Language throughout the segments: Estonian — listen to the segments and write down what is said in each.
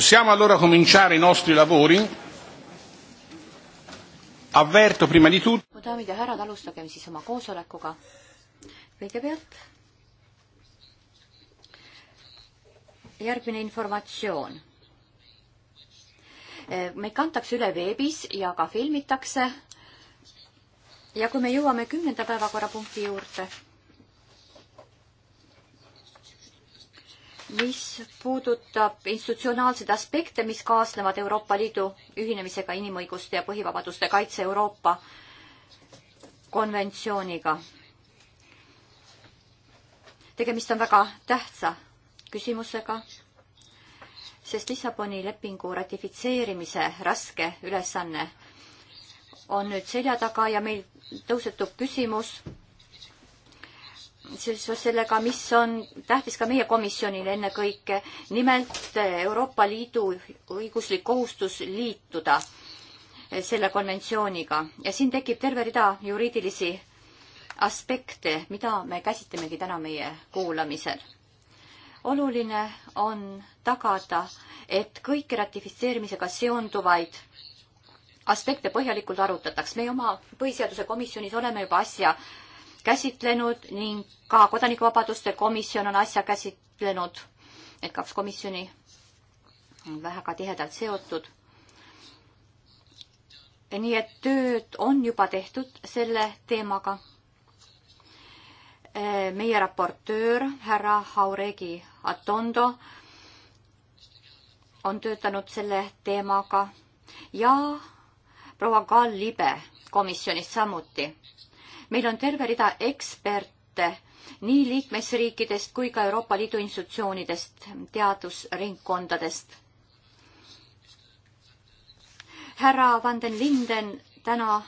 Possiamo allora cominciare i nostri lavori. Avverto prima di tutto. daamid ja härrad, alustagem siis oma koosolekuga. kõigepealt järgmine informatsioon. meid kantakse üle veebis ja ka filmitakse. ja kui me jõuame kümnenda päevakorrapunkti juurde mis puudutab institutsionaalseid aspekte, mis kaasnevad Euroopa Liidu ühinemisega inimõiguste ja põhivabaduste kaitse Euroopa konventsiooniga. tegemist on väga tähtsa küsimusega, sest Lissaboni lepingu ratifitseerimise raske ülesanne on nüüd selja taga ja meil tõusetub küsimus, seoses sellega, mis on tähtis ka meie komisjonile ennekõike, nimelt Euroopa Liidu õiguslik kohustus liituda selle konventsiooniga ja siin tekib terve rida juriidilisi aspekte, mida me käsitlemegi täna meie kuulamisel. oluline on tagada, et kõiki ratifitseerimisega seonduvaid aspekte põhjalikult arutataks. meie oma põhiseaduse komisjonis oleme juba asja käsitlenud ning ka Kodanikuvabaduste komisjon on asja käsitlenud. Need kaks komisjoni on väga tihedalt seotud. nii et tööd on juba tehtud selle teemaga. meie raportöör härra Hauregi Atondo on töötanud selle teemaga ja proua Gal Libe komisjonist samuti meil on terve rida eksperte nii liikmesriikidest kui ka Euroopa Liidu institutsioonidest, teadusringkondadest. härra Van den Linden täna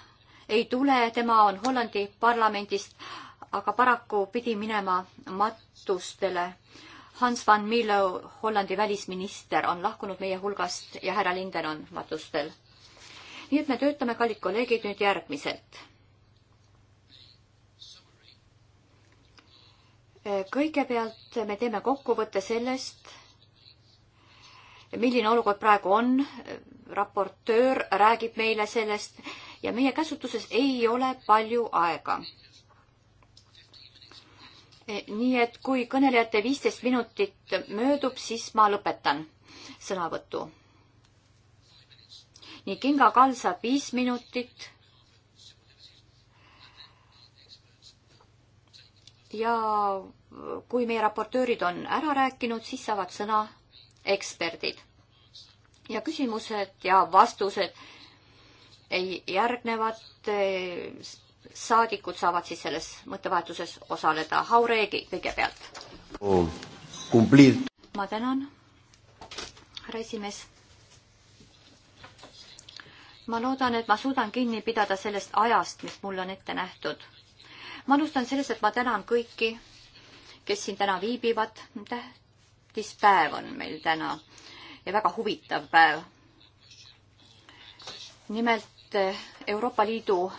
ei tule, tema on Hollandi parlamendist, aga paraku pidi minema matustele. Hans van Milo, Hollandi välisminister, on lahkunud meie hulgast ja härra Linden on matustel. nii et me töötame, kallid kolleegid, nüüd järgmiselt kõigepealt me teeme kokkuvõtte sellest, milline olukord praegu on. raportöör räägib meile sellest ja meie käsutuses ei ole palju aega. nii et kui kõnelejate viisteist minutit möödub, siis ma lõpetan sõnavõtu. nii, Kinga Kall saab viis minutit ja kui meie raportöörid on ära rääkinud, siis saavad sõna eksperdid. ja küsimused ja vastused järgnevad saadikud saavad siis selles mõttevahetuses osaleda. Hauregi kõigepealt oh,. ma tänan, härra esimees. ma loodan, et ma suudan kinni pidada sellest ajast, mis mul on ette nähtud ma alustan sellest, et ma tänan kõiki, kes siin täna viibivad. tähtis päev on meil täna ja väga huvitav päev. nimelt Euroopa Liidu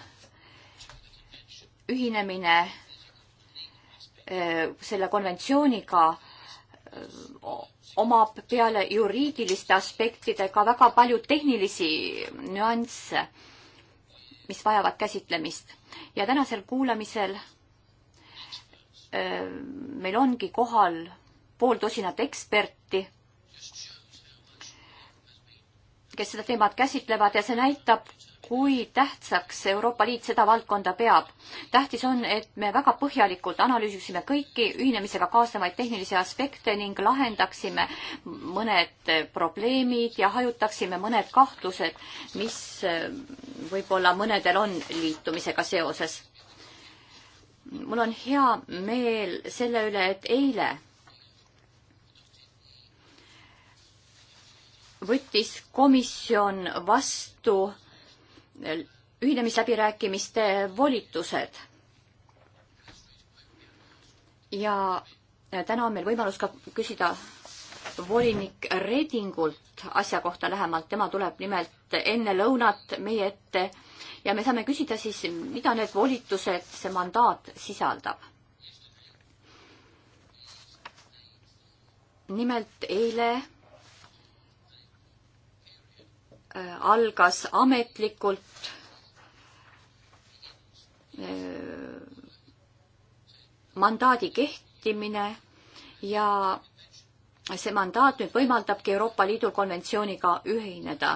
ühinemine eh, selle konventsiooniga eh, omab peale juriidiliste aspektidega väga palju tehnilisi nüansse mis vajavad käsitlemist. ja tänasel kuulamisel meil ongi kohal pool tosinat eksperti, kes seda teemat käsitlevad ja see näitab, kui tähtsaks Euroopa Liit seda valdkonda peab. tähtis on, et me väga põhjalikult analüüsiksime kõiki ühinemisega kaasnevaid tehnilisi aspekte ning lahendaksime mõned probleemid ja hajutaksime mõned kahtlused, mis eh, võib-olla mõnedel on liitumisega seoses. mul on hea meel selle üle, et eile võttis komisjon vastu ühinemisläbirääkimiste volitused. ja täna on meil võimalus ka küsida volinik Redingult asja kohta lähemalt, tema tuleb nimelt enne lõunat meie ette ja me saame küsida siis, mida need volitused, see mandaat sisaldab. nimelt eile Äh, algas ametlikult äh, mandaadi kehtimine ja see mandaat nüüd võimaldabki Euroopa Liidu konventsiooniga ühineda.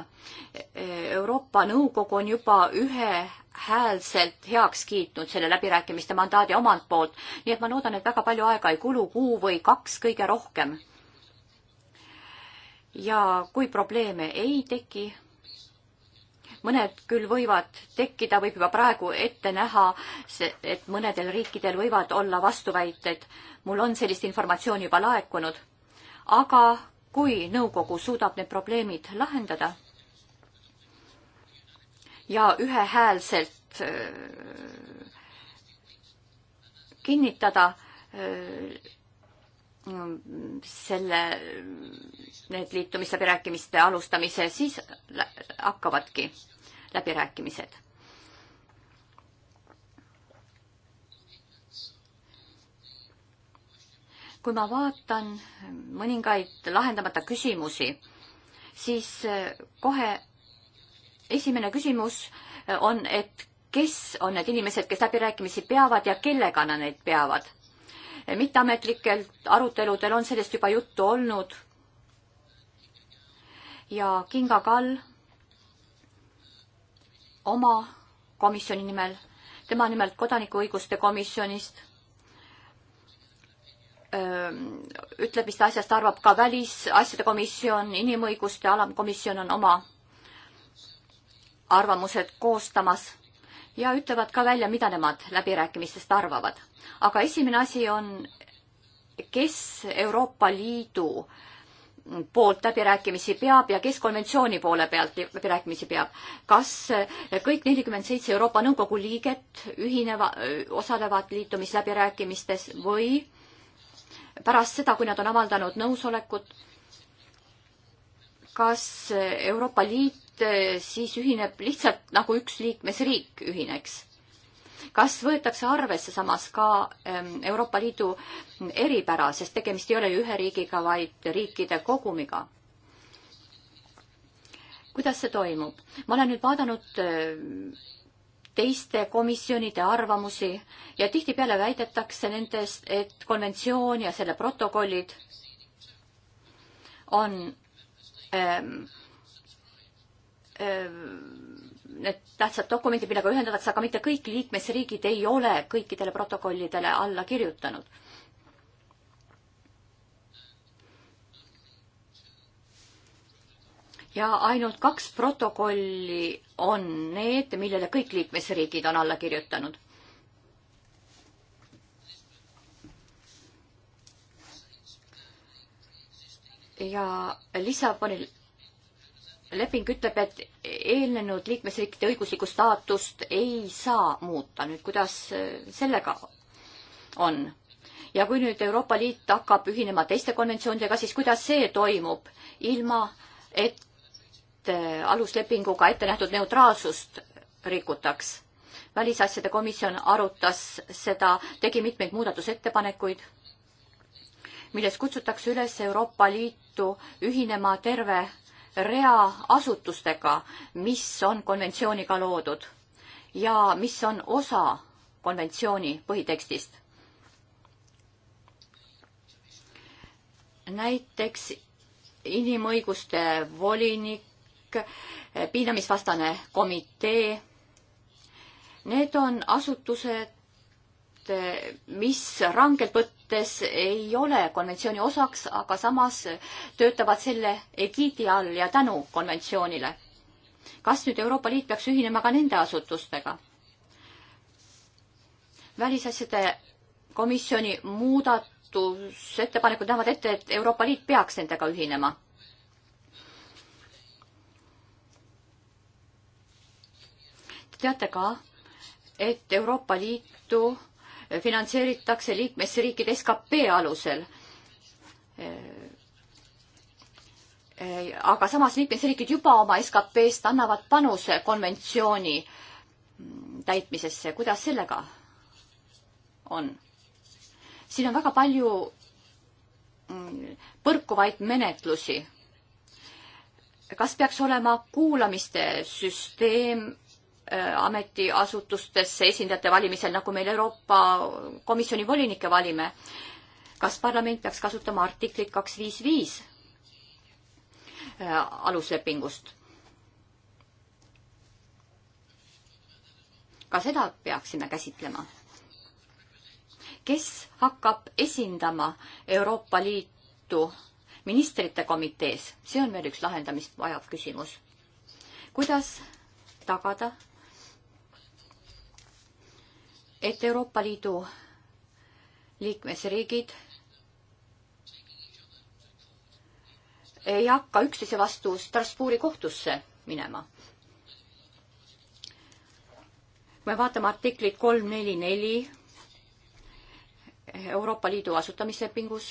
Euroopa Nõukogu on juba ühehäälselt heaks kiitnud selle läbirääkimiste mandaadi omalt poolt, nii et ma loodan, et väga palju aega ei kulu, kuu või kaks kõige rohkem. ja kui probleeme ei teki mõned küll võivad tekkida, võib juba praegu ette näha, et mõnedel riikidel võivad olla vastuväited. mul on sellist informatsiooni juba laekunud. aga kui nõukogu suudab need probleemid lahendada ja ühehäälselt äh, kinnitada äh, selle, need liitumisläbirääkimiste alustamise, siis hakkavadki läbirääkimised. kui ma vaatan mõningaid lahendamata küsimusi, siis eh, kohe esimene küsimus on, et kes on need inimesed, kes läbirääkimisi peavad ja kellega nad neid peavad. mitteametlikel aruteludel on sellest juba juttu olnud. ja Kinga Kall oma komisjoni nimel, tema nimelt kodanikuõiguste komisjonist ähm, ütleb, mis ta asjast arvab, ka välisasjade komisjon, inimõiguste alamkomisjon on oma arvamused koostamas ja ütlevad ka välja, mida nemad läbirääkimistest arvavad. aga esimene asi on, kes Euroopa Liidu äh, poolt läbirääkimisi peab ja kes konventsiooni poole pealt läbirääkimisi peab. kas kõik nelikümmend seitse Euroopa Nõukogu liiget ühineva, osalevad liitumisläbirääkimistes või pärast seda, kui nad on avaldanud nõusolekut, kas Euroopa Liit siis ühineb lihtsalt nagu üks liikmesriik ühineks? kas võetakse arvesse samas ka ähm, Euroopa Liidu eripära, sest tegemist ei ole ju ühe riigiga, vaid riikide kogumiga? kuidas see toimub? ma olen nüüd vaadanud äh, teiste komisjonide arvamusi ja tihtipeale väidetakse nendest, et konventsioon ja selle protokollid on ähm, ähm, need tähtsad dokumendid, millega ühendatakse, aga mitte kõik liikmesriigid ei ole kõikidele protokollidele alla kirjutanud. ja ainult kaks protokolli on need, millele kõik liikmesriigid on alla kirjutanud. ja Lissaboni leping ütleb, et eelnenud liikmesriikide õiguslikku staatust ei saa muuta. nüüd kuidas äh, sellega on? ja kui nüüd Euroopa Liit hakkab ühinema teiste konventsioonidega, siis kuidas see toimub ilma, et äh, aluslepinguga ette nähtud neutraalsust rikutaks? välisasjade komisjon arutas seda, tegi mitmeid muudatusettepanekuid, milles kutsutakse üles Euroopa Liitu ühinema terve rea asutustega, mis on konventsiooniga loodud ja mis on osa konventsiooni põhitekstist. näiteks inimõiguste volinik, piinamisvastane komitee. Need on asutused, Eh, mis rangelt võttes ei ole konventsiooni osaks, aga samas töötavad selle egiidi all ja tänu konventsioonile. kas nüüd Euroopa Liit peaks ühinema ka nende asutustega? välisasjade komisjoni muudatusettepanekud näevad ette, et Euroopa Liit peaks nendega ühinema teate ka, et Euroopa Liitu finantseeritakse liikmesriikide skp alusel. aga samas liikmesriigid juba oma skp-st annavad panuse konventsiooni täitmisesse, kuidas sellega on? siin on väga palju mm, põrkuvaid menetlusi. kas peaks olema kuulamiste süsteem Äh, ametiasutustesse esindajate valimisel, nagu meil Euroopa Komisjoni volinike valime. kas parlament peaks kasutama artiklit kaks viis viis äh, aluslepingust? ka seda peaksime käsitlema. kes hakkab esindama Euroopa Liitu ministrite komitees, see on veel üks lahendamist vajav küsimus. kuidas tagada et Euroopa Liidu liikmesriigid ei hakka üksteise vastu Strasbourgi kohtusse minema. kui me vaatame artiklit kolm, neli, neli Euroopa Liidu asutamislepingus,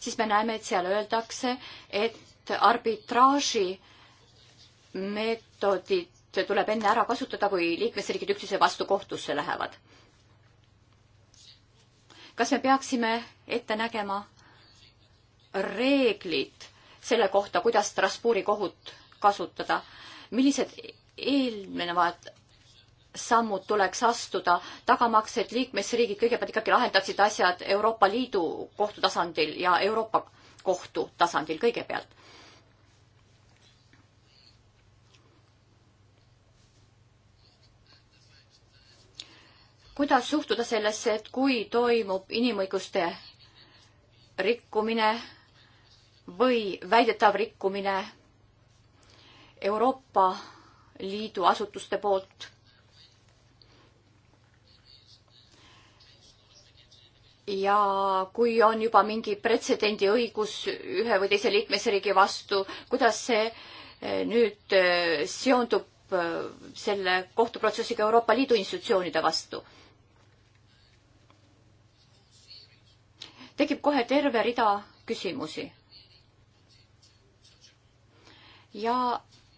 siis me näeme, et seal öeldakse, et arbitraaži meetodid tuleb enne ära kasutada, kui liikmesriigid üksteise vastu kohtusse lähevad. kas me peaksime ette nägema reeglid selle kohta, kuidas Strasbourgi kohut kasutada, millised eelnevad sammud tuleks astuda, tagamaks, et liikmesriigid kõigepealt ikkagi lahendaksid asjad Euroopa Liidu kohtu tasandil ja Euroopa kohtu tasandil kõigepealt. kuidas suhtuda sellesse, et kui toimub inimõiguste rikkumine või väidetav rikkumine Euroopa Liidu asutuste poolt ja kui on juba mingi pretsedendi õigus ühe või teise liikmesriigi vastu, kuidas see eh, nüüd eh, seondub eh, selle kohtuprotsessiga Euroopa Liidu institutsioonide vastu? tekib kohe terve rida küsimusi. ja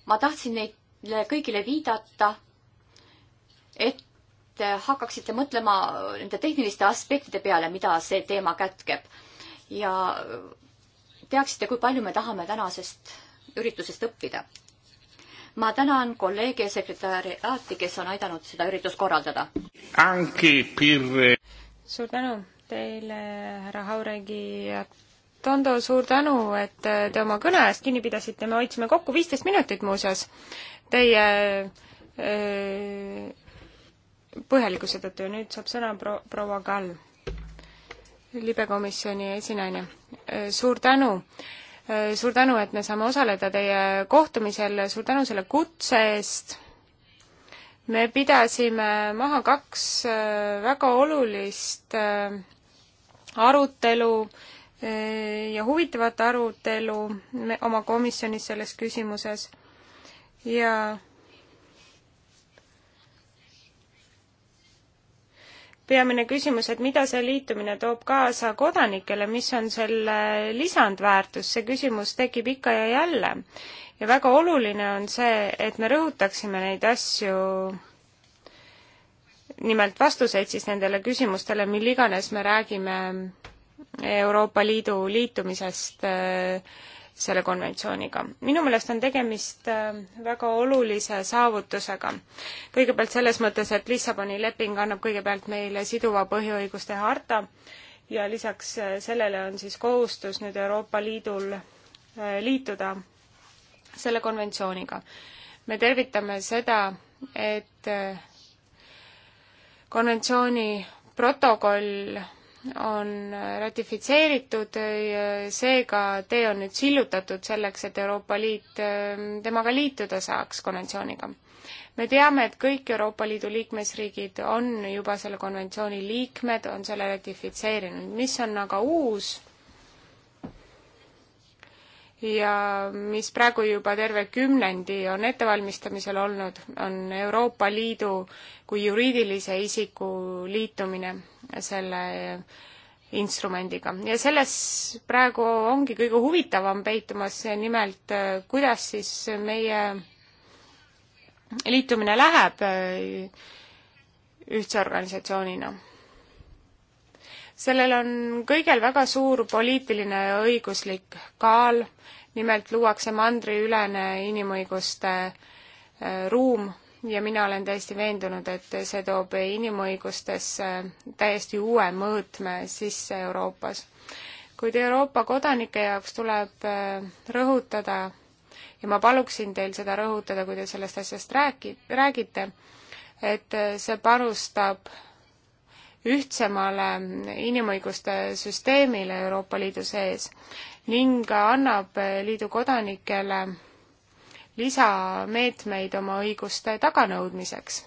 ma tahtsin neile kõigile viidata, et hakkaksite mõtlema nende tehniliste aspektide peale, mida see teema kätkeb ja teaksite, kui palju me tahame tänasest üritusest õppida. ma tänan kolleege ja sekretäriaati, kes on aidanud seda üritust korraldada. suur tänu teile, härra Hauregi ja Tondo, suur tänu, et te oma kõne eest kinni pidasite, me hoidsime kokku viisteist minutit muuseas teie öö, põhjalikkuse tõttu ja nüüd saab sõna pro-, proua Kall, libekomisjoni esinaine. suur tänu! suur tänu, et me saame osaleda teie kohtumisel, suur tänu selle kutse eest me pidasime maha kaks väga olulist arutelu eh, ja huvitavat arutelu oma komisjonis selles küsimuses ja peamine küsimus, et mida see liitumine toob kaasa kodanikele, mis on selle lisandväärtus, see küsimus tekib ikka ja jälle. ja väga oluline on see, et me rõhutaksime neid asju nimelt vastuseid siis nendele küsimustele, mil iganes me räägime Euroopa Liidu liitumisest äh, selle konventsiooniga. minu meelest on tegemist äh, väga olulise saavutusega. kõigepealt selles mõttes, et Lissaboni leping annab kõigepealt meile siduva põhiõiguste harta ja lisaks äh, sellele on siis kohustus nüüd Euroopa Liidul liituda selle konventsiooniga. me tervitame seda, et konventsiooni protokoll on ratifitseeritud, seega tee on nüüd sillutatud selleks, et Euroopa Liit temaga liituda saaks, konventsiooniga. me teame, et kõik Euroopa Liidu liikmesriigid on juba selle konventsiooni liikmed, on selle ratifitseerinud, mis on aga uus ja mis praegu juba terve kümnendi on ettevalmistamisel olnud, on Euroopa Liidu kui juriidilise isiku liitumine selle instrumendiga ja selles praegu ongi kõige huvitavam peitumas, nimelt kuidas siis meie liitumine läheb ühtse organisatsioonina sellel on kõigel väga suur poliitiline ja õiguslik kaal, nimelt luuakse mandriülene inimõiguste äh, ruum ja mina olen täiesti veendunud, et see toob inimõigustesse täiesti uue mõõtme sisse Euroopas. kuid Euroopa kodanike jaoks tuleb äh, rõhutada ja ma paluksin teil seda rõhutada, kui te sellest asjast räägi-, räägite, et äh, see panustab ühtsemale inimõiguste süsteemile Euroopa Liidu sees ning annab liidu kodanikele lisameetmeid oma õiguste taganõudmiseks.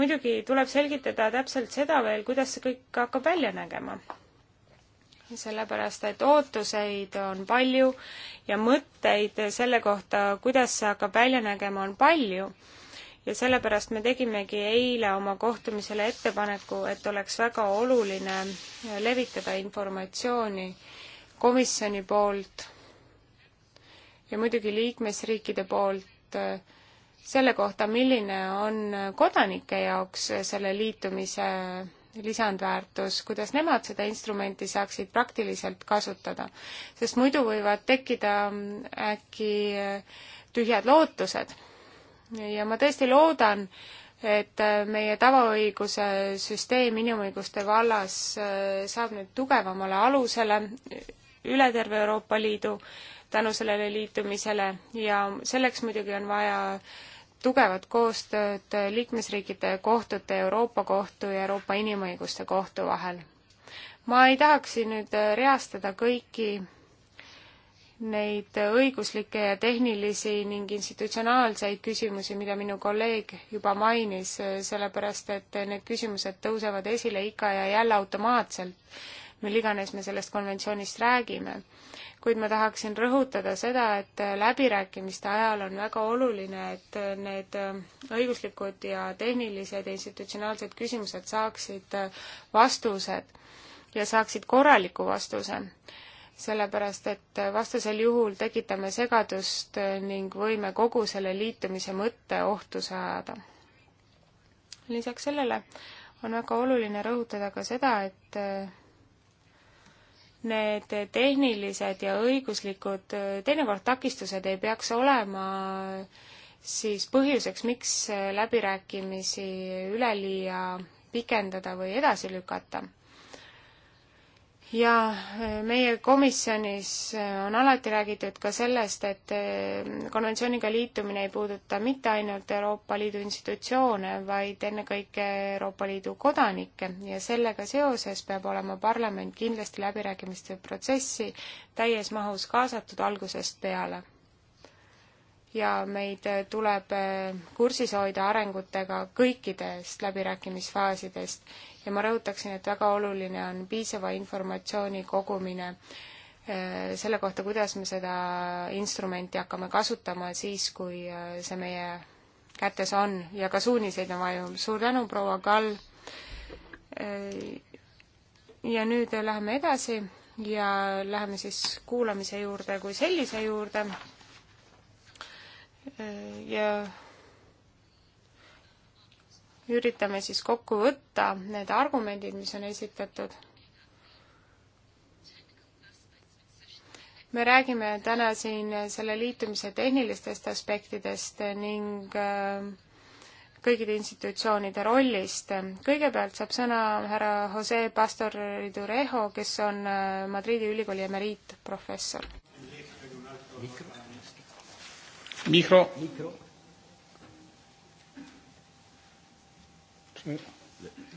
muidugi tuleb selgitada täpselt seda veel, kuidas see kõik hakkab välja nägema sellepärast et ootuseid on palju ja mõtteid selle kohta, kuidas see hakkab välja nägema, on palju ja sellepärast me tegimegi eile oma kohtumisele ettepaneku, et oleks väga oluline levitada informatsiooni komisjoni poolt ja muidugi liikmesriikide poolt selle kohta, milline on kodanike jaoks selle liitumise lisandväärtus, kuidas nemad seda instrumenti saaksid praktiliselt kasutada. sest muidu võivad tekkida äkki tühjad lootused ja ma tõesti loodan, et äh, meie tavaõiguse süsteem inimõiguste vallas äh, saab nüüd tugevamale alusele üle terve Euroopa Liidu tänu sellele liitumisele ja selleks muidugi on vaja tugevat koostööd liikmesriikide kohtute, Euroopa Kohtu ja Euroopa Inimõiguste Kohtu vahel. ma ei tahaks siin nüüd äh, reastada kõiki neid õiguslikke ja tehnilisi ning institutsionaalseid küsimusi, mida minu kolleeg juba mainis, sellepärast et need küsimused tõusevad esile ikka ja jälle automaatselt, mil iganes me sellest konventsioonist räägime. kuid ma tahaksin rõhutada seda, et läbirääkimiste ajal on väga oluline, et need õiguslikud ja tehnilised ja institutsionaalsed küsimused saaksid vastused ja saaksid korraliku vastuse sellepärast et vastasel juhul tekitame segadust ning võime kogu selle liitumise mõtte ohtu saada. lisaks sellele on väga oluline rõhutada ka seda, et need tehnilised ja õiguslikud teinekord takistused ei peaks olema siis põhjuseks, miks läbirääkimisi üleliia pikendada või edasi lükata ja meie komisjonis on alati räägitud ka sellest, et eh, konventsiooniga liitumine ei puuduta mitte ainult Euroopa Liidu institutsioone, vaid ennekõike Euroopa Liidu kodanikke ja sellega seoses peab olema parlament kindlasti läbirääkimiste protsessi täies mahus kaasatud algusest peale. ja meid eh, tuleb eh, kursis hoida arengutega kõikidest läbirääkimisfaasidest ja ma rõhutaksin, et väga oluline on piisava informatsiooni kogumine äh, selle kohta, kuidas me seda instrumenti hakkame kasutama siis, kui äh, see meie kätes on ja ka suuniseid on vaja. suur tänu, proua Kall! Äh, ja nüüd läheme edasi ja läheme siis kuulamise juurde kui sellise juurde ja üritame siis kokku võtta need argumendid, mis on esitatud. me räägime täna siin selle liitumise tehnilistest aspektidest ning äh, kõikide institutsioonide rollist. kõigepealt saab sõna härra Jose Pastor Ridurejo, kes on äh, Madridi ülikooli emeriitprofessor. mikro, mikro. mikro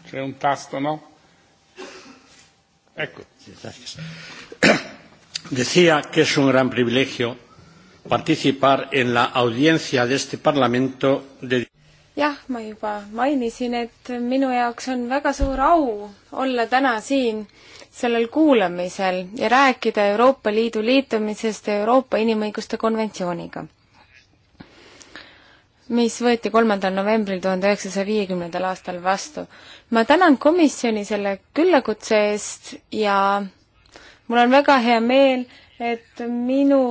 C'è un tasto, no? Ecco. Gracias. Decía que es un gran privilegio participar en la audiencia de este Parlamento de jah, ma juba mainisin, et minu jaoks on väga suur au olla täna siin sellel kuulamisel ja rääkida Euroopa Liidu liitumisest Euroopa Inimõiguste konventsiooniga mis võeti kolmandal novembril tuhande üheksasaja viiekümnendal aastal vastu. ma tänan komisjoni selle küllakutse eest ja mul on väga hea meel, et minu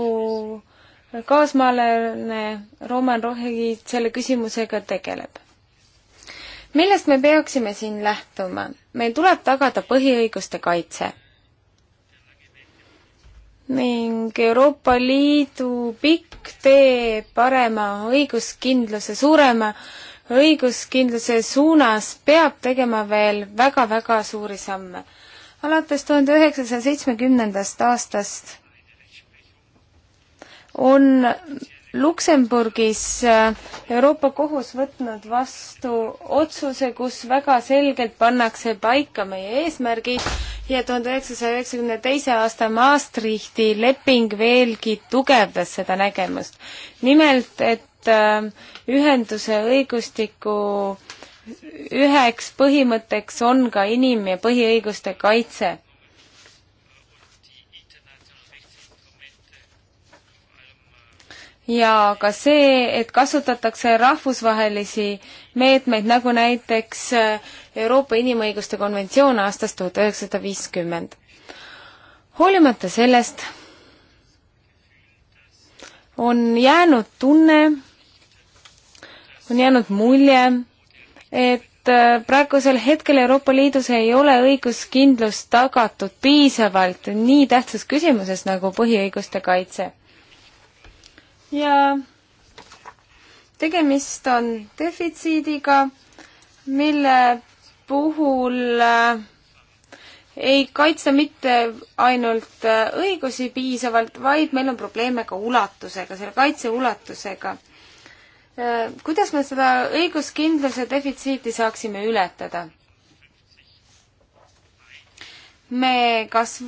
kaasmaalane Roman Rohegi selle küsimusega tegeleb. millest me peaksime siin lähtuma? meil tuleb tagada põhiõiguste kaitse ning Euroopa Liidu pikk tee parema õiguskindluse, suurema õiguskindluse suunas peab tegema veel väga-väga suuri samme. alates tuhande üheksasaja seitsmekümnendast aastast on Luksemburgis äh, Euroopa Kohus võtnud vastu otsuse, kus väga selgelt pannakse paika meie eesmärgid ja tuhande üheksasaja üheksakümne teise aasta Maastrichti leping veelgi tugevdas seda nägemust. nimelt, et äh, ühenduse õigustiku üheks põhimõtteks on ka inim- ja põhiõiguste kaitse ja ka see, et kasutatakse rahvusvahelisi meetmeid, nagu näiteks äh, Euroopa Inimõiguste konventsioon aastast tuhat üheksasada viiskümmend. hoolimata sellest on jäänud tunne, on jäänud mulje, et äh, praegusel hetkel Euroopa Liidus ei ole õiguskindlus tagatud piisavalt nii tähtsas küsimuses nagu põhiõiguste kaitse ja tegemist on defitsiidiga, mille puhul äh, ei kaitsta mitte ainult äh, õigusi piisavalt, vaid meil on probleeme ka ulatusega, selle kaitse ulatusega. Äh, kuidas me seda õiguskindluse defitsiiti saaksime ületada? me kas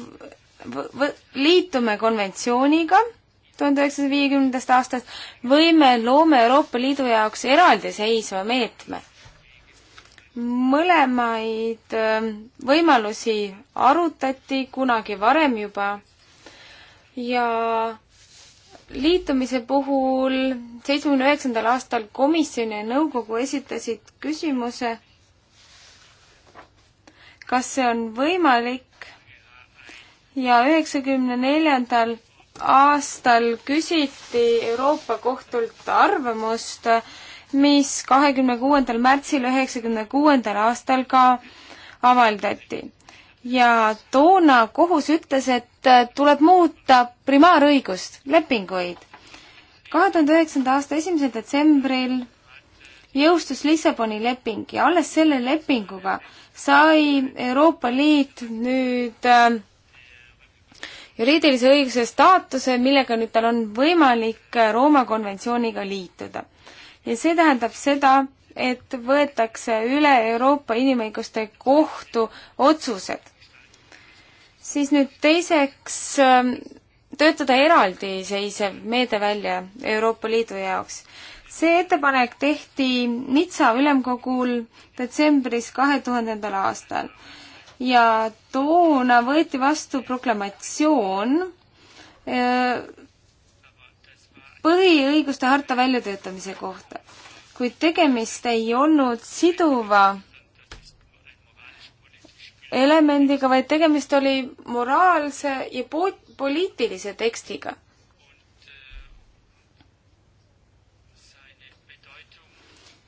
liitume konventsiooniga tuhande üheksasaja viiekümnendast aastast või me loome Euroopa Liidu jaoks eraldiseisva meetme. mõlemaid ähm, võimalusi arutati kunagi varem juba ja liitumise puhul seitsmekümne üheksandal aastal komisjon ja nõukogu esitasid küsimuse, kas see on võimalik ja üheksakümne neljandal aastal küsiti Euroopa Kohtult arvamust, mis kahekümne kuuendal märtsil üheksakümne kuuendal aastal ka avaldati. ja toona kohus ütles, et tuleb muuta primaarõigust, lepinguid. kahe tuhande üheksanda aasta esimesel detsembril jõustus Lissaboni leping ja alles selle lepinguga sai Euroopa Liit nüüd äh, juriidilise õiguse staatuse, millega nüüd tal on võimalik Rooma konventsiooniga liituda. ja see tähendab seda, et võetakse üle Euroopa Inimõiguste Kohtu otsused. siis nüüd teiseks ähm, töötada eraldiseisev meede välja Euroopa Liidu jaoks. see ettepanek tehti Nitsa ülemkogul detsembris kahe tuhandendal aastal ja toona võeti vastu proklamatsioon äh, põhiõiguste harta väljatöötamise kohta, kuid tegemist ei olnud siduva elemendiga, vaid tegemist oli moraalse ja po-, poliitilise tekstiga.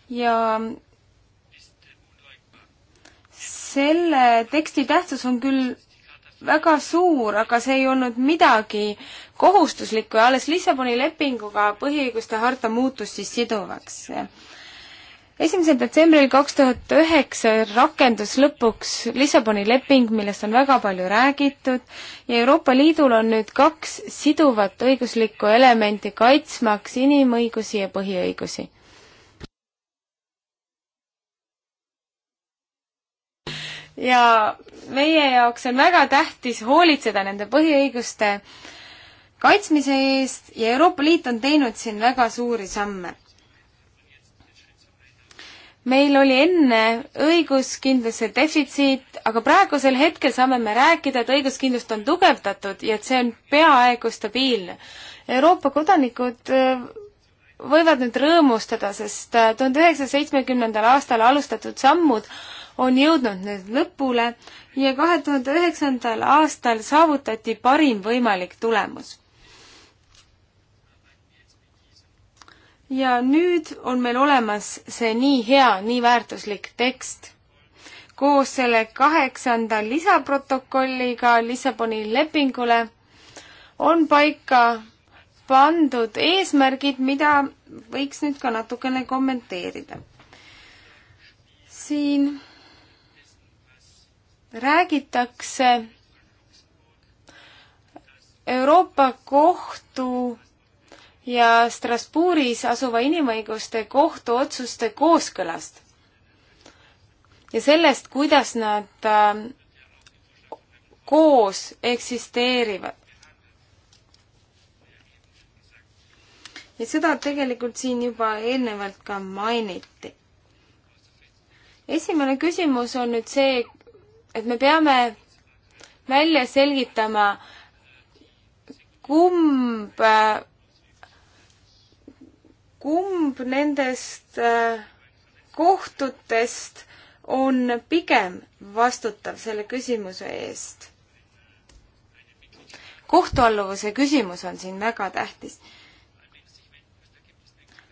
ja selle teksti tähtsus on küll väga suur, aga see ei olnud midagi kohustuslikku ja alles Lissaboni lepinguga põhiõiguste harta muutus siis siduvaks. esimesel detsembril kaks tuhat üheksa rakendus lõpuks Lissaboni leping, millest on väga palju räägitud ja Euroopa Liidul on nüüd kaks siduvat õiguslikku elementi kaitsmaks inimõigusi ja põhiõigusi ja meie jaoks on väga tähtis hoolitseda nende põhiõiguste kaitsmise eest ja Euroopa Liit on teinud siin väga suuri samme. meil oli enne õiguskindluse defitsiit, aga praegusel hetkel saame me rääkida, et õiguskindlust on tugevdatud ja et see on peaaegu stabiilne. Euroopa kodanikud äh, võivad nüüd rõõmustada, sest äh, tuhande üheksasaja seitsmekümnendal aastal alustatud sammud on jõudnud nüüd lõpule ja kahe tuhande üheksandal aastal saavutati parim võimalik tulemus. ja nüüd on meil olemas see nii hea, nii väärtuslik tekst koos selle kaheksanda lisaprotokolliga Lissaboni lepingule on paika pandud eesmärgid, mida võiks nüüd ka natukene kommenteerida. siin räägitakse Euroopa Kohtu ja Strasbourgis asuva inimõiguste kohtu otsuste kooskõlast ja sellest, kuidas nad äh, koos eksisteerivad. ja seda tegelikult siin juba eelnevalt ka mainiti. esimene küsimus on nüüd see, et me peame välja selgitama, kumb, kumb nendest äh, kohtutest on pigem vastutav selle küsimuse eest kohtualluvuse küsimus on siin väga tähtis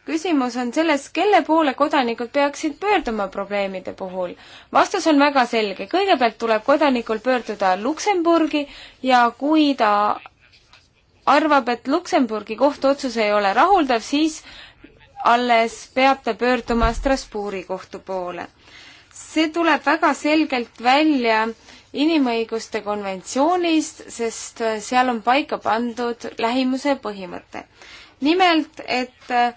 küsimus on selles, kelle poole kodanikud peaksid pöörduma probleemide puhul. vastus on väga selge, kõigepealt tuleb kodanikul pöörduda Luksemburgi ja kui ta arvab, et Luksemburgi kohtuotsus ei ole rahuldav, siis alles peab ta pöörduma Strasbourgi kohtu poole. see tuleb väga selgelt välja inimõiguste konventsioonist, sest seal on paika pandud lähimuse põhimõte. nimelt, et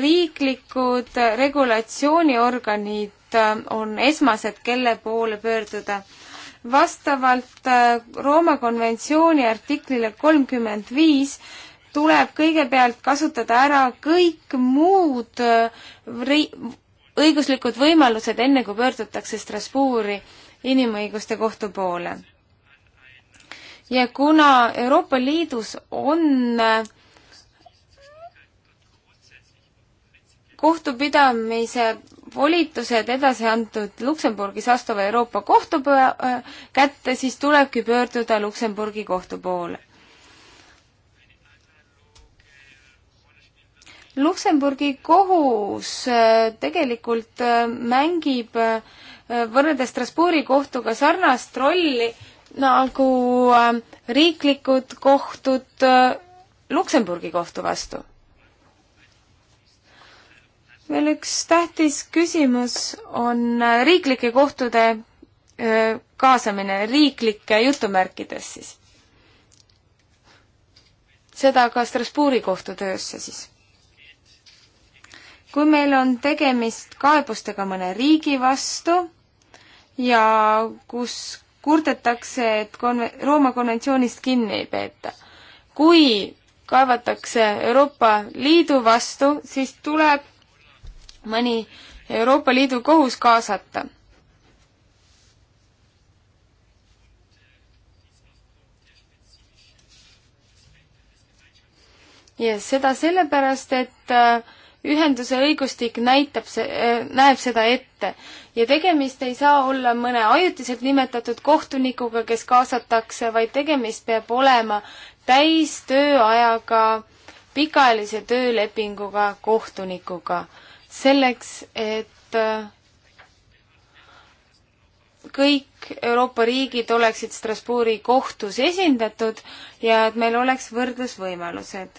riiklikud regulatsiooniorganid äh, on esmased, kelle poole pöörduda. vastavalt äh, Rooma konventsiooni artiklile kolmkümmend viis tuleb kõigepealt kasutada ära kõik muud äh, ri-, õiguslikud võimalused, enne kui pöördutakse Strasbourgi inimõiguste kohtu poole. ja kuna Euroopa Liidus on äh, kohtupidamise volitused edasi antud Luksemburgis astuva Euroopa kohtu äh, kätte, siis tulebki pöörduda Luksemburgi kohtu poole. Luksemburgi kohus äh, tegelikult äh, mängib võrreldes Strasbourgi kohtuga sarnast rolli nagu riiklikud kohtud Luksemburgi kohtu vastu veel üks tähtis küsimus on riiklike kohtude kaasamine, riiklike jutumärkides siis. seda ka Strasbourgi kohtu töösse siis. kui meil on tegemist kaebustega mõne riigi vastu ja kus kurdetakse, et konve-, Rooma konventsioonist kinni ei peeta, kui kaevatakse Euroopa Liidu vastu, siis tuleb mõni Euroopa Liidu kohus kaasata. ja seda sellepärast, et äh, ühenduse õigustik näitab, äh, näeb seda ette ja tegemist ei saa olla mõne ajutiselt nimetatud kohtunikuga, kes kaasatakse, vaid tegemist peab olema täistööajaga pikaajalise töölepinguga kohtunikuga selleks, et äh, kõik Euroopa riigid oleksid Strasbourgi kohtus esindatud ja et meil oleks võrdlusvõimalused.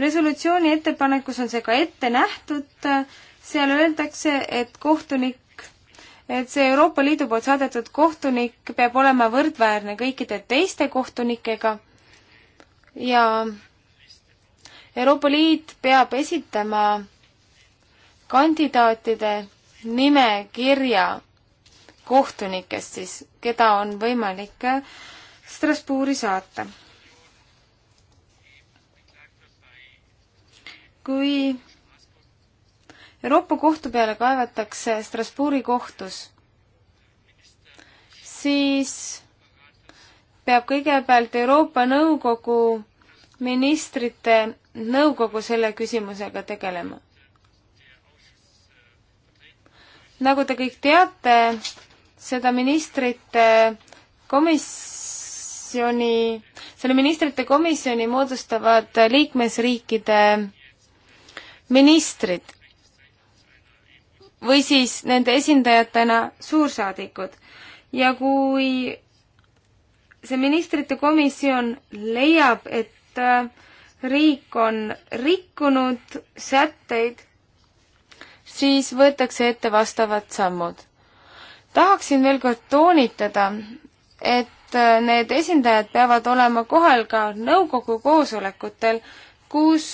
resolutsiooni ettepanekus on see ka ette nähtud, seal öeldakse, et kohtunik, et see Euroopa Liidu poolt saadetud kohtunik peab olema võrdväärne kõikide teiste kohtunikega ja Euroopa Liit peab esitama kandidaatide nimekirja kohtunikest siis, keda on võimalik äh, Strasbourgi saata. kui Euroopa Kohtu peale kaevatakse Strasbourgi kohtus, siis peab kõigepealt Euroopa Nõukogu ministrite nõukogu selle küsimusega tegelema nagu te kõik teate, seda ministrite komisjoni, selle ministrite komisjoni moodustavad liikmesriikide ministrid või siis nende esindajatena suursaadikud. ja kui see ministrite komisjon leiab, et riik on rikkunud sätteid, siis võetakse ette vastavad sammud. tahaksin veel kord toonitada, et äh, need esindajad peavad olema kohal ka nõukogu koosolekutel, kus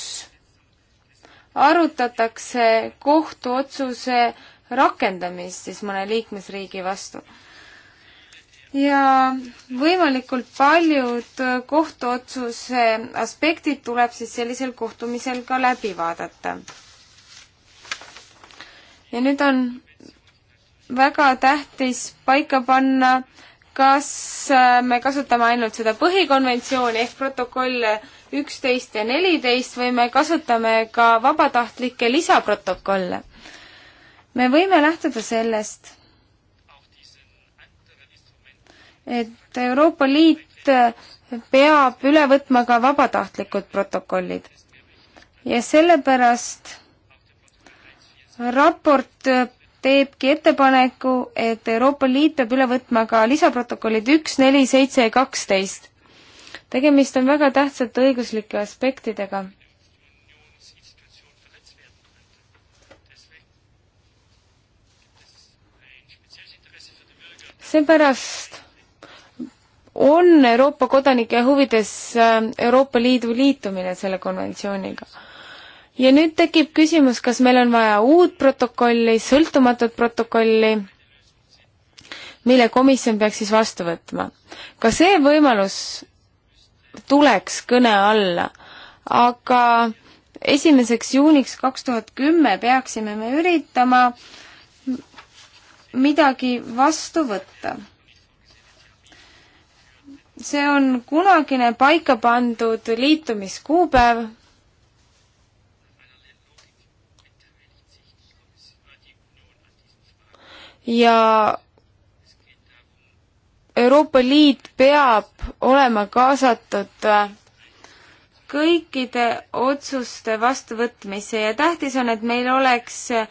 arutatakse kohtuotsuse rakendamist siis mõne liikmesriigi vastu. ja võimalikult paljud kohtuotsuse aspektid tuleb siis sellisel kohtumisel ka läbi vaadata ja nüüd on väga tähtis paika panna, kas äh, me kasutame ainult seda põhikonventsiooni ehk protokolle üksteist ja neliteist või me kasutame ka vabatahtlikke lisaprotokolle. me võime lähtuda sellest, et Euroopa Liit peab üle võtma ka vabatahtlikud protokollid ja sellepärast raport äh, teebki ettepaneku, et Euroopa Liit peab üle võtma ka lisaprotokollid üks, neli, seitse ja kaksteist. tegemist on väga tähtsate õiguslike aspektidega. seepärast on Euroopa kodanike huvides äh, Euroopa Liidu liitumine selle konventsiooniga ja nüüd tekib küsimus, kas meil on vaja uut protokolli, sõltumatut protokolli, mille komisjon peaks siis vastu võtma. ka see võimalus tuleks kõne alla, aga esimeseks juuniks kaks tuhat kümme peaksime me üritama midagi vastu võtta. see on kunagine paika pandud liitumiskuupäev ja Euroopa Liit peab olema kaasatud äh, kõikide otsuste vastuvõtmisse ja tähtis on, et meil oleks äh,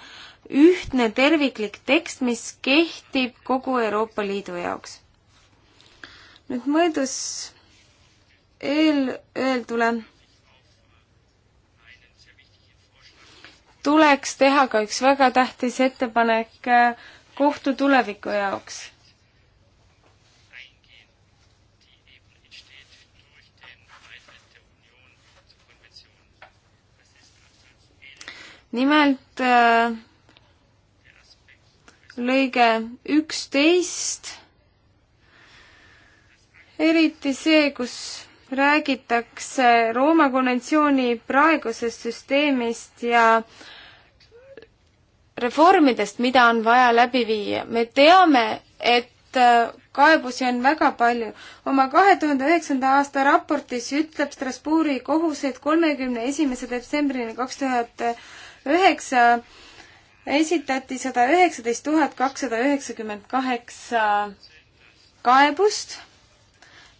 ühtne terviklik tekst, mis kehtib kogu Euroopa Liidu jaoks. nüüd mõeldus eelöeldule tuleks teha ka üks väga tähtis ettepanek äh, kohtu tuleviku jaoks nimelt äh, lõige üksteist, eriti see, kus räägitakse Rooma konventsiooni praegusest süsteemist ja äh, reformidest, mida on vaja läbi viia. me teame, et äh, kaebusi on väga palju. oma kahe tuhande üheksanda aasta raportis ütleb Strasbourgi kohus, et kolmekümne esimese detsembrini kaks tuhat üheksa esitati sada üheksateist tuhat kakssada üheksakümmend kaheksa kaebust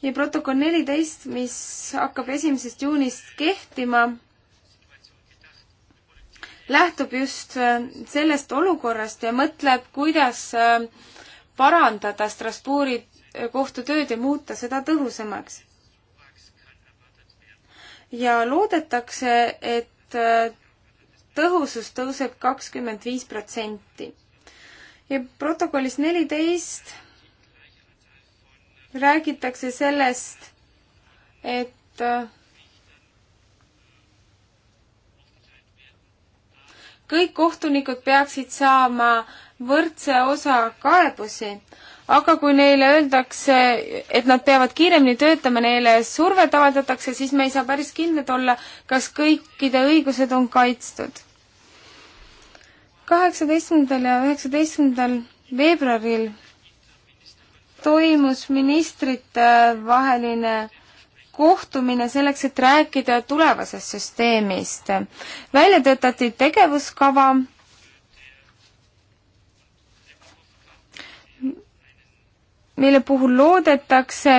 ja protokoll neliteist, mis hakkab esimesest juunist kehtima lähtub just äh, sellest olukorrast ja mõtleb, kuidas äh, parandada Strasbourgi äh, kohtu tööd ja muuta seda tõhusamaks. ja loodetakse, et tõhusus tõuseb kakskümmend viis protsenti. ja protokollis neliteist räägitakse sellest, et kõik kohtunikud peaksid saama võrdse osa kaebusi, aga kui neile öeldakse, et nad peavad kiiremini töötama, neile survet avaldatakse, siis me ei saa päris kindlad olla, kas kõikide õigused on kaitstud. kaheksateistkümnendal ja üheksateistkümnendal veebruaril toimus ministrite vaheline kohtumine selleks, et rääkida tulevasest süsteemist. välja töötati tegevuskava, mille puhul loodetakse,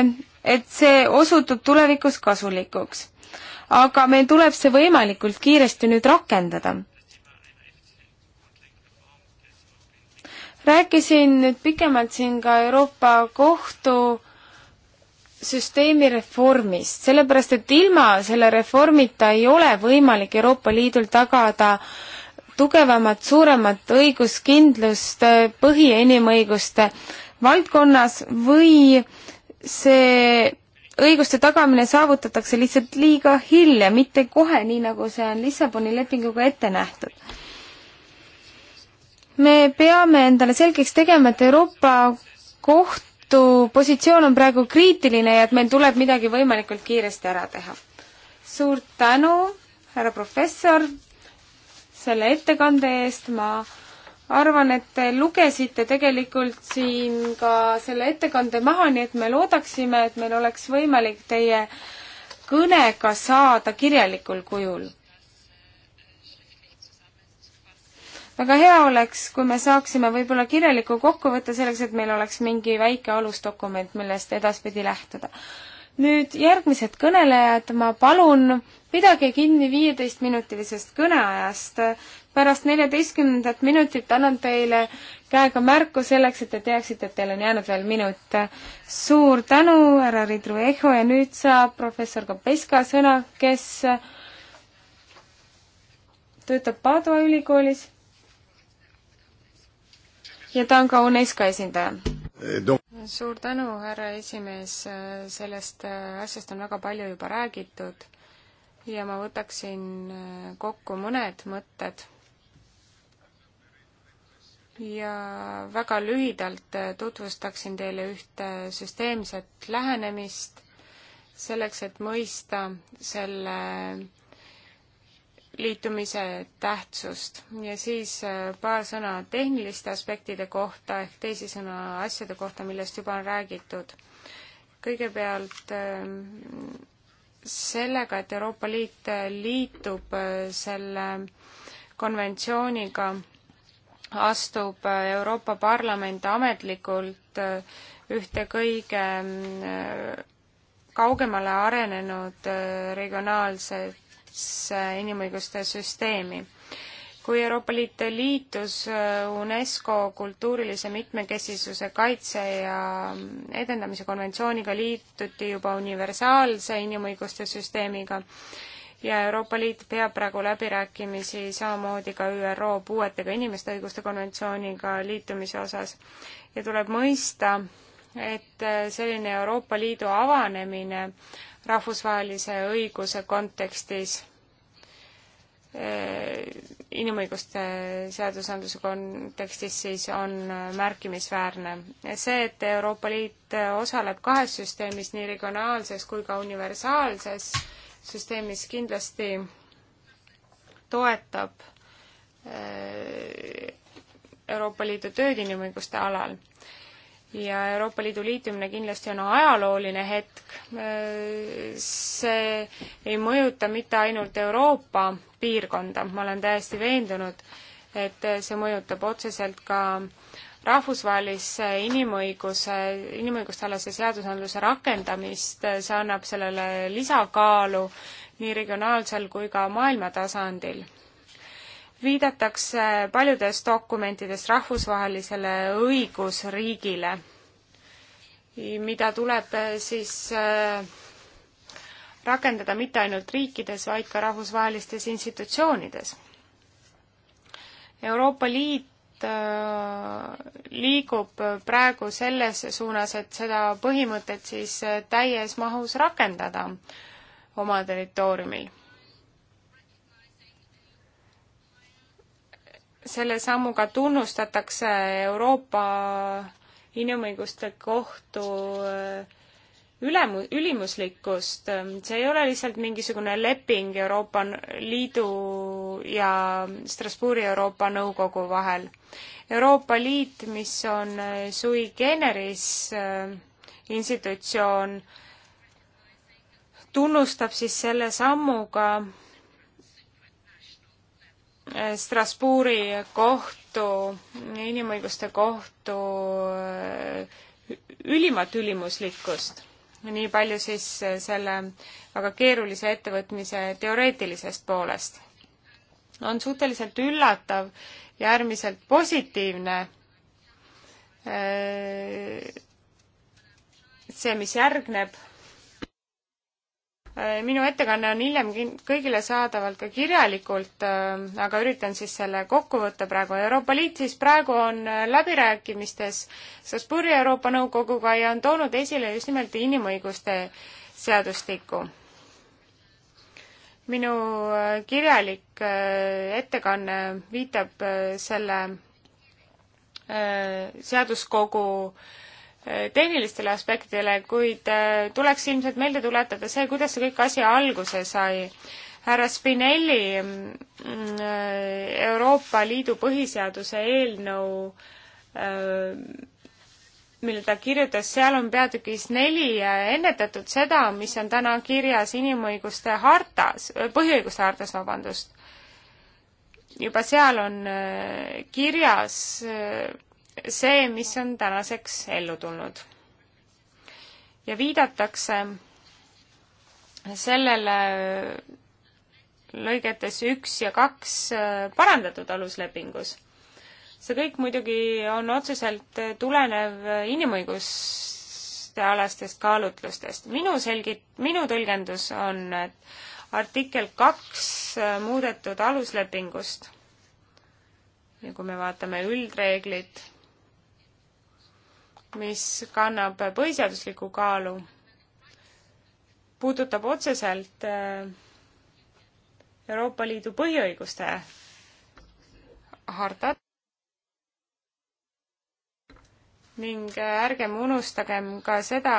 et see osutub tulevikus kasulikuks. aga meil tuleb see võimalikult kiiresti nüüd rakendada rääkisin nüüd pikemalt siin ka Euroopa Kohtu süsteemi reformist, sellepärast et ilma selle reformita ei ole võimalik Euroopa Liidul tagada tugevamat, suuremat õiguskindlust põhi- ja inimõiguste valdkonnas või see õiguste tagamine saavutatakse lihtsalt liiga hilja, mitte kohe, nii nagu see on Lissaboni lepinguga ette nähtud. me peame endale selgeks tegema, et Euroopa koht Liidu positsioon on praegu kriitiline ja et meil tuleb midagi võimalikult kiiresti ära teha. suur tänu, härra professor, selle ettekande eest, ma arvan, et te lugesite tegelikult siin ka selle ettekande maha, nii et me loodaksime, et meil oleks võimalik teie kõne ka saada kirjalikul kujul. väga hea oleks, kui me saaksime võib-olla kirjaliku kokkuvõtte selleks, et meil oleks mingi väike alusdokument, millest edaspidi lähtuda. nüüd järgmised kõnelejad, ma palun, pidage kinni viieteistminutilisest kõneajast. pärast neljateistkümnendat minutit annan teile käega märku selleks, et te teaksite, et teil on jäänud veel minut. suur tänu, härra Ridru Eho ja nüüd saab professor Kopeska sõna, kes töötab Padova ülikoolis ja ta on ka UNESCO esindaja. Eh, suur tänu, härra esimees, sellest äh, asjast on väga palju juba räägitud ja ma võtaksin äh, kokku mõned mõtted. ja väga lühidalt äh, tutvustaksin teile ühte süsteemset lähenemist selleks, et mõista selle liitumise tähtsust ja siis äh, paar sõna tehniliste aspektide kohta ehk teisisõna asjade kohta, millest juba on räägitud. kõigepealt ähm, sellega, et Euroopa Liit äh, liitub äh, selle konventsiooniga, astub Euroopa Parlament ametlikult ühte kõige mm, kaugemale arenenud regionaalset inimõiguste süsteemi. kui Euroopa Liit liitus äh, UNESCO kultuurilise mitmekesisuse kaitse ja mm, edendamise konventsiooniga, liituti juba universaalse inimõiguste süsteemiga ja Euroopa Liit peab praegu läbirääkimisi samamoodi ka ÜRO puuetega inimeste õiguste konventsiooniga liitumise osas ja tuleb mõista, et äh, selline Euroopa Liidu avanemine rahvusvahelise õiguse kontekstis äh, inimõiguste seadusandluse kontekstis siis on äh, märkimisväärne. see, et Euroopa Liit osaleb kahes süsteemis, nii regionaalses kui ka universaalses süsteemis, kindlasti toetab Euroopa Liidu tööd inimõiguste alal ja Euroopa Liidu liitumine kindlasti on ajalooline hetk. see ei mõjuta mitte ainult Euroopa piirkonda, ma olen täiesti veendunud, et see mõjutab otseselt ka rahvusvahelise inimõiguse, inimõiguste alase seadusandluse rakendamist, see annab sellele lisakaalu nii regionaalsel kui ka maailma tasandil viidatakse paljudes dokumentides rahvusvahelisele õigusriigile, mida tuleb eh, siis eh, rakendada mitte ainult riikides, vaid ka rahvusvahelistes institutsioonides. Euroopa Liit eh, liigub praegu selles suunas, et seda põhimõtet siis täies mahus rakendada oma territooriumil selle sammuga tunnustatakse Euroopa Inimõiguste Kohtu äh, ülemu-, ülimuslikkust, see ei ole lihtsalt mingisugune leping Euroopa Liidu ja Strasbourgi Euroopa Nõukogu vahel. Euroopa Liit, mis on äh, sui generis äh, institutsioon, tunnustab siis selle sammuga Strasbourgi kohtu, inimõiguste kohtu äh, ülimat ülimuslikkust. nii palju siis äh, selle väga keerulise ettevõtmise teoreetilisest poolest. on suhteliselt üllatav ja äärmiselt positiivne äh, see, mis järgneb Äh, minu ettekanne on hiljem kõigile saadavalt ka kirjalikult, äh, aga üritan siis selle kokku võtta praegu. Euroopa Liit siis praegu on äh, läbirääkimistes Strasbourgi Euroopa Nõukoguga ja on toonud esile just nimelt inimõiguste seadustikku. minu kirjalik ettekanne viitab selle seaduskogu äh, tehnilistele aspektidele, kuid äh, tuleks ilmselt meelde tuletada see, kuidas see kõik asi alguse sai. härra Spinelli mm, mm, äh, Euroopa Liidu põhiseaduse eelnõu äh, mille ta kirjutas, seal on peatükis neli ennetatud seda, mis on täna kirjas inimõiguste hartas, põhiõiguste hartas, vabandust. juba seal on kirjas see, mis on tänaseks ellu tulnud. ja viidatakse sellele lõigetes üks ja kaks parandatud aluslepingus. see kõik muidugi on otseselt tulenev inimõiguste alastest kaalutlustest. minu selgit-, minu tõlgendus on, et artikkel kaks muudetud aluslepingust ja kui me vaatame üldreeglid, mis kannab põhiseaduslikku kaalu, puudutab otseselt äh, Euroopa Liidu põhiõiguste hartat ning äh, ärgem unustagem ka seda,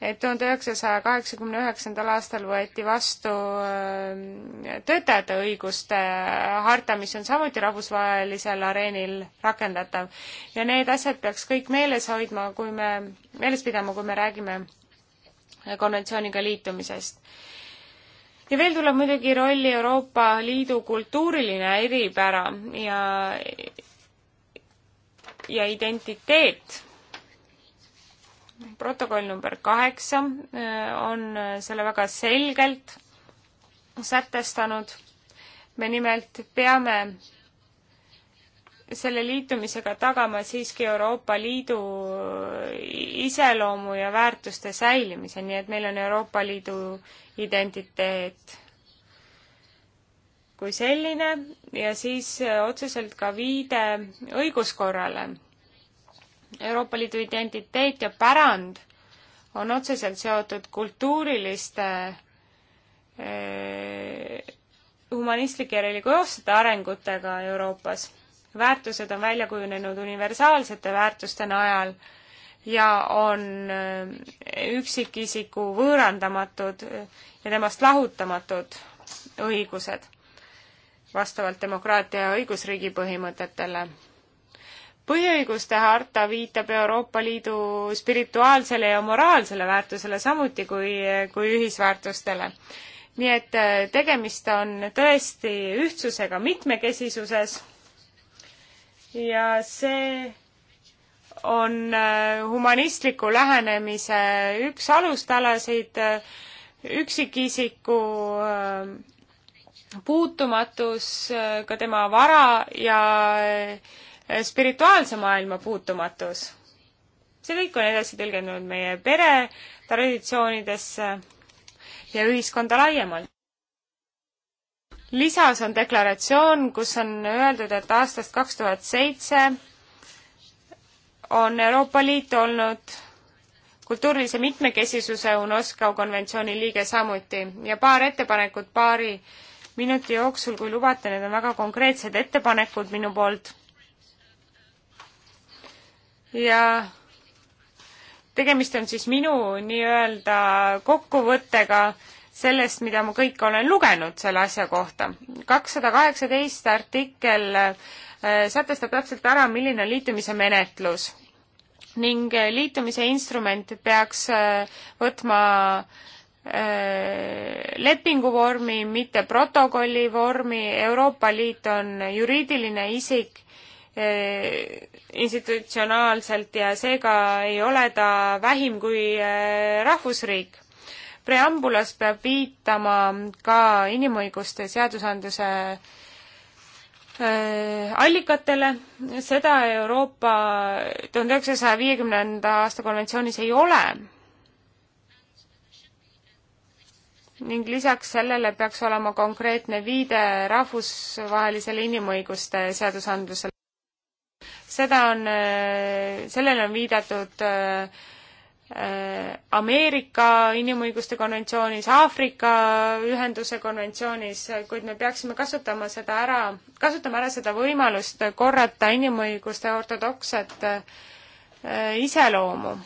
et tuhande üheksasaja kaheksakümne üheksandal aastal võeti vastu äh, töötajate õiguste harta, mis on samuti rahvusvahelisel areenil rakendatav. ja need asjad peaks kõik meeles hoidma, kui me, meeles pidama, kui me räägime konventsiooniga liitumisest. ja veel tuleb muidugi rolli Euroopa Liidu kultuuriline eripära ja ja identiteet protokoll number kaheksa äh, on äh, selle väga selgelt sätestanud. me nimelt peame selle liitumisega tagama siiski Euroopa Liidu äh, iseloomu ja väärtuste säilimise, nii et meil on Euroopa Liidu identiteet kui selline ja siis otseselt ka viide õiguskorrale Euroopa Liidu identiteet ja pärand on otseselt seotud kultuuriliste eh, humanistlike ja religioossete arengutega Euroopas. väärtused on välja kujunenud universaalsete väärtuste najal ja on eh, üksikisiku võõrandamatud ja temast lahutamatud õigused vastavalt demokraatia ja õigusriigi põhimõtetele põhiõiguste harta viitab Euroopa Liidu spirituaalsele ja moraalsele väärtusele samuti kui, kui ühisväärtustele. nii et äh, tegemist on tõesti ühtsusega mitmekesisuses ja see on äh, humanistliku lähenemise üks alustalasid, äh, üksikisiku puutumatus, ka tema vara ja äh, spirituaalse maailma puutumatus. see kõik on edasi tõlgendunud meie pere traditsioonidesse ja ühiskonda laiemalt. lisas on deklaratsioon, kus on öeldud, et aastast kaks tuhat seitse on Euroopa Liit olnud kultuurilise mitmekesisuse UNESCO konventsiooni liige samuti ja paar ettepanekut paari minuti jooksul, kui lubate, need on väga konkreetsed ettepanekud minu poolt ja tegemist on siis minu nii-öelda kokkuvõttega sellest, mida ma kõik olen lugenud selle asja kohta. kakssada kaheksateist artikkel äh, sätestab täpselt ära, milline on liitumise menetlus ning äh, liitumise instrument peaks äh, võtma lepingu vormi, mitte protokolli vormi, Euroopa Liit on juriidiline isik Eh, institutsionaalselt ja seega ei ole ta vähim kui eh, rahvusriik. preambulas peab viitama ka inimõiguste seadusandluse eh, allikatele, seda Euroopa tuhande üheksasaja viiekümnenda aasta konventsioonis ei ole. ning lisaks sellele peaks olema konkreetne viide rahvusvahelisele inimõiguste seadusandlusele seda on, äh, sellele on viidatud äh, äh, Ameerika inimõiguste konventsioonis, Aafrika ühenduse konventsioonis, kuid me peaksime kasutama seda ära, kasutama ära seda võimalust korrata inimõiguste ortodokset iseloomu.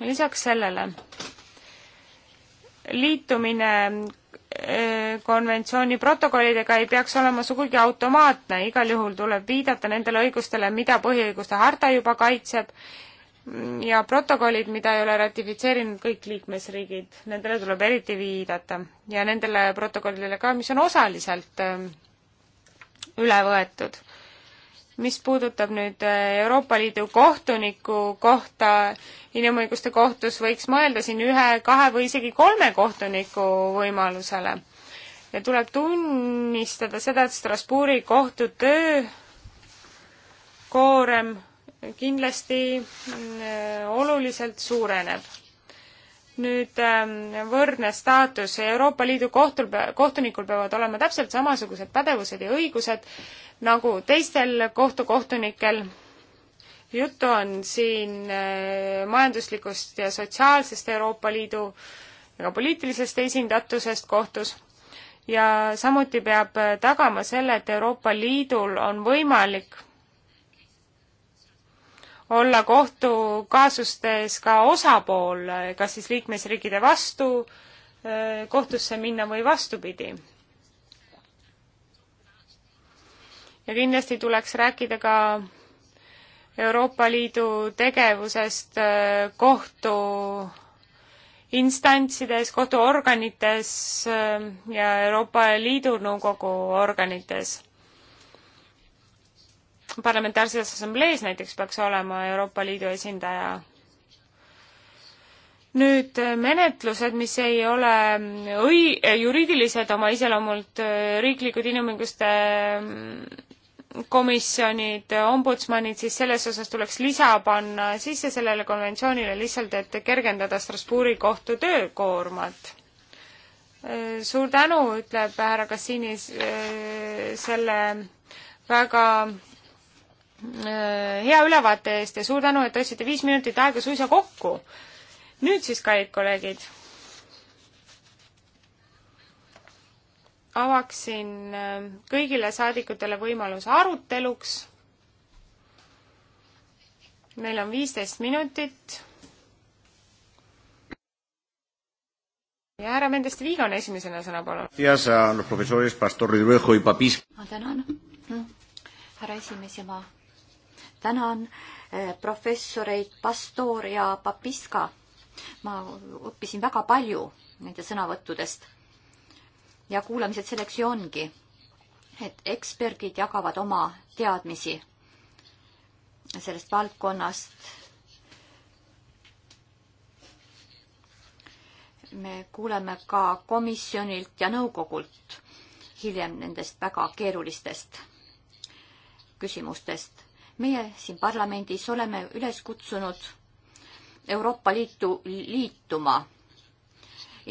lisaks sellele liitumine Äh, konventsiooni protokollidega ei peaks olema sugugi automaatne, igal juhul tuleb viidata nendele õigustele, mida põhiõiguste harta juba kaitseb ja protokollid, mida ei ole ratifitseerinud kõik liikmesriigid, nendele tuleb eriti viidata ja nendele protokollidele ka, mis on osaliselt äh, üle võetud mis puudutab nüüd äh, Euroopa Liidu kohtuniku kohta inimõiguste kohtus, võiks mõelda siin ühe, kahe või isegi kolme kohtuniku võimalusele. ja tuleb tunnistada seda, et Strasbourgi kohtu töö koorem kindlasti mm, äh, oluliselt suureneb nüüd ähm, võrdne staatus, Euroopa Liidu kohtul, kohtunikul peavad olema täpselt samasugused pädevused ja õigused nagu teistel kohtukohtunikel. juttu on siin äh, majanduslikust ja sotsiaalsest Euroopa Liidu ega poliitilisest esindatusest kohtus ja samuti peab äh, tagama selle, et Euroopa Liidul on võimalik olla kohtukaasustes ka osapool, kas siis liikmesriikide vastu kohtusse minna või vastupidi. ja kindlasti tuleks rääkida ka Euroopa Liidu tegevusest kohtu instantsides, kohtuorganites ja Euroopa Liidu Nõukogu organites parlamentaarses assamblees näiteks peaks olema Euroopa Liidu esindaja. nüüd äh, menetlused, mis ei ole mm, õi-, äh, juriidilised oma iseloomult, äh, riiklikud inimõiguste mm, komisjonid, ombudsmanid, siis selles osas tuleks lisa panna sisse sellele konventsioonile lihtsalt, et kergendada Strasbourgi kohtu töökoormat suur tänu, ütleb härra Kassinis selle väga Äh, hea ülevaate eest ja suur tänu, et tõstsite viis minutit aega suisa kokku. nüüd siis, kallid kolleegid, avaksin äh, kõigile saadikutele võimaluse aruteluks. meil on viisteist minutit. ja härra Mendest Viiga on esimesena sõna, palun. ma tänan, härra esimees ja ma tänan eh, professoreid Pastor ja Papiska. ma õppisin väga palju nende sõnavõttudest. ja kuulamised selleks ju ongi, et eksperdid jagavad oma teadmisi sellest valdkonnast. me kuuleme ka komisjonilt ja nõukogult hiljem nendest väga keerulistest küsimustest meie siin parlamendis oleme üles kutsunud Euroopa Liitu liituma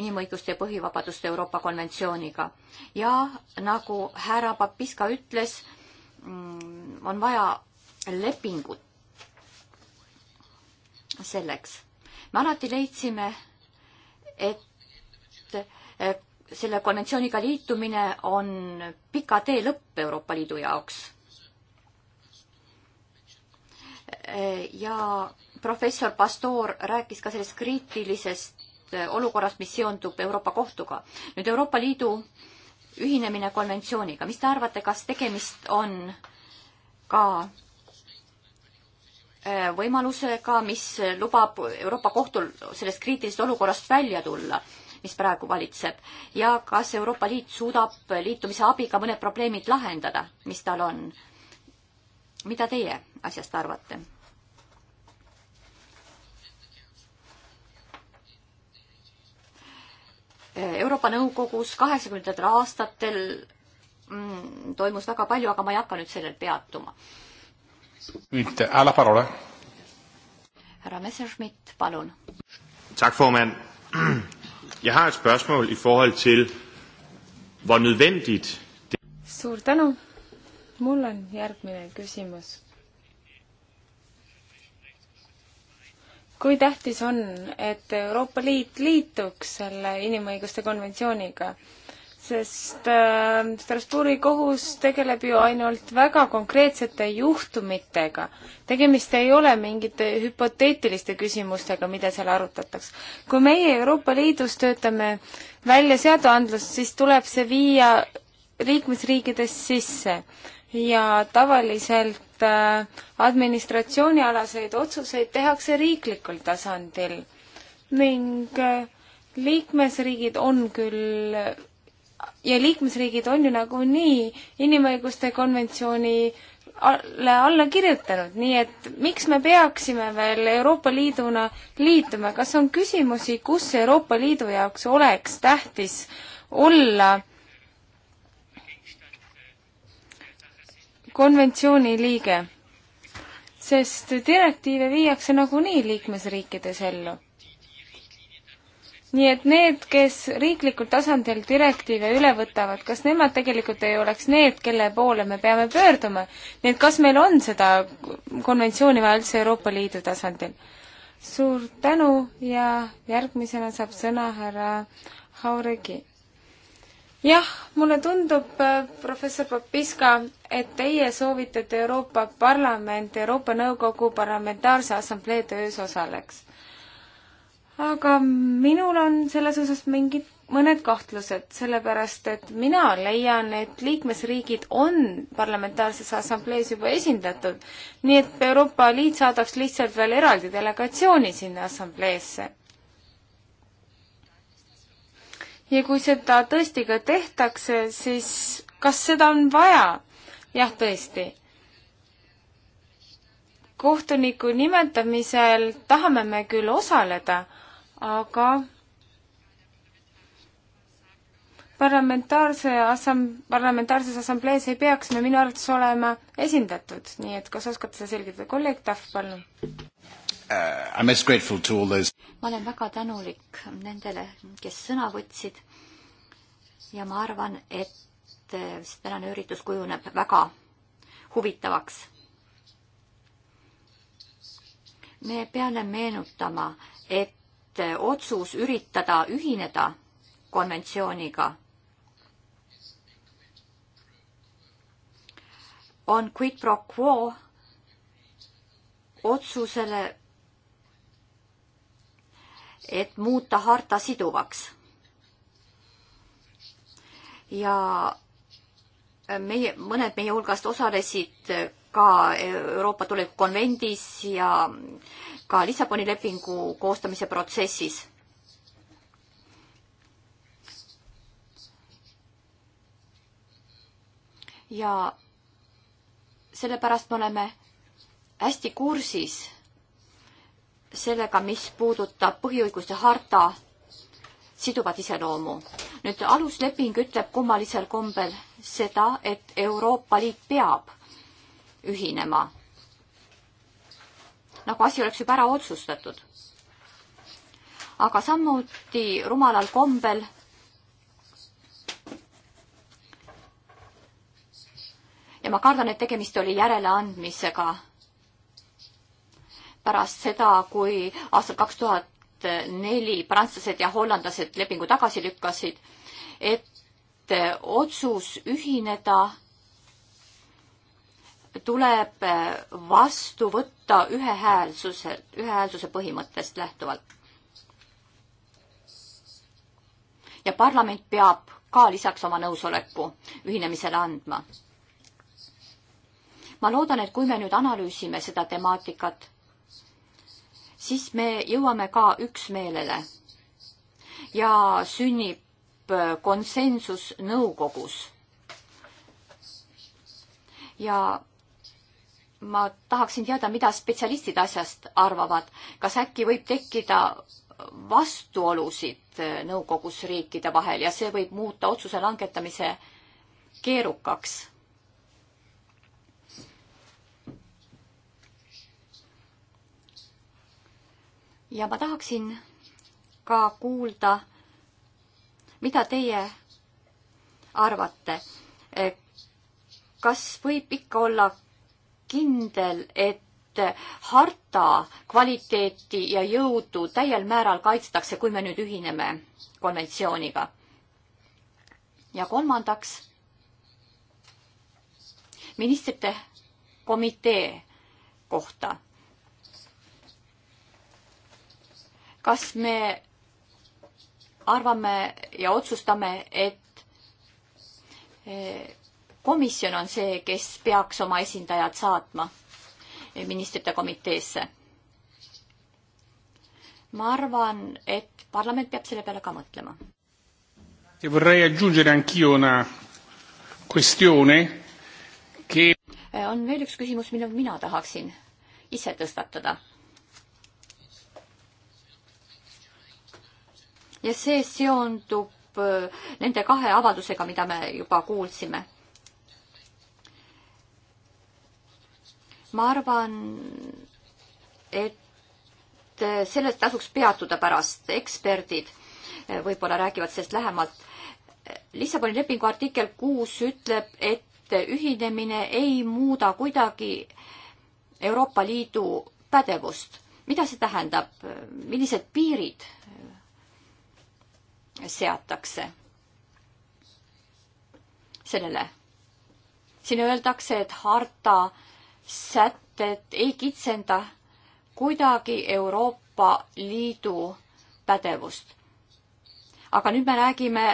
inimõiguste ja põhivabaduste Euroopa konventsiooniga ja nagu härra Papiska ütles, mm, on vaja lepingut selleks. me alati leidsime, et eh, selle konventsiooniga liitumine on pika tee lõpp Euroopa Liidu jaoks Äh, ja professor Pastor rääkis ka sellest kriitilisest äh, olukorrast, mis seondub Euroopa Kohtuga. nüüd Euroopa Liidu ühinemine konventsiooniga, mis te arvate, kas tegemist on ka äh, võimalusega, mis lubab Euroopa Kohtul sellest kriitilisest olukorrast välja tulla, mis praegu valitseb ja kas Euroopa Liit suudab liitumise abiga mõned probleemid lahendada, mis tal on? mida teie asjast arvate? Euroopa Nõukogus kaheksakümnendatel aastatel mm, toimus väga palju, aga ma ei hakka nüüd sellel peatuma. nüüd härra äh, Parola. härra Messerschmidt, palun. Tak formand. Jeg har et spørgsmål i forhold til, hvor nødvendigt det... Suur tänu. Mul on järgmine küsimus kui tähtis on, et Euroopa Liit liituks selle inimõiguste konventsiooniga, sest äh, Strasbourgi kohus tegeleb ju ainult väga konkreetsete juhtumitega. tegemist ei ole mingite hüpoteetiliste küsimustega, mida seal arutatakse. kui meie Euroopa Liidus töötame välja seadusandlust, siis tuleb see viia liikmesriikides sisse ja tavaliselt et äh, administratsioonialaseid otsuseid tehakse riiklikul tasandil ning äh, liikmesriigid on küll ja liikmesriigid on ju nagunii inimõiguste konventsiooni alla, alla kirjutanud, nii et miks me peaksime veel Euroopa Liiduna liituma, kas on küsimusi, kus Euroopa Liidu jaoks oleks tähtis olla äh, konventsiooni liige, sest direktiive viiakse nagunii liikmesriikides ellu. nii et need, kes riiklikul tasandil direktiive üle võtavad, kas nemad tegelikult ei oleks need, kelle poole me peame pöörduma? nii et kas meil on seda konventsiooni vaja üldse Euroopa Liidu tasandil? suur tänu ja järgmisena saab sõna härra Hauregi jah, mulle tundub, äh, professor Popiska, et teie soovite, et Euroopa Parlament Euroopa Nõukogu Parlamentaarse Assamblee töös osaleks. aga minul on selles osas mingid, mõned kahtlused, sellepärast et mina leian, et liikmesriigid on parlamentaarses assamblees juba esindatud, nii et Euroopa Liit saadaks lihtsalt veel eraldi delegatsiooni sinna assambleesse ja kui seda tõesti ka tehtakse, siis kas seda on vaja? jah, tõesti. kohtuniku nimetamisel tahame me küll osaleda, aga parlamentaarse assam-, parlamentaarses assamblees ei peaks me minu arvates olema esindatud, nii et kas oskate seda selgitada? kolleeg Tahv, palun. Uh, ma olen väga tänulik nendele, kes sõna võtsid ja ma arvan, et eh, tänane üritus kujuneb väga huvitavaks. me peame meenutama, et eh, otsus üritada ühineda konventsiooniga on quid pro quo otsusele et muuta harta siduvaks. ja meie, mõned meie hulgast osalesid ka Euroopa tulevikukonvendis ja ka Lissaboni lepingu koostamise protsessis. ja sellepärast me oleme hästi kursis sellega, mis puudutab põhiõiguste harta siduvat iseloomu. nüüd alusleping ütleb kummalisel kombel seda, et Euroopa Liit peab ühinema. nagu asi oleks juba ära otsustatud. aga samuti rumalal kombel ja ma kardan, et tegemist oli järeleandmisega pärast seda, kui aastal kaks tuhat neli prantslased ja hollandlased lepingu tagasi lükkasid, et otsus ühineda tuleb vastu võtta ühehäälsuse, ühehäälsuse põhimõttest lähtuvalt. ja parlament peab ka lisaks oma nõusoleku ühinemisele andma. ma loodan, et kui me nüüd analüüsime seda temaatikat, siis me jõuame ka üksmeelele ja sünnib äh, konsensus nõukogus. ja ma tahaksin teada, mida spetsialistid asjast arvavad, kas äkki võib tekkida vastuolusid äh, nõukogus riikide vahel ja see võib muuta otsuse langetamise keerukaks ja ma tahaksin ka kuulda, mida teie arvate. kas võib ikka olla kindel, et harta kvaliteeti ja jõudu täiel määral kaitstakse, kui me nüüd ühineme konventsiooniga? ja kolmandaks, ministrite komitee kohta kas me arvame ja otsustame, et eh, komisjon on see, kes peaks oma esindajad saatma ministrite komiteesse. ma arvan, et parlament peab selle peale ka mõtlema. Eh, on veel üks küsimus, mille mina tahaksin ise tõstatada ja see seondub äh, nende kahe avaldusega, mida me juba kuulsime. ma arvan, et äh, sellest tasuks peatuda pärast, eksperdid äh, võib-olla räägivad sellest lähemalt. Lissaboni lepingu artikkel kuus ütleb, et ühinemine ei muuda kuidagi Euroopa Liidu pädevust. mida see tähendab, millised piirid seatakse sellele. siin öeldakse, et harta sätted ei kitsenda kuidagi Euroopa Liidu pädevust. aga nüüd me räägime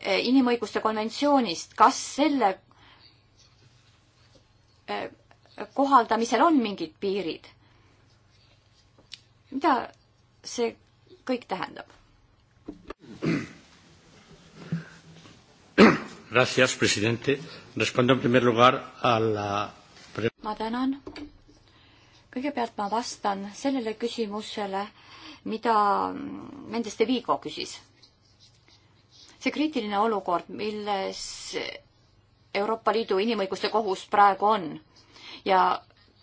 eh, inimõiguste konventsioonist, kas selle eh, kohaldamisel on mingid piirid? mida see kõik tähendab? Gracias, presidente. Respondo en primer lugar a la ma tänan. kõigepealt ma vastan sellele küsimusele, mida Mendes de Vigo küsis. see kriitiline olukord, milles Euroopa Liidu Inimõiguste Kohus praegu on ja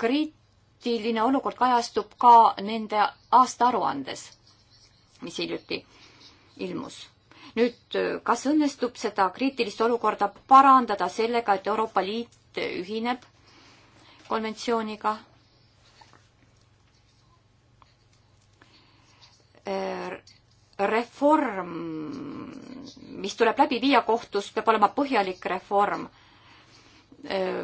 kriitiline olukord kajastub ka nende aastaaruandes, mis hiljuti ilmus nüüd, kas õnnestub seda kriitilist olukorda parandada sellega, et Euroopa Liit ühineb konventsiooniga? Äh, reform, mis tuleb läbi viia kohtus, peab olema põhjalik reform. Äh,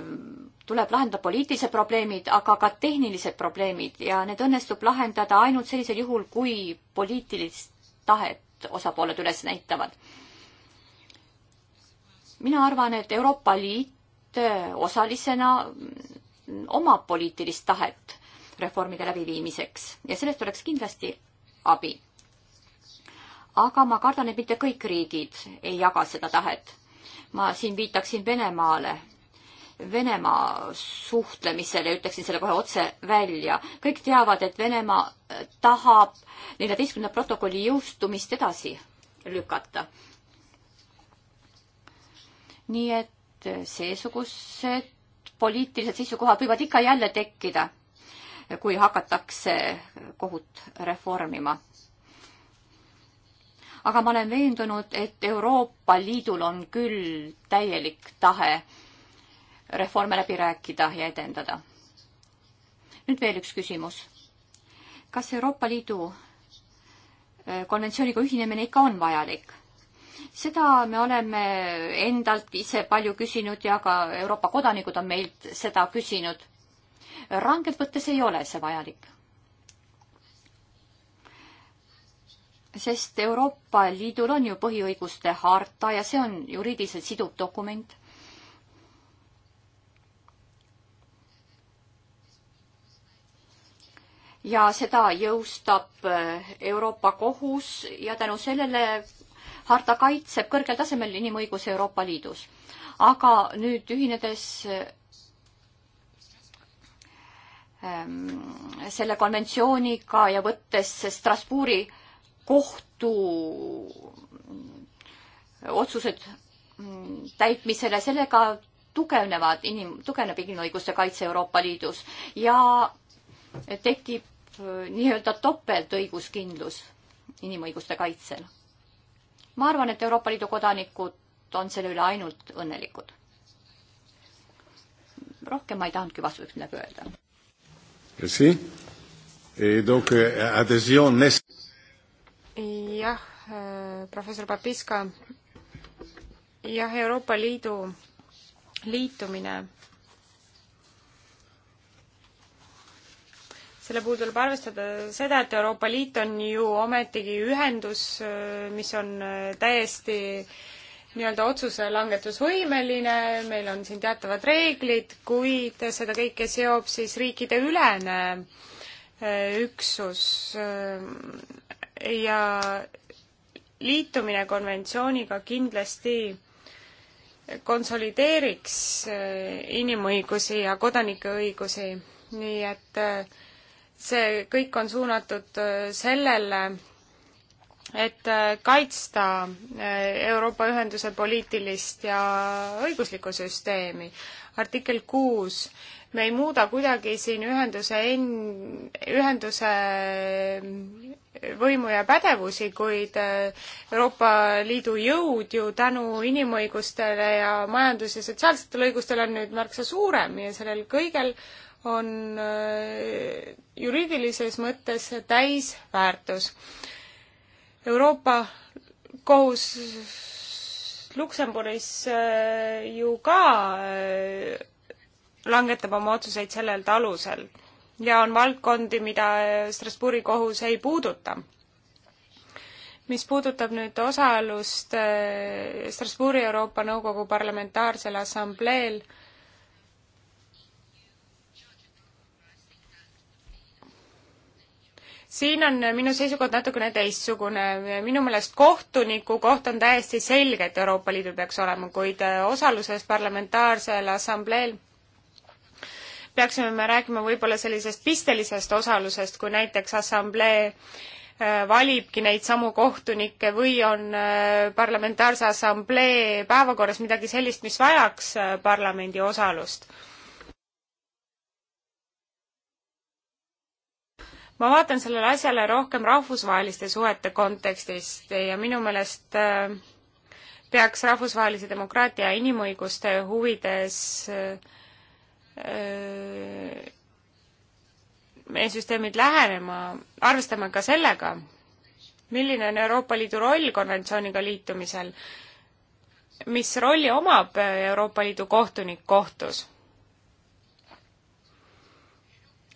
tuleb lahendada poliitilised probleemid, aga ka tehnilised probleemid ja need õnnestub lahendada ainult sellisel juhul, kui poliitilist tahet osapooled üles näitavad. mina arvan, et Euroopa Liit äh, osalisena mm, omab poliitilist tahet reformide läbiviimiseks ja sellest oleks kindlasti abi. aga ma kardan, et mitte kõik riigid ei jaga seda tahet. ma siin viitaksin Venemaale Venemaa suhtlemisele, ütleksin selle kohe otse välja. kõik teavad, et Venemaa äh, tahab neljateistkümnenda protokolli jõustumist edasi lükata. nii et äh, seesugused poliitilised seisukohad võivad ikka jälle tekkida, kui hakatakse kohut reformima aga ma olen veendunud, et Euroopa Liidul on küll täielik tahe reforme läbi rääkida ja edendada. nüüd veel üks küsimus. kas Euroopa Liidu äh, konventsiooniga ühinemine ikka on vajalik? seda me oleme endalt ise palju küsinud ja ka Euroopa kodanikud on meilt seda küsinud. rangelt võttes ei ole see vajalik sest Euroopa Liidul on ju põhiõiguste harta ja see on juriidiliselt siduv dokument. ja seda jõustab eh, Euroopa Kohus ja tänu sellele harta kaitseb kõrgel tasemel inimõiguse Euroopa Liidus. aga nüüd ühinedes ehm, selle konventsiooniga ja võttes Strasbourgi kohtu mm, otsused mm, täitmisele, sellega tugevnevad inim-, tugevneb inimõiguste kaitse Euroopa Liidus ja tekib äh, nii-öelda topeltõiguskindlus inimõiguste kaitsel. ma arvan, et Euroopa Liidu kodanikud on selle üle ainult õnnelikud. rohkem ma ei tahanudki vastuseks midagi öelda. Eh, eh, eh, jah, professor Papiska, jah, Euroopa Liidu liitumine selle puhul tuleb arvestada seda, et Euroopa Liit on ju ometigi ühendus, äh, mis on äh, täiesti nii-öelda otsuse langetusvõimeline, meil on siin teatavad reeglid, kuid seda kõike seob siis riikideülene äh, üksus ja liitumine konventsiooniga kindlasti konsolideeriks inimõigusi ja kodanikeõigusi, nii et äh, see kõik on suunatud äh, sellele, et äh, kaitsta äh, Euroopa Ühenduse poliitilist ja õiguslikku süsteemi. artikkel kuus, me ei muuda kuidagi siin ühenduse en-, ühenduse võimu ja pädevusi, kuid Euroopa Liidu jõud ju tänu inimõigustele ja majandus- ja sotsiaalsetele õigustele on nüüd märksa suurem ja sellel kõigel on äh, juriidilises mõttes täisväärtus. Euroopa kohus Luksemburgis äh, ju ka äh, langetab oma otsuseid sellelt alusel ja on valdkondi, mida Strasbourgi kohus ei puuduta. mis puudutab nüüd osalust Strasbourgi Euroopa Nõukogu Parlamentaarsel Assambleel, siin on minu seisukoht natukene teistsugune. minu meelest kohtuniku koht on täiesti selge, et Euroopa Liidul peaks olema, kuid äh, osaluses parlamentaarsel assambleel peaksime me rääkima võib-olla sellisest pistelisest osalusest, kui näiteks assamblee äh, valibki neid samu kohtunikke või on äh, parlamentaarse assamblee päevakorras midagi sellist, mis vajaks parlamendi osalust ma vaatan sellele asjale rohkem rahvusvaheliste suhete kontekstist ja minu meelest äh, peaks rahvusvahelise demokraatia ja inimõiguste huvides äh, äh, meie süsteemid lähenema, arvestama ka sellega, milline on Euroopa Liidu roll konventsiooniga liitumisel, mis rolli omab Euroopa Liidu kohtunik kohtus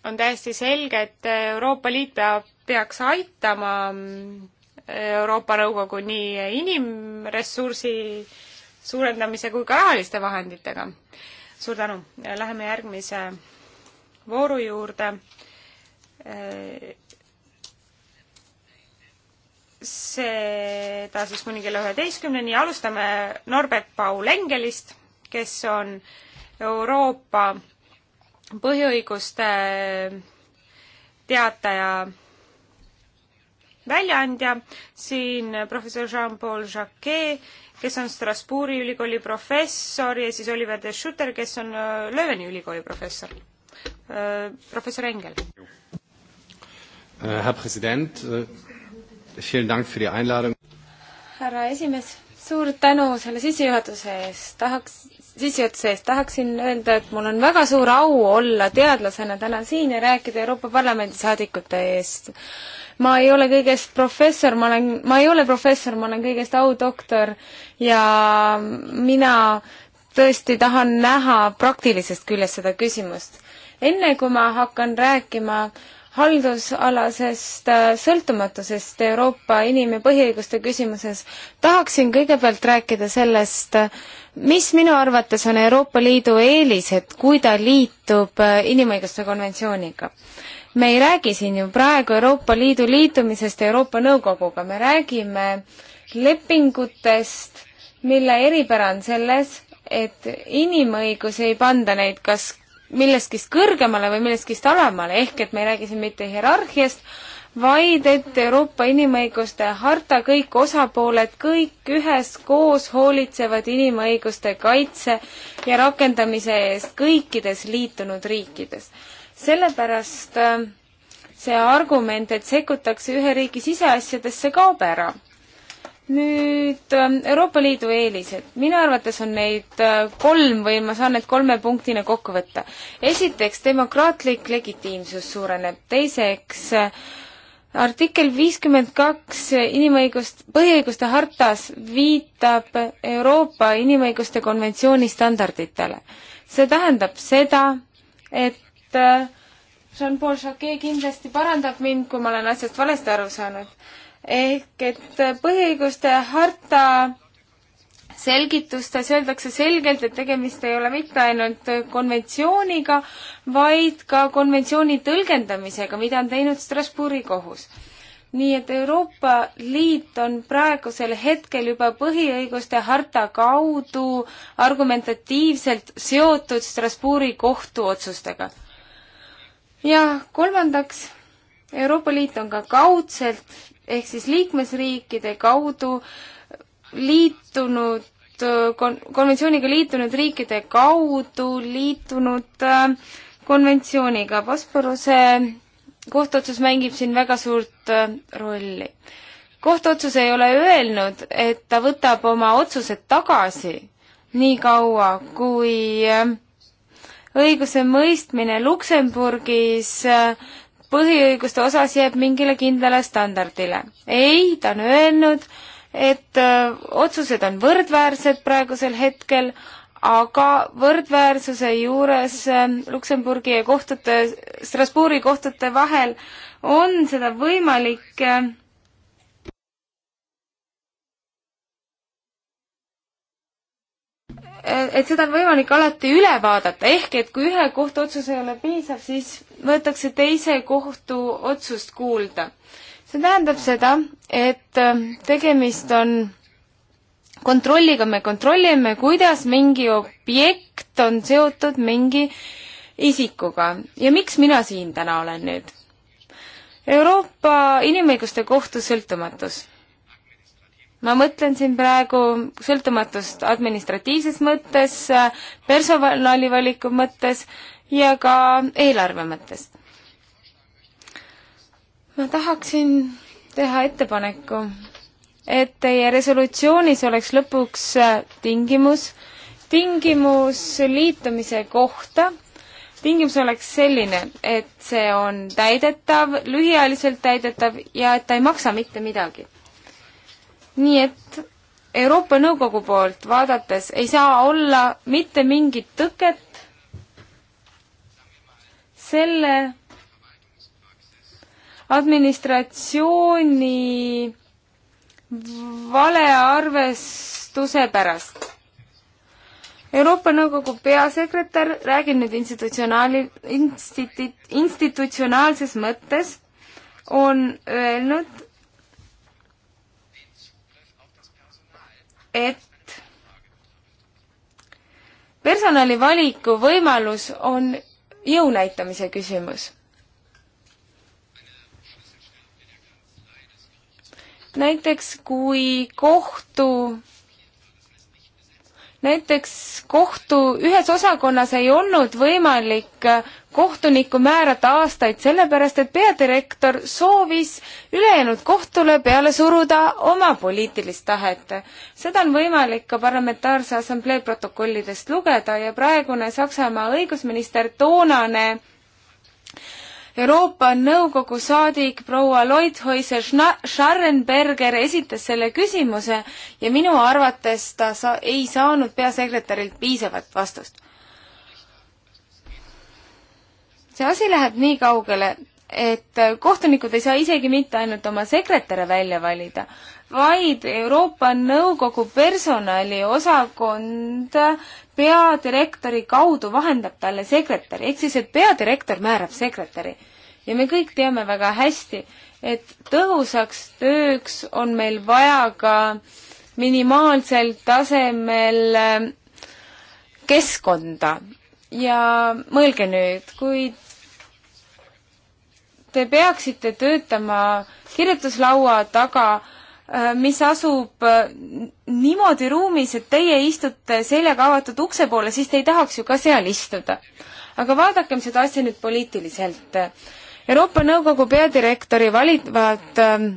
on täiesti selge, et Euroopa Liit peab, peaks aitama Euroopa Nõukogu nii inimressursi suurendamise kui ka rahaliste vahenditega. suur tänu, läheme järgmise vooru juurde. seda siis kuni kella üheteistkümneni, alustame Norbert Paul Engelist, kes on Euroopa põhiõiguste teataja väljaandja, siin professor Jean-Paul Jacquet, kes on Strasbourgi ülikooli professor ja siis Oliver de Schutter, kes on äh, Löveni ülikooli professor. Äh, professor Engel. härra äh, president, härra esimees, suur tänu selle sissejuhatuse eest, tahaks sissejuhatuse eest, tahaksin öelda, et mul on väga suur au olla teadlasena täna siin ja rääkida Euroopa Parlamendi saadikute eest. ma ei ole kõigest professor, ma olen, ma ei ole professor, ma olen kõigest audoktor ja mina tõesti tahan näha praktilisest küljest seda küsimust. enne kui ma hakkan rääkima haldusalasest äh, sõltumatusest Euroopa inim- ja põhiõiguste küsimuses, tahaksin kõigepealt rääkida sellest, mis minu arvates on Euroopa Liidu eelised, kui ta liitub äh, inimõiguste konventsiooniga. me ei räägi siin ju praegu Euroopa Liidu liitumisest Euroopa Nõukoguga, me räägime lepingutest, mille eripära on selles, et inimõigusi ei panda neid kas millestkist kõrgemale või millestkist alamale, ehk et me ei räägi siin mitte hierarhiast, vaid et Euroopa inimõiguste harta kõik osapooled kõik üheskoos hoolitsevad inimõiguste kaitse ja rakendamise eest kõikides liitunud riikides. sellepärast äh, see argument, et sekkutakse ühe riigi siseasjadesse, kaob ära nüüd äh, Euroopa Liidu eelised. minu arvates on neid äh, kolm või ma saan need kolme punktina kokku võtta. esiteks, demokraatlik legitiimsus suureneb, teiseks äh, artikkel viiskümmend kaks inimõigust, põhiõiguste hartas viitab Euroopa Inimõiguste Konventsiooni standarditele. see tähendab seda, et Jean-Paul Jacquet kindlasti parandab mind, kui ma olen asjast valesti aru saanud ehk et põhiõiguste harta selgitustes öeldakse selgelt, et tegemist ei ole mitte ainult konventsiooniga, vaid ka konventsiooni tõlgendamisega, mida on teinud Strasbourgi kohus. nii et Euroopa Liit on praegusel hetkel juba põhiõiguste harta kaudu argumentatiivselt seotud Strasbourgi kohtuotsustega. ja kolmandaks, Euroopa Liit on ka kaudselt ehk siis liikmesriikide kaudu liitunud kon-, konventsiooniga liitunud riikide kaudu liitunud äh, konventsiooniga. Bosporuse kohtuotsus mängib siin väga suurt äh, rolli. kohtuotsus ei ole öelnud, et ta võtab oma otsused tagasi niikaua, kui äh, õigusemõistmine Luksemburgis põhiõiguste osas jääb mingile kindlale standardile. ei, ta on öelnud, et öö, äh, otsused on võrdväärsed praegusel hetkel, aga võrdväärsuse juures öö, ähm, Luksemburgi ja kohtute, Strasbourgi kohtute vahel on seda võimalik öö, äh, et seda on võimalik alati üle vaadata, ehk et kui ühe kohtuotsus ei ole piisav, siis võetakse teise kohtu otsust kuulda. see tähendab seda, et ähm, tegemist on kontrolliga, me kontrollime, kuidas mingi objekt on seotud mingi isikuga ja miks mina siin täna olen nüüd? Euroopa Inimõiguste Kohtu sõltumatus ma mõtlen siin praegu sõltumatust administratiivses mõttes, personali valiku mõttes ja ka eelarve mõttes. ma tahaksin teha ettepaneku, et teie resolutsioonis oleks lõpuks tingimus, tingimus liitumise kohta tingimus oleks selline, et see on täidetav, lühiajaliselt täidetav ja et ta ei maksa mitte midagi nii et Euroopa Nõukogu poolt vaadates ei saa olla mitte mingit tõket selle administratsiooni valearvestuse pärast. Euroopa Nõukogu peasekretär räägib nüüd institutsionaali, institu-, institutsionaalses mõttes, on öelnud, et personali valiku võimalus on jõu näitamise küsimus. näiteks kui kohtu näiteks kohtu ühes osakonnas ei olnud võimalik kohtunikku määrata aastaid, sellepärast et peadirektor soovis ülejäänud kohtule peale suruda oma poliitilist tahet. seda on võimalik ka parlamentaarse assamblee protokollidest lugeda ja praegune Saksamaa õigusminister, toonane Euroopa Nõukogu saadik proua Leuthäuser Scharrenberger esitas selle küsimuse ja minu arvates ta sa ei saanud peasekretärilt piisavat vastust see asi läheb nii kaugele, et kohtunikud ei saa isegi mitte ainult oma sekretäre välja valida, vaid Euroopa Nõukogu personaliosakond peadirektori kaudu vahendab talle sekretäri, ehk siis, et peadirektor määrab sekretäri. ja me kõik teame väga hästi, et tõhusaks tööks on meil vaja ka minimaalsel tasemel äh, keskkonda ja mõelge nüüd, kui te peaksite töötama kirjutuslaua taga, äh, mis asub äh, niimoodi ruumis, et teie istute seljaga avatud ukse poole, siis te ei tahaks ju ka seal istuda. aga vaadakem seda asja nüüd poliitiliselt. Euroopa Nõukogu peadirektori valitavad äh,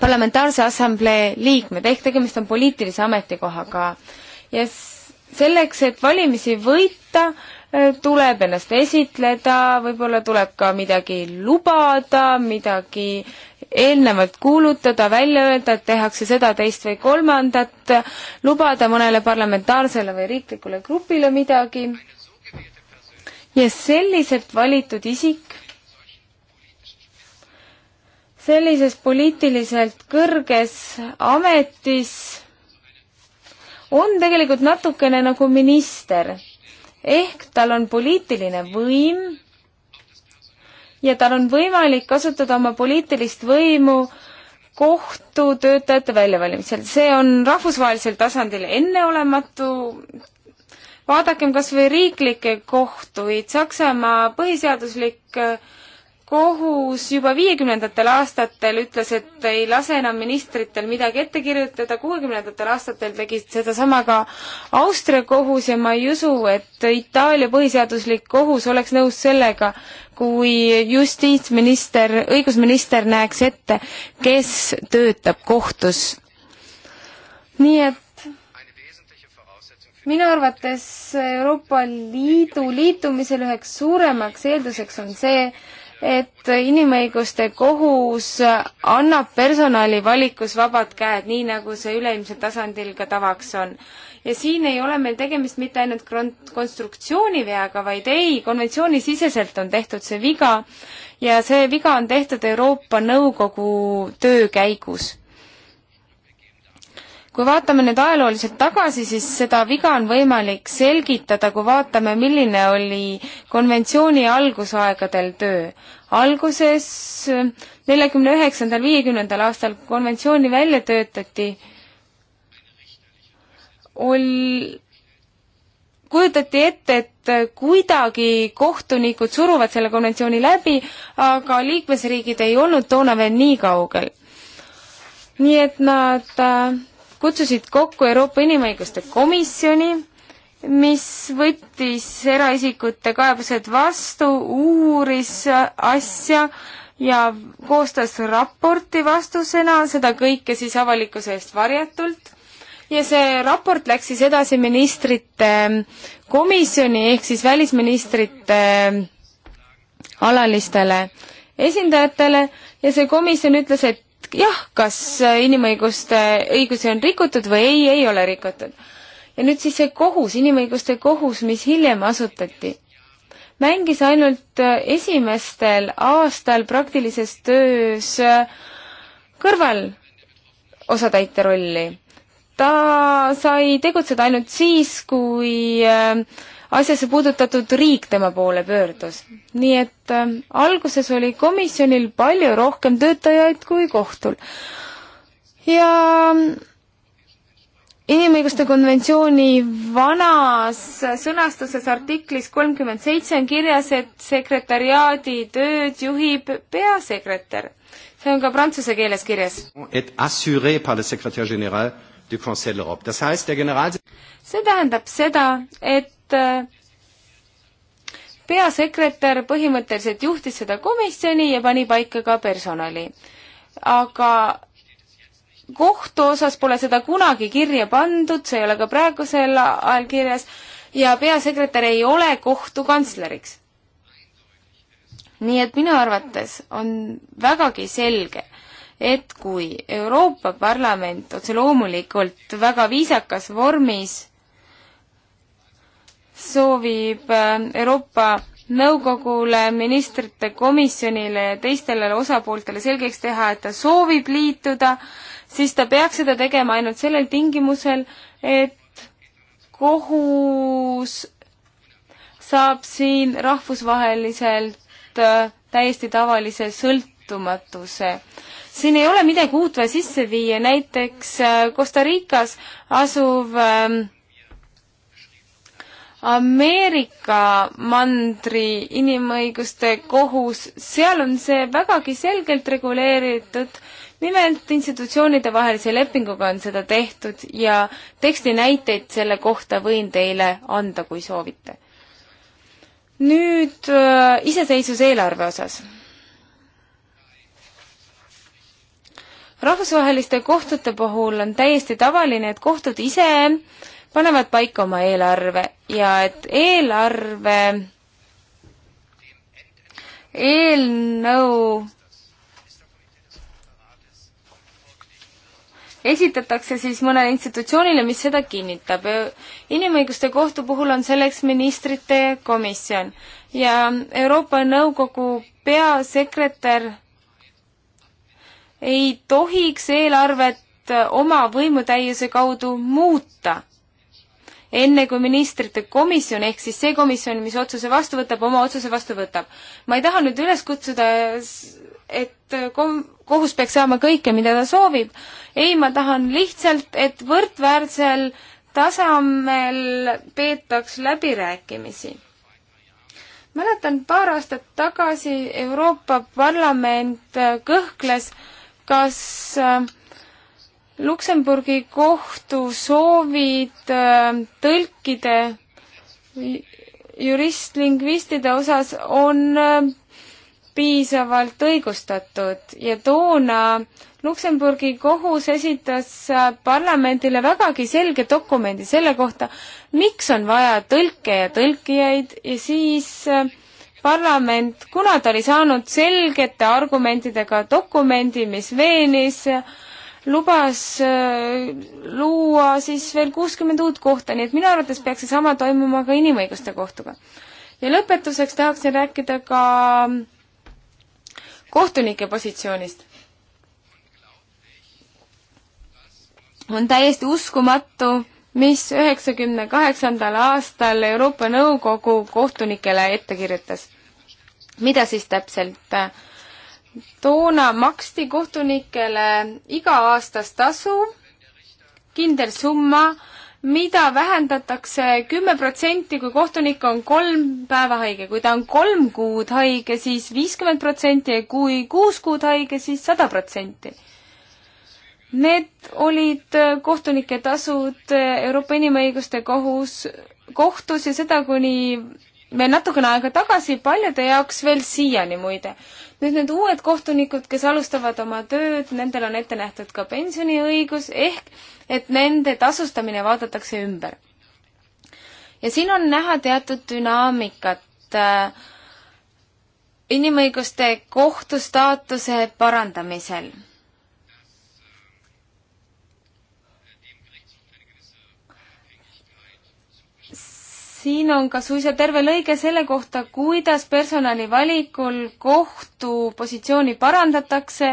parlamentaarse assamblee liikmed ehk tegemist on poliitilise ametikohaga ja yes selleks, et valimisi võita, äh, tuleb ennast esitleda, võib-olla tuleb ka midagi lubada, midagi eelnevalt kuulutada, välja öelda, et tehakse seda, teist või kolmandat, lubada mõnele parlamentaarsele või riiklikule grupile midagi. ja selliselt valitud isik sellises poliitiliselt kõrges ametis on tegelikult natukene nagu minister. ehk tal on poliitiline võim ja tal on võimalik kasutada oma poliitilist võimu kohtutöötajate väljavalimisel. see on rahvusvahelisel tasandil enneolematu. vaadakem kas või riiklikke kohtuid, Saksamaa põhiseaduslik äh, kohus juba viiekümnendatel aastatel ütles, et ei lase enam ministritel midagi ette kirjutada, kuuekümnendatel aastatel tegid sedasama ka Austria kohus ja ma ei usu, et Itaalia põhiseaduslik kohus oleks nõus sellega, kui justiitsminister, õigusminister näeks ette, kes töötab kohtus. nii et minu arvates Euroopa Liidu liitumisel üheks suuremaks eelduseks on see, et inimõiguste kohus annab personali valikus vabad käed, nii nagu see üleilmsel tasandil ka tavaks on. ja siin ei ole meil tegemist mitte ainult konstruktsiooniveaga, vaid ei, konventsioonisiseselt on tehtud see viga ja see viga on tehtud Euroopa Nõukogu töö käigus kui vaatame nüüd ajalooliselt tagasi, siis seda viga on võimalik selgitada, kui vaatame, milline oli konventsiooni algusaegadel töö. alguses neljakümne üheksandal, viiekümnendal aastal, kui konventsiooni välja töötati, ol-, kujutati ette, et kuidagi kohtunikud suruvad selle konventsiooni läbi, aga liikmesriigid ei olnud toona veel nii kaugel. nii et nad äh, kutsusid kokku Euroopa Inimõiguste Komisjoni, mis võttis eraisikute kaebused vastu, uuris asja ja koostas raporti vastusena, seda kõike siis avalikkuse eest varjatult. ja see raport läks siis edasi ministrite komisjoni ehk siis välisministrite alalistele esindajatele ja see komisjon ütles, et jah, kas inimõiguste õigusi on rikutud või ei, ei ole rikutud. ja nüüd siis see kohus, inimõiguste kohus, mis hiljem asutati, mängis ainult esimestel aastal praktilises töös kõrval osatäite rolli. ta sai tegutseda ainult siis, kui äh, asjasse puudutatud riik tema poole pöördus. nii et äh, alguses oli komisjonil palju rohkem töötajaid kui kohtul. ja mm, inimõiguste konventsiooni vanas sõnastuses artiklis kolmkümmend seitse on kirjas, et sekretariaadi tööd juhib peasekretär. see on ka prantsuse keeles kirjas. et assuree par le secrétaire général du conseil de l'Europe. Das heißt, der general see tähendab seda, et et äh, peasekretär põhimõtteliselt juhtis seda komisjoni ja pani paika ka personali. aga kohtu osas pole seda kunagi kirja pandud, see ei ole ka praegusel ajal kirjas, ja peasekretär ei ole kohtu kantsleriks. nii et minu arvates on vägagi selge, et kui Euroopa Parlament otse loomulikult väga viisakas vormis soovib äh, Euroopa Nõukogule, ministrite komisjonile ja teistele osapooltele selgeks teha, et ta soovib liituda, siis ta peaks seda tegema ainult sellel tingimusel, et kohus saab siin rahvusvaheliselt äh, täiesti tavalise sõltumatuse. siin ei ole midagi uut vaja sisse viia, näiteks äh, Costa Ricas asuv ähm, Ameerika mandri inimõiguste kohus, seal on see vägagi selgelt reguleeritud, nimelt institutsioonide vahelise lepinguga on seda tehtud ja teksti näiteid selle kohta võin teile anda, kui soovite. nüüd äh, iseseisvuse eelarve osas. rahvusvaheliste kohtute puhul on täiesti tavaline, et kohtud ise äh, panevad paika oma eelarve ja et eelarve eelnõu esitatakse siis mõnele institutsioonile, mis seda kinnitab. inimõiguste kohtu puhul on selleks ministrite komisjon ja Euroopa Nõukogu peasekretär ei tohiks eelarvet oma võimutäiuse kaudu muuta enne kui ministrite komisjon ehk siis see komisjon, mis otsuse vastu võtab, oma otsuse vastu võtab. ma ei taha nüüd üles kutsuda, et kom-, kohus peaks saama kõike, mida ta soovib. ei, ma tahan lihtsalt, et võrdväärsel tasemel peetaks läbirääkimisi. mäletan paar aastat tagasi Euroopa Parlament kõhkles, kas äh, Luksemburgi kohtu soovid äh, tõlkide juristlingvistide osas on äh, piisavalt õigustatud ja toona Luksemburgi kohus esitas äh, parlamendile vägagi selge dokumendi selle kohta, miks on vaja tõlke ja tõlkijaid ja siis parlament, kuna ta oli saanud selgete argumentidega dokumendi, mis veenis äh, lubas äh, luua siis veel kuuskümmend uut kohta, nii et minu arvates peaks seesama toimuma ka inimõiguste kohtuga. ja lõpetuseks tahaksin rääkida ka kohtunike positsioonist. on täiesti uskumatu, mis üheksakümne kaheksandal aastal Euroopa Nõukogu kohtunikele ette kirjutas. mida siis täpselt äh, toona maksti kohtunikele iga-aastast tasu, kindel summa, mida vähendatakse kümme protsenti, kui kohtunik on kolm päeva haige. kui ta on kolm kuud haige, siis viiskümmend protsenti ja kui kuus kuud haige, siis sada protsenti. Need olid kohtunike tasud Euroopa Inimõiguste Kohus, kohtus ja seda kuni veel natukene aega tagasi, paljude jaoks veel siiani muide. nüüd need uued kohtunikud, kes alustavad oma tööd, nendel on ette nähtud ka pensioniõigus, ehk et nende tasustamine vaadatakse ümber. ja siin on näha teatud dünaamikat äh, inimõiguste kohtu staatuse parandamisel siin on ka suisa terve lõige selle kohta, kuidas personali valikul kohtu positsiooni parandatakse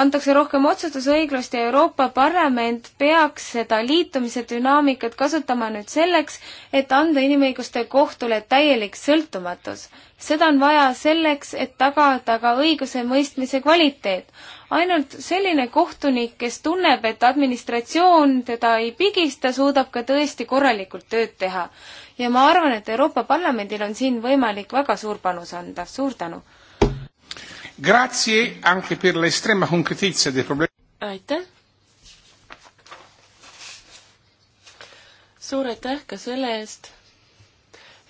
antakse rohkem otsustusõiglust ja Euroopa Parlament peaks seda liitumise dünaamikat kasutama nüüd selleks, et anda inimõiguste kohtule täielik sõltumatus. seda on vaja selleks, et tagada taga ka õigusemõistmise kvaliteet. ainult selline kohtunik, kes tunneb, et administratsioon teda ei pigista, suudab ka tõesti korralikult tööd teha. ja ma arvan, et Euroopa Parlamendil on siin võimalik väga suur panus anda. suur tänu! Grazie anche per l'estrema concretezza dei problemi. aitäh. suur aitäh ka selle eest,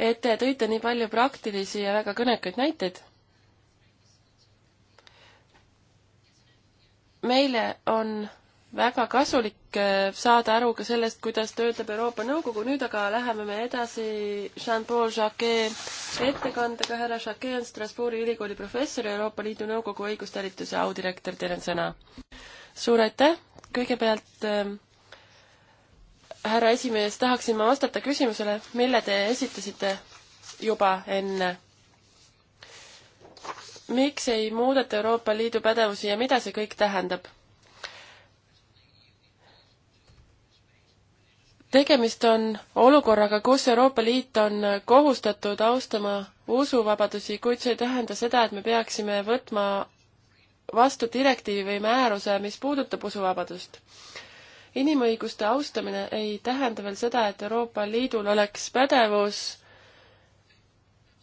et te tõite nii palju praktilisi ja väga kõnekaid näiteid. meile on väga kasulik äh, saada aru ka sellest, kuidas töötab Euroopa Nõukogu, nüüd aga läheme me edasi Jean-Paul Jacquet ettekandega, härra Jacquet on Strasbourgi ülikooli professor ja Euroopa Liidu Nõukogu õigustalituse audirektor, teil on sõna. suur aitäh, kõigepealt ähm, härra esimees, tahaksin ma vastata küsimusele, mille te esitasite juba enne miks ei muudeta Euroopa Liidu pädevusi ja mida see kõik tähendab? tegemist on olukorraga, kus Euroopa Liit on kohustatud austama usuvabadusi, kuid see ei tähenda seda, et me peaksime võtma vastu direktiivi või määruse, mis puudutab usuvabadust. inimõiguste austamine ei tähenda veel seda, et Euroopa Liidul oleks pädevus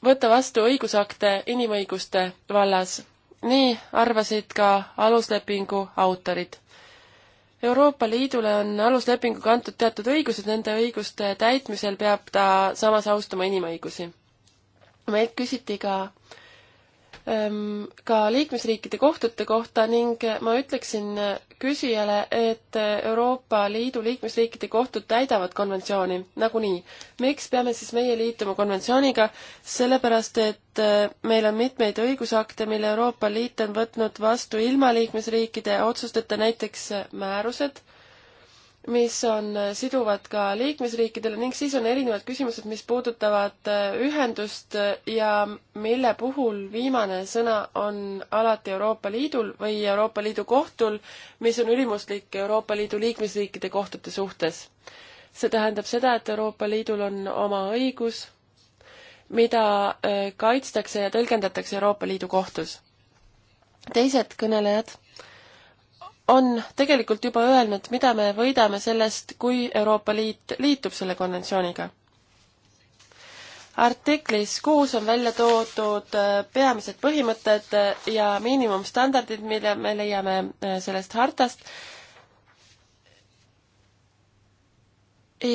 võtta vastu õigusakte inimõiguste vallas. nii arvasid ka aluslepingu autorid Euroopa Liidule on aluslepinguga antud teatud õigused, nende õiguste täitmisel peab ta samas austama inimõigusi. meilt küsiti ka äh, Ehm, ka liikmesriikide kohtute kohta ning ma ütleksin küsijale, et Euroopa Liidu liikmesriikide kohtud täidavad konventsiooni nagunii. miks peame siis meie liituma konventsiooniga? sellepärast, et eh, meil on mitmeid õigusakte, mille Euroopa Liit on võtnud vastu ilma liikmesriikide otsusteta, näiteks määrused mis on siduvad ka liikmesriikidele ning siis on erinevad küsimused, mis puudutavad äh, ühendust äh, ja mille puhul viimane sõna on alati Euroopa Liidul või Euroopa Liidu kohtul, mis on ülimuslik Euroopa Liidu liikmesriikide kohtute suhtes. see tähendab seda, et Euroopa Liidul on oma õigus, mida äh, kaitstakse ja tõlgendatakse Euroopa Liidu kohtus. teised kõnelejad on tegelikult juba öelnud, mida me võidame sellest, kui Euroopa Liit liitub selle konventsiooniga. artiklis kuus on välja toodud äh, peamised põhimõtted ja miinimumstandardid, mille me leiame äh, sellest hartast.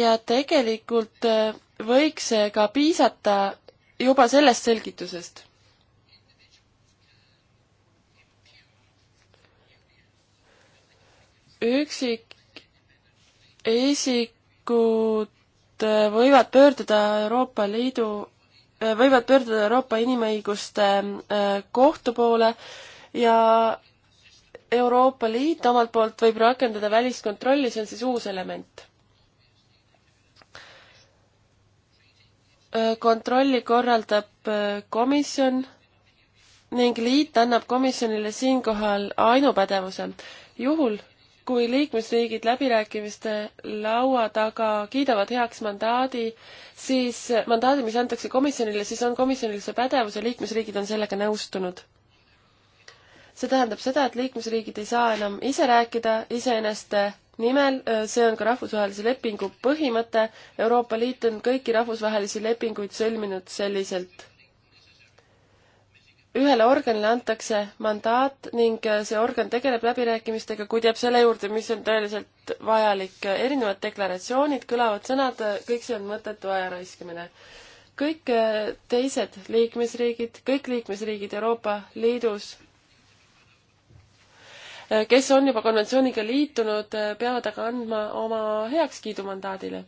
ja tegelikult äh, võiks ka piisata juba sellest selgitusest üksikisikud äh, võivad pöörduda Euroopa Liidu, äh, võivad pöörduda Euroopa Inimõiguste äh, Kohtu poole ja Euroopa Liit omalt poolt võib rakendada väliskontrolli, see on siis uus element kontrolli korraldab komisjon ning liit annab komisjonile siinkohal ainupädevuse. juhul, kui liikmesriigid läbirääkimiste laua taga kiidavad heaks mandaadi, siis mandaadi, mis antakse komisjonile, siis on komisjonil see pädevus ja liikmesriigid on sellega nõustunud. see tähendab seda, et liikmesriigid ei saa enam ise rääkida iseeneste nimel, see on ka rahvusvahelise lepingu põhimõte, Euroopa Liit on kõiki rahvusvahelisi lepinguid sõlminud selliselt ühele organile antakse mandaat ning see organ tegeleb läbirääkimistega, kuid jääb selle juurde, mis on tõeliselt vajalik. erinevad deklaratsioonid, kõlavad sõnad, kõik see on mõttetu aja raiskamine. kõik äh, teised liikmesriigid, kõik liikmesriigid Euroopa Liidus, äh, kes on juba konventsiooniga liitunud, äh, peavad aga andma oma heakskiidu mandaadile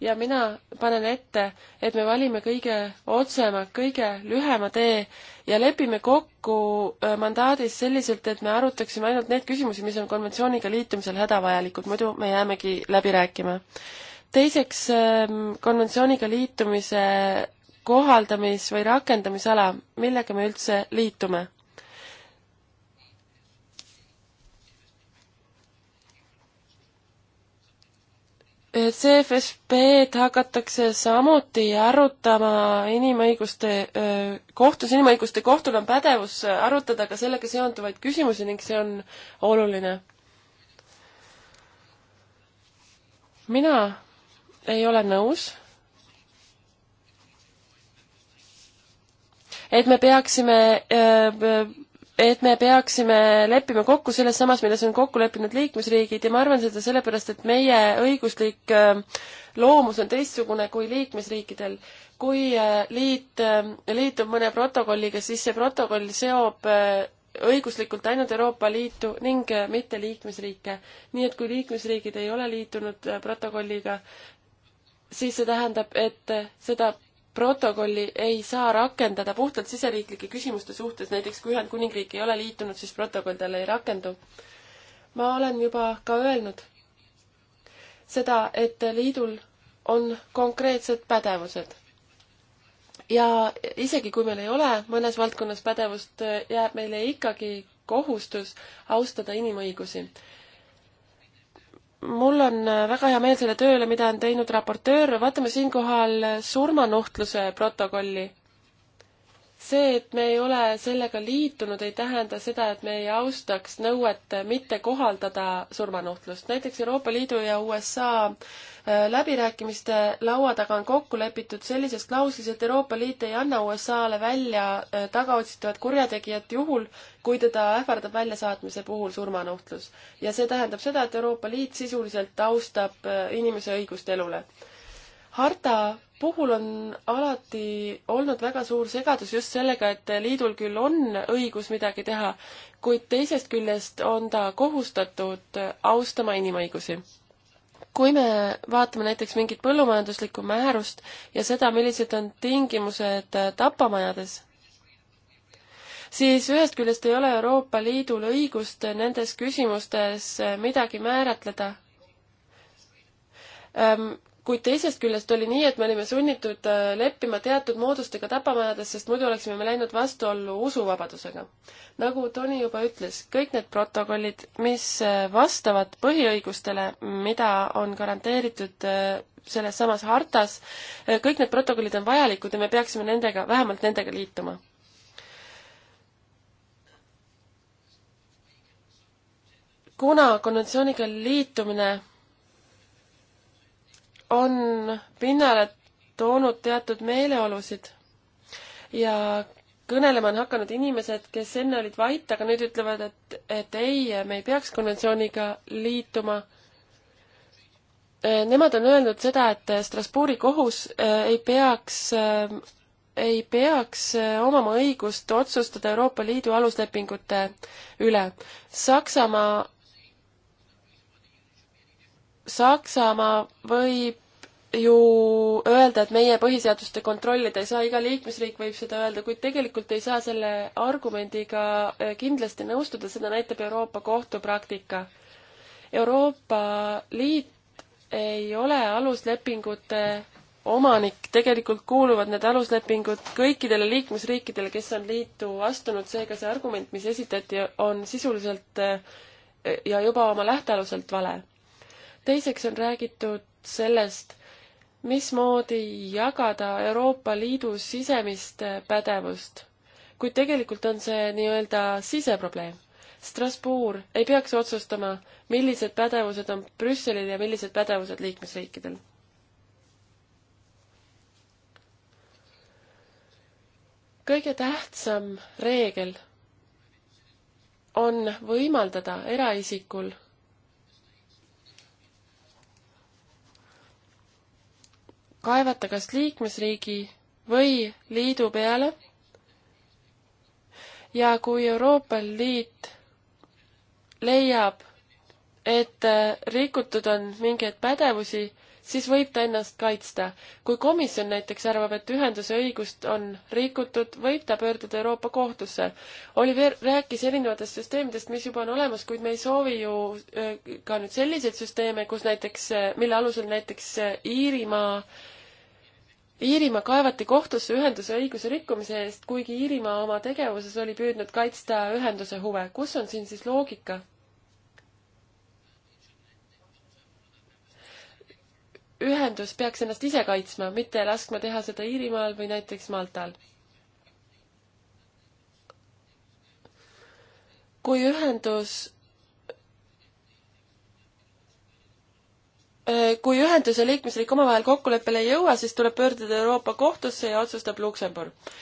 ja mina panen ette, et me valime kõige otsema, kõige lühema tee ja lepime kokku äh, mandaadis selliselt, et me arutaksime ainult neid küsimusi, mis on konventsiooniga liitumisel hädavajalikud, muidu me jäämegi läbi rääkima. teiseks, ähm, konventsiooniga liitumise kohaldamis- või rakendamisala, millega me üldse liitume CFSP-d hakatakse samuti arutama inimõiguste kohtus, inimõiguste kohtul on pädevus arutada ka sellega seonduvaid küsimusi ning see on oluline. mina ei ole nõus, et me peaksime öö, et me peaksime leppima kokku selles samas, milles on kokku leppinud liikmesriigid ja ma arvan seda sellepärast, et meie õiguslik ähm, loomus on teistsugune kui liikmesriikidel. kui äh, liit ähm, liitub mõne protokolliga, siis see protokoll seob äh, õiguslikult ainult Euroopa Liitu ning äh, mitte liikmesriike. nii et kui liikmesriigid ei ole liitunud protokolliga, siis see tähendab, et seda protokolli ei saa rakendada puhtalt siseriiklike küsimuste suhtes, näiteks kui Ühendkuningriik ei ole liitunud, siis protokoll talle ei rakendu. ma olen juba ka öelnud seda, et liidul on konkreetsed pädevused. ja isegi, kui meil ei ole mõnes valdkonnas pädevust, jääb meile ikkagi kohustus austada inimõigusi mul on äh, väga hea meel selle tööle, mida on teinud raportöör, vaatame siinkohal äh, surmanuhtluse protokolli see, et me ei ole sellega liitunud, ei tähenda seda, et me ei austaks nõuet mitte kohaldada surmanuhtlust. näiteks Euroopa Liidu ja USA äh, läbirääkimiste laua taga on kokku lepitud sellises klauslis, et Euroopa Liit ei anna USA-le välja äh, tagaotsitavat kurjategijat juhul, kui teda ähvardab väljasaatmise puhul surmanuhtlus. ja see tähendab seda, et Euroopa Liit sisuliselt austab äh, inimese õigust elule harta puhul on alati olnud väga suur segadus just sellega, et liidul küll on õigus midagi teha, kuid teisest küljest on ta kohustatud austama inimõigusi. kui me vaatame näiteks mingit põllumajanduslikku määrust ja seda, millised on tingimused tapamajades, siis ühest küljest ei ole Euroopa Liidul õigust nendes küsimustes midagi määratleda kuid teisest küljest oli nii, et me olime sunnitud äh, leppima teatud moodustega tapamajades, sest muidu oleksime me läinud vastuollu usuvabadusega. nagu Toni juba ütles, kõik need protokollid, mis äh, vastavad põhiõigustele, mida on garanteeritud äh, selles samas hartas, kõik need protokollid on vajalikud ja me peaksime nendega, vähemalt nendega liituma kuna konventsiooniga liitumine on pinnale toonud teatud meeleolusid ja kõnelema on hakanud inimesed, kes enne olid vait, aga nüüd ütlevad, et, et ei, me ei peaks konventsiooniga liituma. Eh, nemad on öelnud seda, et Strasbourgi kohus eh, ei peaks, eh, ei peaks omama õigust otsustada Euroopa Liidu aluslepingute üle. Saksamaa Saksamaa võib ju öelda, et meie põhiseadust kontrollida ei saa, iga liikmesriik võib seda öelda, kuid tegelikult ei saa selle argumendiga eh, kindlasti nõustuda, seda näitab Euroopa Kohtu praktika. Euroopa Liit ei ole aluslepingute omanik, tegelikult kuuluvad need aluslepingud kõikidele liikmesriikidele, kes on liitu astunud, seega see argument, mis esitati, on sisuliselt eh, ja juba oma lähtealuselt vale teiseks on räägitud sellest, mismoodi jagada Euroopa Liidu sisemist pädevust. kuid tegelikult on see nii-öelda siseprobleem. Strasbourg ei peaks otsustama, millised pädevused on Brüsselil ja millised pädevused liikmesriikidel. kõige tähtsam reegel on võimaldada eraisikul kaevata kas liikmesriigi või liidu peale ja kui Euroopa Liit leiab, et äh, rikutud on mingeid pädevusi, siis võib ta ennast kaitsta. kui komisjon näiteks arvab, et ühenduse õigust on rikutud, võib ta pöörduda Euroopa Kohtusse. Oliver rääkis erinevatest süsteemidest, mis juba on olemas, kuid me ei soovi ju äh, ka nüüd selliseid süsteeme, kus näiteks, äh, mille alusel näiteks Iirimaa äh, Iirimaa kaevati kohtusse ühenduse õiguse rikkumise eest, kuigi Iirimaa oma tegevuses oli püüdnud kaitsta ühenduse huve. kus on siin siis loogika? ühendus peaks ennast ise kaitsma, mitte laskma teha seda Iirimaal või näiteks Maltal. kui ühendus Äh, kui ühenduse liikmesriik omavahel kokkuleppele ei jõua, siis tuleb pöörduda Euroopa kohtusse ja otsustab Luksemburg.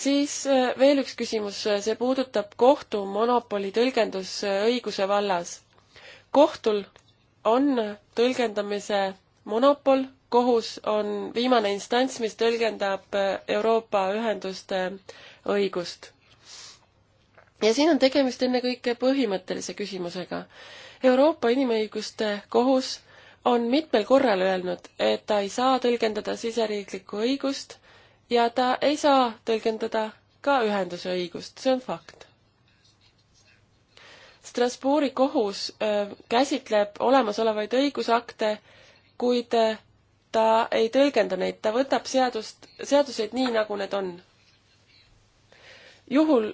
siis äh, veel üks küsimus, see puudutab kohtu monopoli tõlgendusõiguse vallas. kohtul on tõlgendamise monopol, kohus on viimane instants, mis tõlgendab äh, Euroopa ühenduste õigust. ja siin on tegemist ennekõike põhimõttelise küsimusega. Euroopa Inimõiguste Kohus on mitmel korral öelnud, et ta ei saa tõlgendada siseriiklikku õigust ja ta ei saa tõlgendada ka ühenduse õigust, see on fakt. Strasbourgi kohus käsitleb olemasolevaid õigusakte, kuid ta ei tõlgenda neid, ta võtab seadust, seaduseid nii, nagu need on. juhul,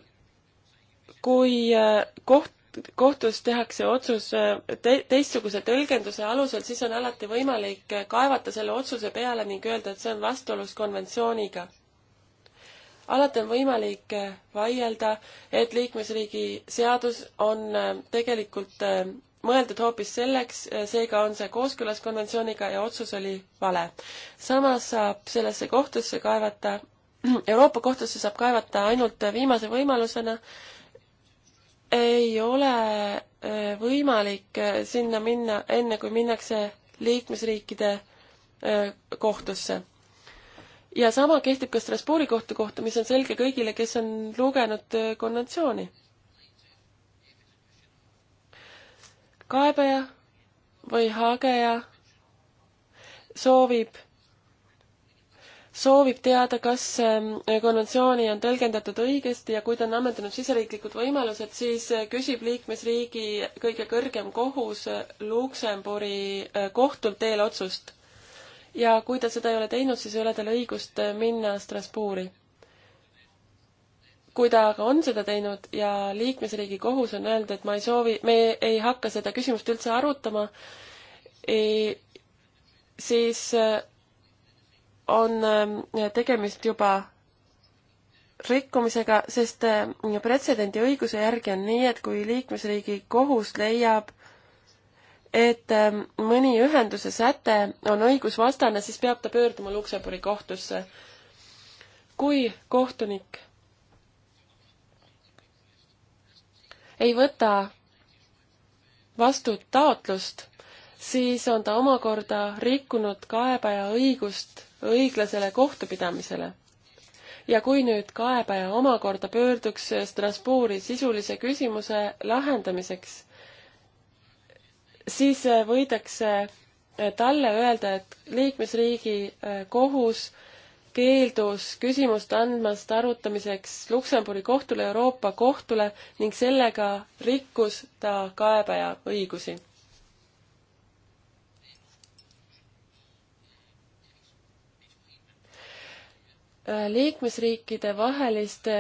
kui koht kohtus tehakse otsus äh, te teistsuguse tõlgenduse alusel, siis on alati võimalik äh, kaevata selle otsuse peale ning öelda, et see on vastuolus konventsiooniga. alati on võimalik äh, vaielda, et liikmesriigi seadus on tegelikult mõeldud hoopis selleks, seega on see kooskõlas konventsiooniga ja otsus oli vale. samas saab sellesse kohtusse kaevata, Euroopa kohtusse saab kaevata ainult viimase võimalusena ei ole äh, võimalik äh, sinna minna enne, kui minnakse liikmesriikide äh, kohtusse. ja sama kehtib ka Strasbourgi kohtu kohta, mis on selge kõigile, kes on lugenud konventsiooni. kaebaja või hageja soovib soovib teada, kas ähm, konventsiooni on tõlgendatud õigesti ja kui ta on ammendanud siseriiklikud võimalused, siis äh, küsib liikmesriigi kõige kõrgem kohus äh, Luksemburi äh, kohtult eelotsust. ja kui ta seda ei ole teinud, siis ei ole tal õigust minna Strasbourgi. kui ta aga on seda teinud ja liikmesriigi kohus on öelnud, et ma ei soovi, me ei hakka seda küsimust üldse arutama, siis on ähm, tegemist juba rikkumisega, sest äh, pretsedendi õiguse järgi on nii, et kui liikmesriigi kohus leiab, et ähm, mõni ühenduse säte on õigusvastane, siis peab ta pöörduma Luksemburi kohtusse. kui kohtunik ei võta vastu taotlust, siis on ta omakorda rikkunud kaebaja õigust õiglasele kohtupidamisele. ja kui nüüd kaebaja omakorda pöörduks Strasbourgi sisulise küsimuse lahendamiseks, siis äh, võidakse äh, talle öelda, et liikmesriigi äh, kohus keeldus küsimust andmast arutamiseks Luksemburi kohtule Euroopa kohtule ning sellega rikkus ta kaebaja õigusi liikmesriikide vaheliste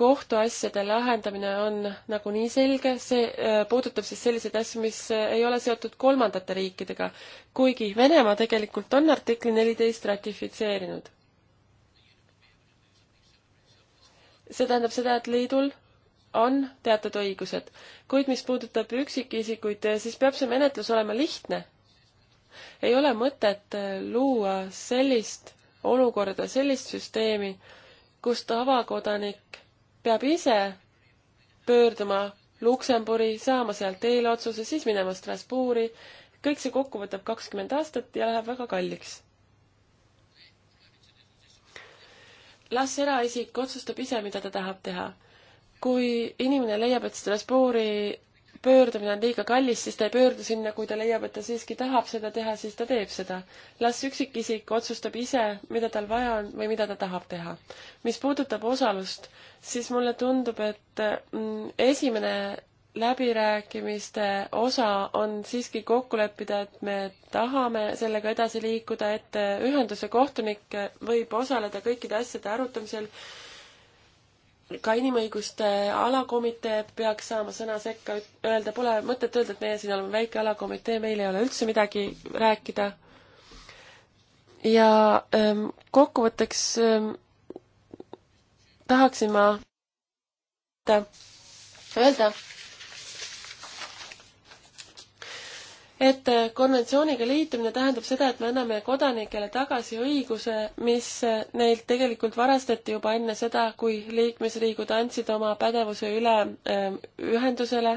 kohtuasjade lahendamine on nagunii selge, see äh, puudutab siis selliseid asju, mis äh, ei ole seotud kolmandate riikidega, kuigi Venemaa tegelikult on artikli neliteist ratifitseerinud. see tähendab seda, et liidul on teatud õigused, kuid mis puudutab üksikisikuid, äh, siis peab see menetlus olema lihtne. ei ole mõtet luua sellist olukorda sellist süsteemi, kus tavakodanik peab ise pöörduma Luksemburi, saama sealt eelotsuse, siis minema Strasbourgi. kõik see kokku võtab kakskümmend aastat ja läheb väga kalliks. las eraisik otsustab ise, mida ta tahab teha. kui inimene leiab, et Strasbourgi pöördumine on liiga kallis, siis ta ei pöördu sinna, kui ta leiab, et ta siiski tahab seda teha, siis ta teeb seda. las üksikisik otsustab ise, mida tal vaja on või mida ta tahab teha. mis puudutab osalust, siis mulle tundub, et mm, esimene läbirääkimiste osa on siiski kokku leppida, et me tahame sellega edasi liikuda, et ühenduse kohtunik võib osaleda kõikide asjade arutamisel ka inimõiguste alakomitee peaks saama sõna sekka, öelda, pole mõtet öelda, et meie siin oleme väike alakomitee, meil ei ole üldse midagi rääkida. ja ähm, kokkuvõtteks ähm, tahaksin ma öelda, et konventsiooniga liitumine tähendab seda, et me anname kodanikele tagasi õiguse, mis neilt tegelikult varastati juba enne seda, kui liikmesriigid andsid oma pädevuse üle ähm, ühendusele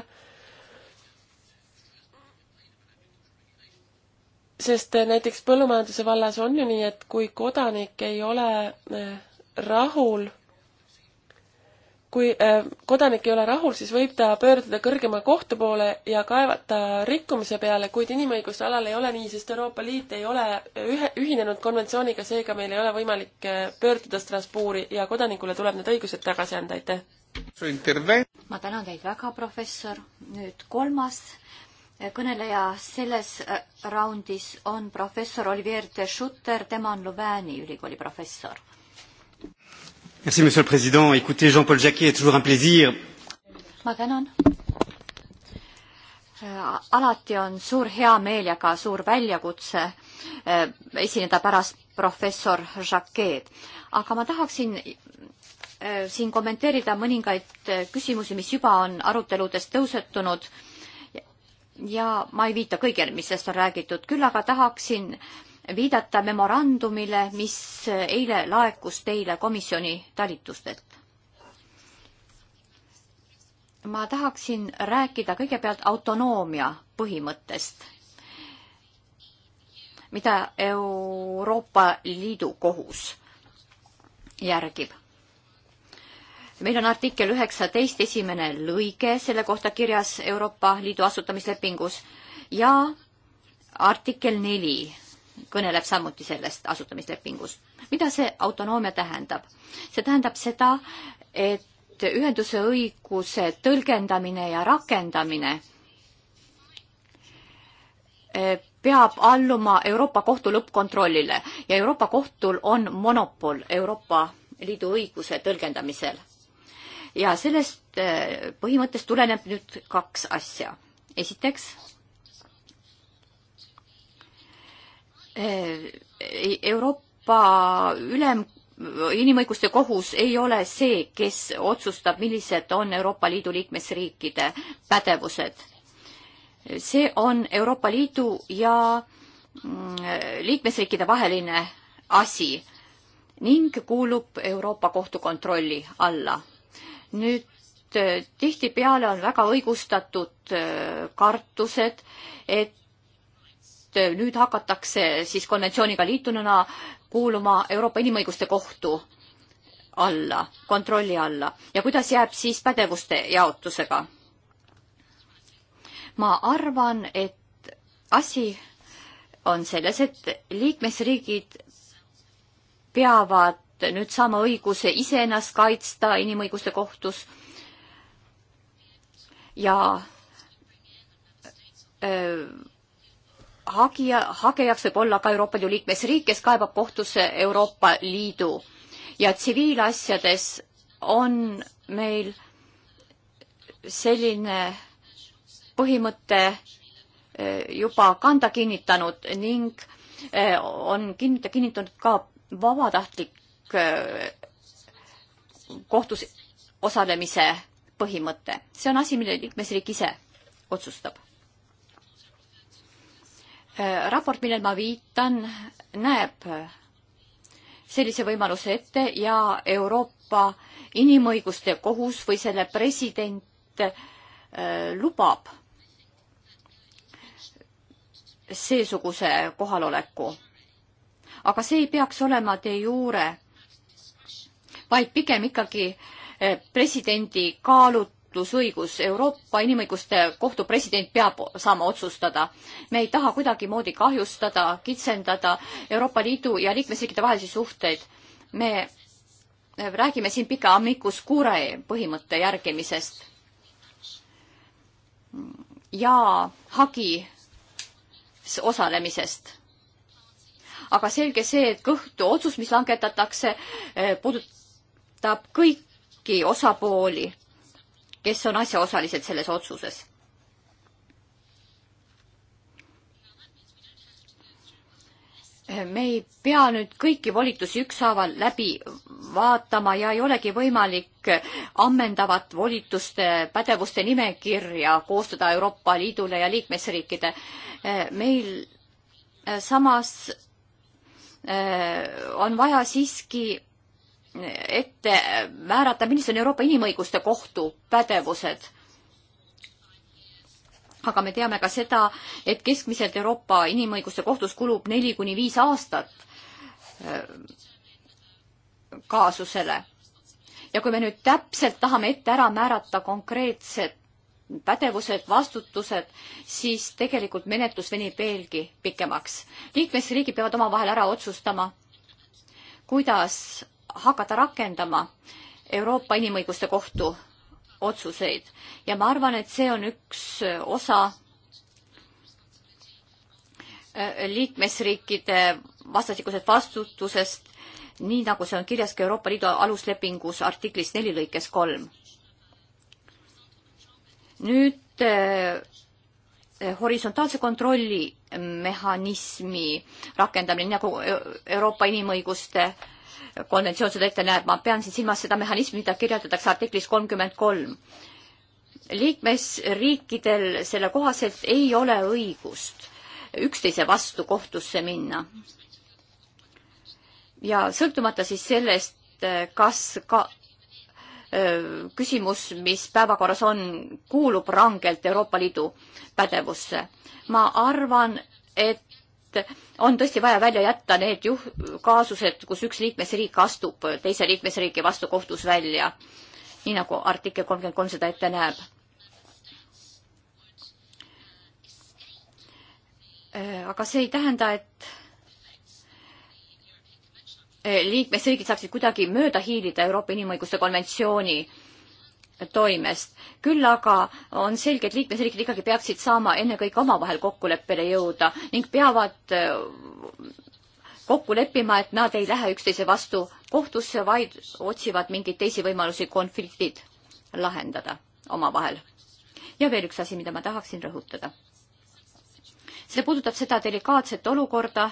sest näiteks põllumajanduse vallas on ju nii, et kui kodanik ei ole äh, rahul kui äh, kodanik ei ole rahul, siis võib ta pöörduda kõrgema kohtu poole ja kaevata rikkumise peale, kuid inimõiguste alal ei ole nii, sest Euroopa Liit ei ole ühe, ühinenud konventsiooniga, seega meil ei ole võimalik äh, pöörduda Strasbourgi ja kodanikule tuleb need õigused tagasi anda, aitäh! ma tänan teid väga, professor, nüüd kolmas äh, kõneleja selles raundis on professor Olivier de Schutter, tema on Louvaini ülikooli professor Merci, monsieur le president, écoutez, Jean-Paul Jacquet, et toujours un plaisir. ma tänan. Äh, alati on suur heameel ja ka suur väljakutse äh, esineda pärast professor Jacquet, aga ma tahaksin äh, siin kommenteerida mõningaid küsimusi, mis juba on aruteludes tõusetunud ja ma ei viita kõigele, mis sellest on räägitud, küll aga tahaksin äh, viidata memorandumile, mis eile laekus teile komisjoni talitustelt. ma tahaksin rääkida kõigepealt autonoomia põhimõttest, mida Euroopa Liidu kohus järgib. meil on artikkel üheksateist esimene lõige selle kohta kirjas Euroopa Liidu asutamislepingus ja artikkel neli kõneleb samuti sellest asutamislepingust. mida see autonoomia tähendab? see tähendab seda, et ühenduse õiguse tõlgendamine ja rakendamine e, peab alluma Euroopa Kohtu lõppkontrollile ja Euroopa Kohtul on monopol Euroopa Liidu õiguse tõlgendamisel. ja sellest e, põhimõttest tuleneb nüüd kaks asja. esiteks Eh, Euroopa Ülem, Inimõiguste Kohus ei ole see, kes otsustab, millised on Euroopa Liidu liikmesriikide pädevused. see on Euroopa Liidu ja mm, liikmesriikide vaheline asi ning kuulub Euroopa Kohtu kontrolli alla. nüüd eh, tihtipeale on väga õigustatud eh, kartused, et just nüüd hakatakse siis konventsiooniga liitununa kuuluma Euroopa Inimõiguste Kohtu alla, kontrolli alla ja kuidas jääb siis pädevuste jaotusega? ma arvan, et asi on selles, et liikmesriigid peavad nüüd saama õiguse iseennast kaitsta inimõiguste kohtus ja öö, äh, hagija, hagejaks võib olla ka Euroopa Liidu liikmesriik, kes kaebab kohtusse Euroopa Liidu ja tsiviilasjades on meil selline põhimõte eh, juba kanda kinnitanud ning eh, on kinnita-, kinnitanud ka vabatahtlik eh, kohtus osalemise põhimõte. see on asi, mille liikmesriik ise otsustab raport, millele ma viitan, näeb sellise võimaluse ette ja Euroopa Inimõiguste Kohus või selle president äh, lubab seesuguse kohaloleku. aga see ei peaks olema de jure, vaid pigem ikkagi äh, presidendi kaalutud kaalutlusõigus, Euroopa Inimõiguste Kohtu president peab saama otsustada. me ei taha kuidagimoodi kahjustada, kitsendada Euroopa Liidu ja liikmesriikide vahelisi suhteid. me räägime siin pika amicus curae põhimõtte järgimisest. ja hagi osalemisest. aga selge see, et kõhtu otsus, mis langetatakse, puudutab kõiki osapooli kes on asjaosalised selles otsuses. me ei pea nüüd kõiki volitusi ükshaaval läbi vaatama ja ei olegi võimalik ammendavat volituste pädevuste nimekirja koostada Euroopa Liidule ja liikmesriikide. meil samas eh, on vaja siiski ette määrata, millised on Euroopa Inimõiguste Kohtu pädevused. aga me teame ka seda, et keskmiselt Euroopa Inimõiguste Kohtus kulub neli kuni viis aastat äh, kaasusele. ja kui me nüüd täpselt tahame ette ära määrata konkreetsed pädevused, vastutused, siis tegelikult menetlus venib veelgi pikemaks. liikmesriigid peavad omavahel ära otsustama, kuidas hakata rakendama Euroopa Inimõiguste Kohtu otsuseid ja ma arvan, et see on üks osa äh, liikmesriikide vastastikusest vastutusest, nii nagu see on kirjas ka Euroopa Liidu aluslepingus artiklis neli lõikes kolm. nüüd eh, horisontaalse kontrolli mehhanismi rakendamine, nagu Euroopa inimõiguste eh, konventsioon seda ette näeb, ma pean siin silmas seda mehhanismi, mida kirjeldatakse artiklis kolmkümmend kolm. liikmesriikidel selle kohaselt ei ole õigust üksteise vastu kohtusse minna. ja sõltumata siis sellest, kas ka öö, küsimus, mis päevakorras on, kuulub rangelt Euroopa Liidu pädevusse. ma arvan, et et on tõesti vaja välja jätta need juh-, kaasused, kus üks liikmesriik astub teise liikmesriigi vastu kohtus välja, nii nagu artikkel kolmkümmend kolm seda ette näeb. aga see ei tähenda, et liikmesriigid saaksid kuidagi mööda hiilida Euroopa Inimõiguste konventsiooni toimest. küll aga on selge, et liikmesriigid ikkagi peaksid saama ennekõike omavahel kokkuleppele jõuda ning peavad äh, kokku leppima, et nad ei lähe üksteise vastu kohtusse, vaid otsivad mingeid teisi võimalusi konfliktid lahendada omavahel. ja veel üks asi, mida ma tahaksin rõhutada. see puudutab seda delikaatset olukorda,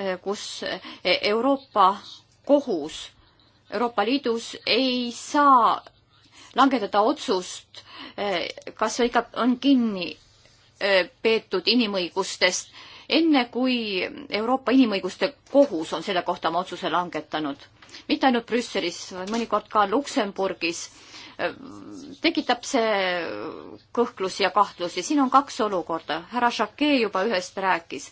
äh, kus äh, Euroopa kohus Euroopa Liidus ei saa langetada otsust, eh, kas ikka on kinni eh, peetud inimõigustest, enne kui Euroopa Inimõiguste Kohus on selle kohta oma otsuse langetanud. mitte ainult Brüsselis, vaid mõnikord ka Luksemburgis eh, tekitab see kõhklusi ja kahtlusi. siin on kaks olukorda. härra Jacquet juba ühest rääkis.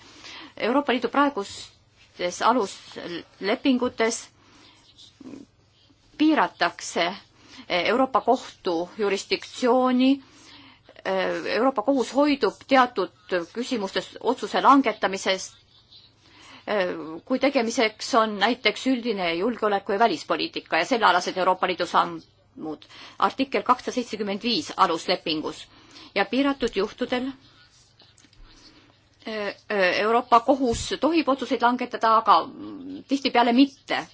Euroopa Liidu praegustes aluslepingutes piiratakse Euroopa Kohtu jurisdiktsiooni. Euroopa Kohus hoidub teatud küsimustes otsuse langetamisest, kui tegemiseks on näiteks üldine julgeoleku ja välispoliitika ja sellealased Euroopa Liidu sammud, artikkel kakssada seitsekümmend viis aluslepingus ja piiratud juhtudel e, e, Euroopa Kohus tohib otsuseid langetada, aga tihtipeale mitte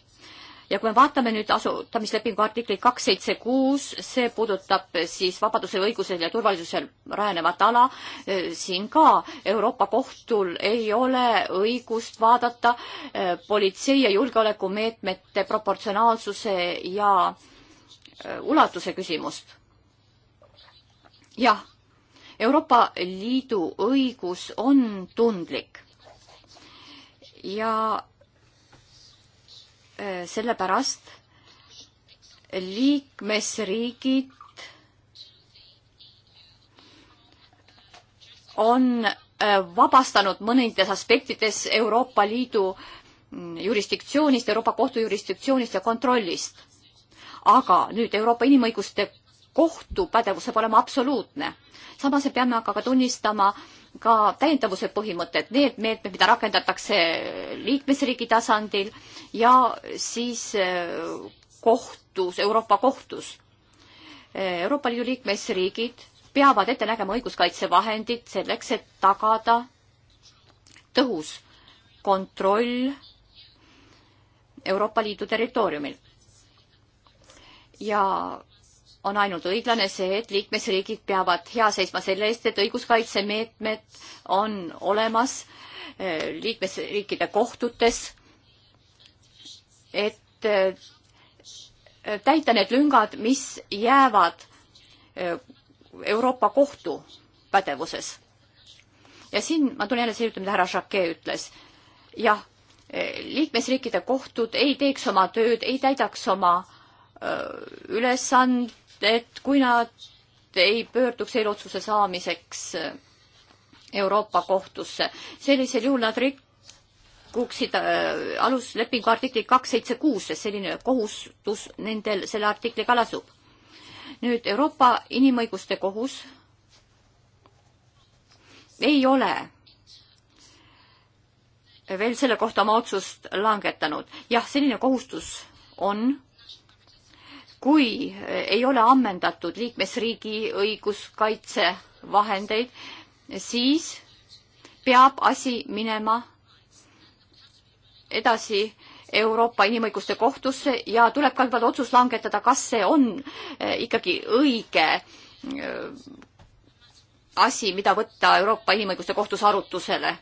ja kui me vaatame nüüd asutamislepingu artiklit kaks seitse kuus, see puudutab siis vabadusel, õigusel ja turvalisusel rajanevat ala, siin ka Euroopa Kohtul ei ole õigust vaadata eh, politsei ja julgeolekumeetmete proportsionaalsuse ja eh, ulatuse küsimust. jah, Euroopa Liidu õigus on tundlik ja Äh, sellepärast liikmesriigid on äh, vabastanud mõnedes aspektides Euroopa Liidu mm, jurisdiktsioonist, Euroopa Kohtu jurisdiktsioonist ja kontrollist. aga nüüd Euroopa Inimõiguste Kohtu pädevus peab olema absoluutne. samas me peame aga ka tunnistama ka täiendavuse põhimõtted, need meetmed, mida rakendatakse liikmesriigi tasandil ja siis eh, kohtus, Euroopa kohtus. Eh, Euroopa Liidu liikmesriigid peavad ette nägema õiguskaitsevahendid selleks, et tagada tõhus kontroll Euroopa Liidu territooriumil. ja on ainult õiglane see, et liikmesriigid peavad hea seisma selle eest, et õiguskaitsemeetmed on olemas eh, liikmesriikide kohtutes, et eh, täita need lüngad, mis jäävad eh, Euroopa Kohtu pädevuses. ja siin ma tulen jälle selle juurde, mida härra Jacquet ütles. jah, liikmesriikide kohtud ei teeks oma tööd, ei täidaks oma öö, ülesand, et kui nad ei pöörduks eelotsuse saamiseks Euroopa kohtusse, sellisel juhul nad rikuksid äh, aluslepingu artiklit kaks seitse kuus, sest selline kohustus nendel selle artikliga lasub. nüüd Euroopa Inimõiguste Kohus ei ole veel selle kohta oma otsust langetanud. jah, selline kohustus on kui ei ole ammendatud liikmesriigi õiguskaitsevahendeid, siis peab asi minema edasi Euroopa Inimõiguste Kohtusse ja tuleb ka juba otsus langetada, kas see on eh, ikkagi õige eh, asi, mida võtta Euroopa Inimõiguste Kohtus arutusele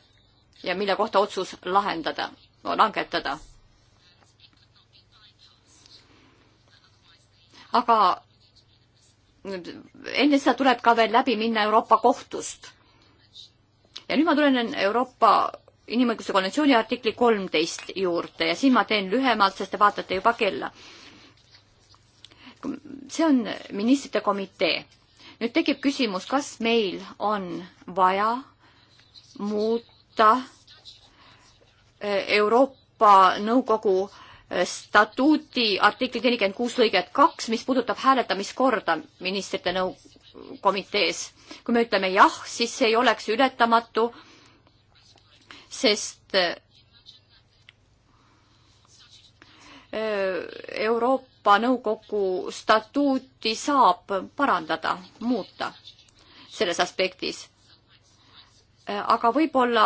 ja mille kohta otsus lahendada, langetada aga enne seda tuleb ka veel läbi minna Euroopa kohtust. ja nüüd ma tulen Euroopa inimõiguste konventsiooni artikli kolmteist juurde ja siin ma teen lühemalt, sest te vaatate juba kella. see on ministrite komitee. nüüd tekib küsimus, kas meil on vaja muuta Euroopa Nõukogu äh, statuudi artikli nelikümmend kuus lõiget kaks, mis puudutab hääletamiskorda ministrite nõu komitees. kui me ütleme jah, siis see ei oleks ületamatu, sest äh, Euroopa Nõukogu statuuti saab parandada, muuta selles aspektis Äh, aga võib-olla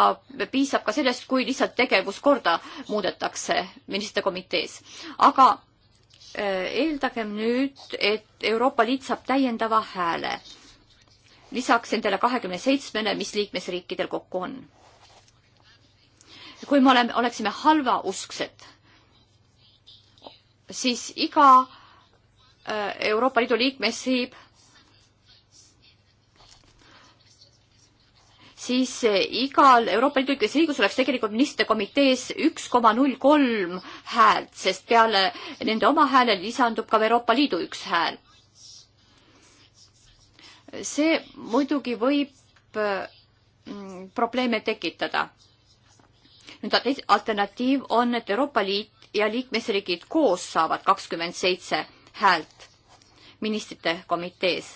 piisab ka sellest, kui lihtsalt tegevuskorda muudetakse ministrite komitees. aga äh, eeldagem nüüd, et Euroopa Liit saab täiendava hääle lisaks nendele kahekümne seitsmele, mis liikmesriikidel kokku on. kui me oleme, oleksime halvausksed, siis iga äh, Euroopa Liidu liikmesriik siis eh, igal Euroopa Liidu liikmesriigis oleks tegelikult ministrikomitees üks koma null kolm häält, sest peale nende oma hääle lisandub ka Euroopa Liidu üks hääl. see muidugi võib eh, mm, probleeme tekitada. nüüd alternatiiv on, et Euroopa Liit ja liikmesriigid koos saavad kakskümmend seitse häält ministrite komitees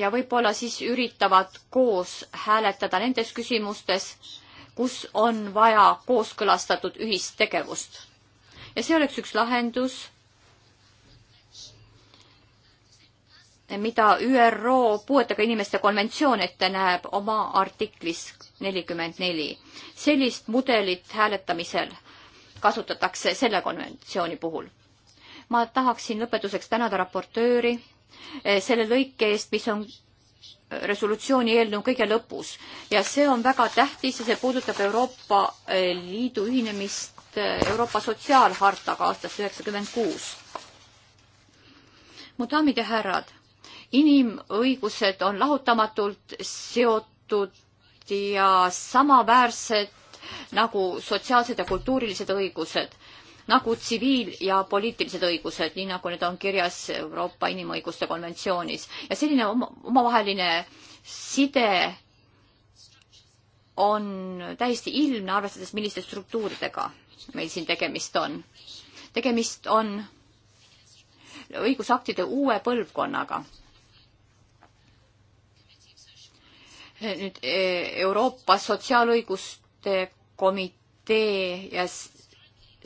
ja võib-olla siis üritavad koos hääletada nendes küsimustes, kus on vaja kooskõlastatud ühist tegevust. ja see oleks üks lahendus, mida ÜRO puuetega inimeste konventsioon ette näeb oma artiklis nelikümmend neli. sellist mudelit hääletamisel kasutatakse selle konventsiooni puhul. ma tahaksin lõpetuseks tänada raportööri Eh, selle lõike eest, mis on eh, resolutsiooni eelnõu kõige lõpus ja see on väga tähtis ja see puudutab Euroopa eh, Liidu ühinemist Euroopa sotsiaalhartaga aastast üheksakümmend kuus. mu daamid ja härrad, inimõigused on lahutamatult seotud ja samaväärsed nagu sotsiaalsed ja kultuurilised õigused nagu tsiviil- ja poliitilised õigused, nii nagu need on kirjas Euroopa Inimõiguste konventsioonis. ja selline omavaheline side on täiesti ilmne, arvestades, milliste struktuuridega meil siin tegemist on. tegemist on õigusaktide uue põlvkonnaga. nüüd e-, Euroopa Sotsiaalõiguste Komitee ja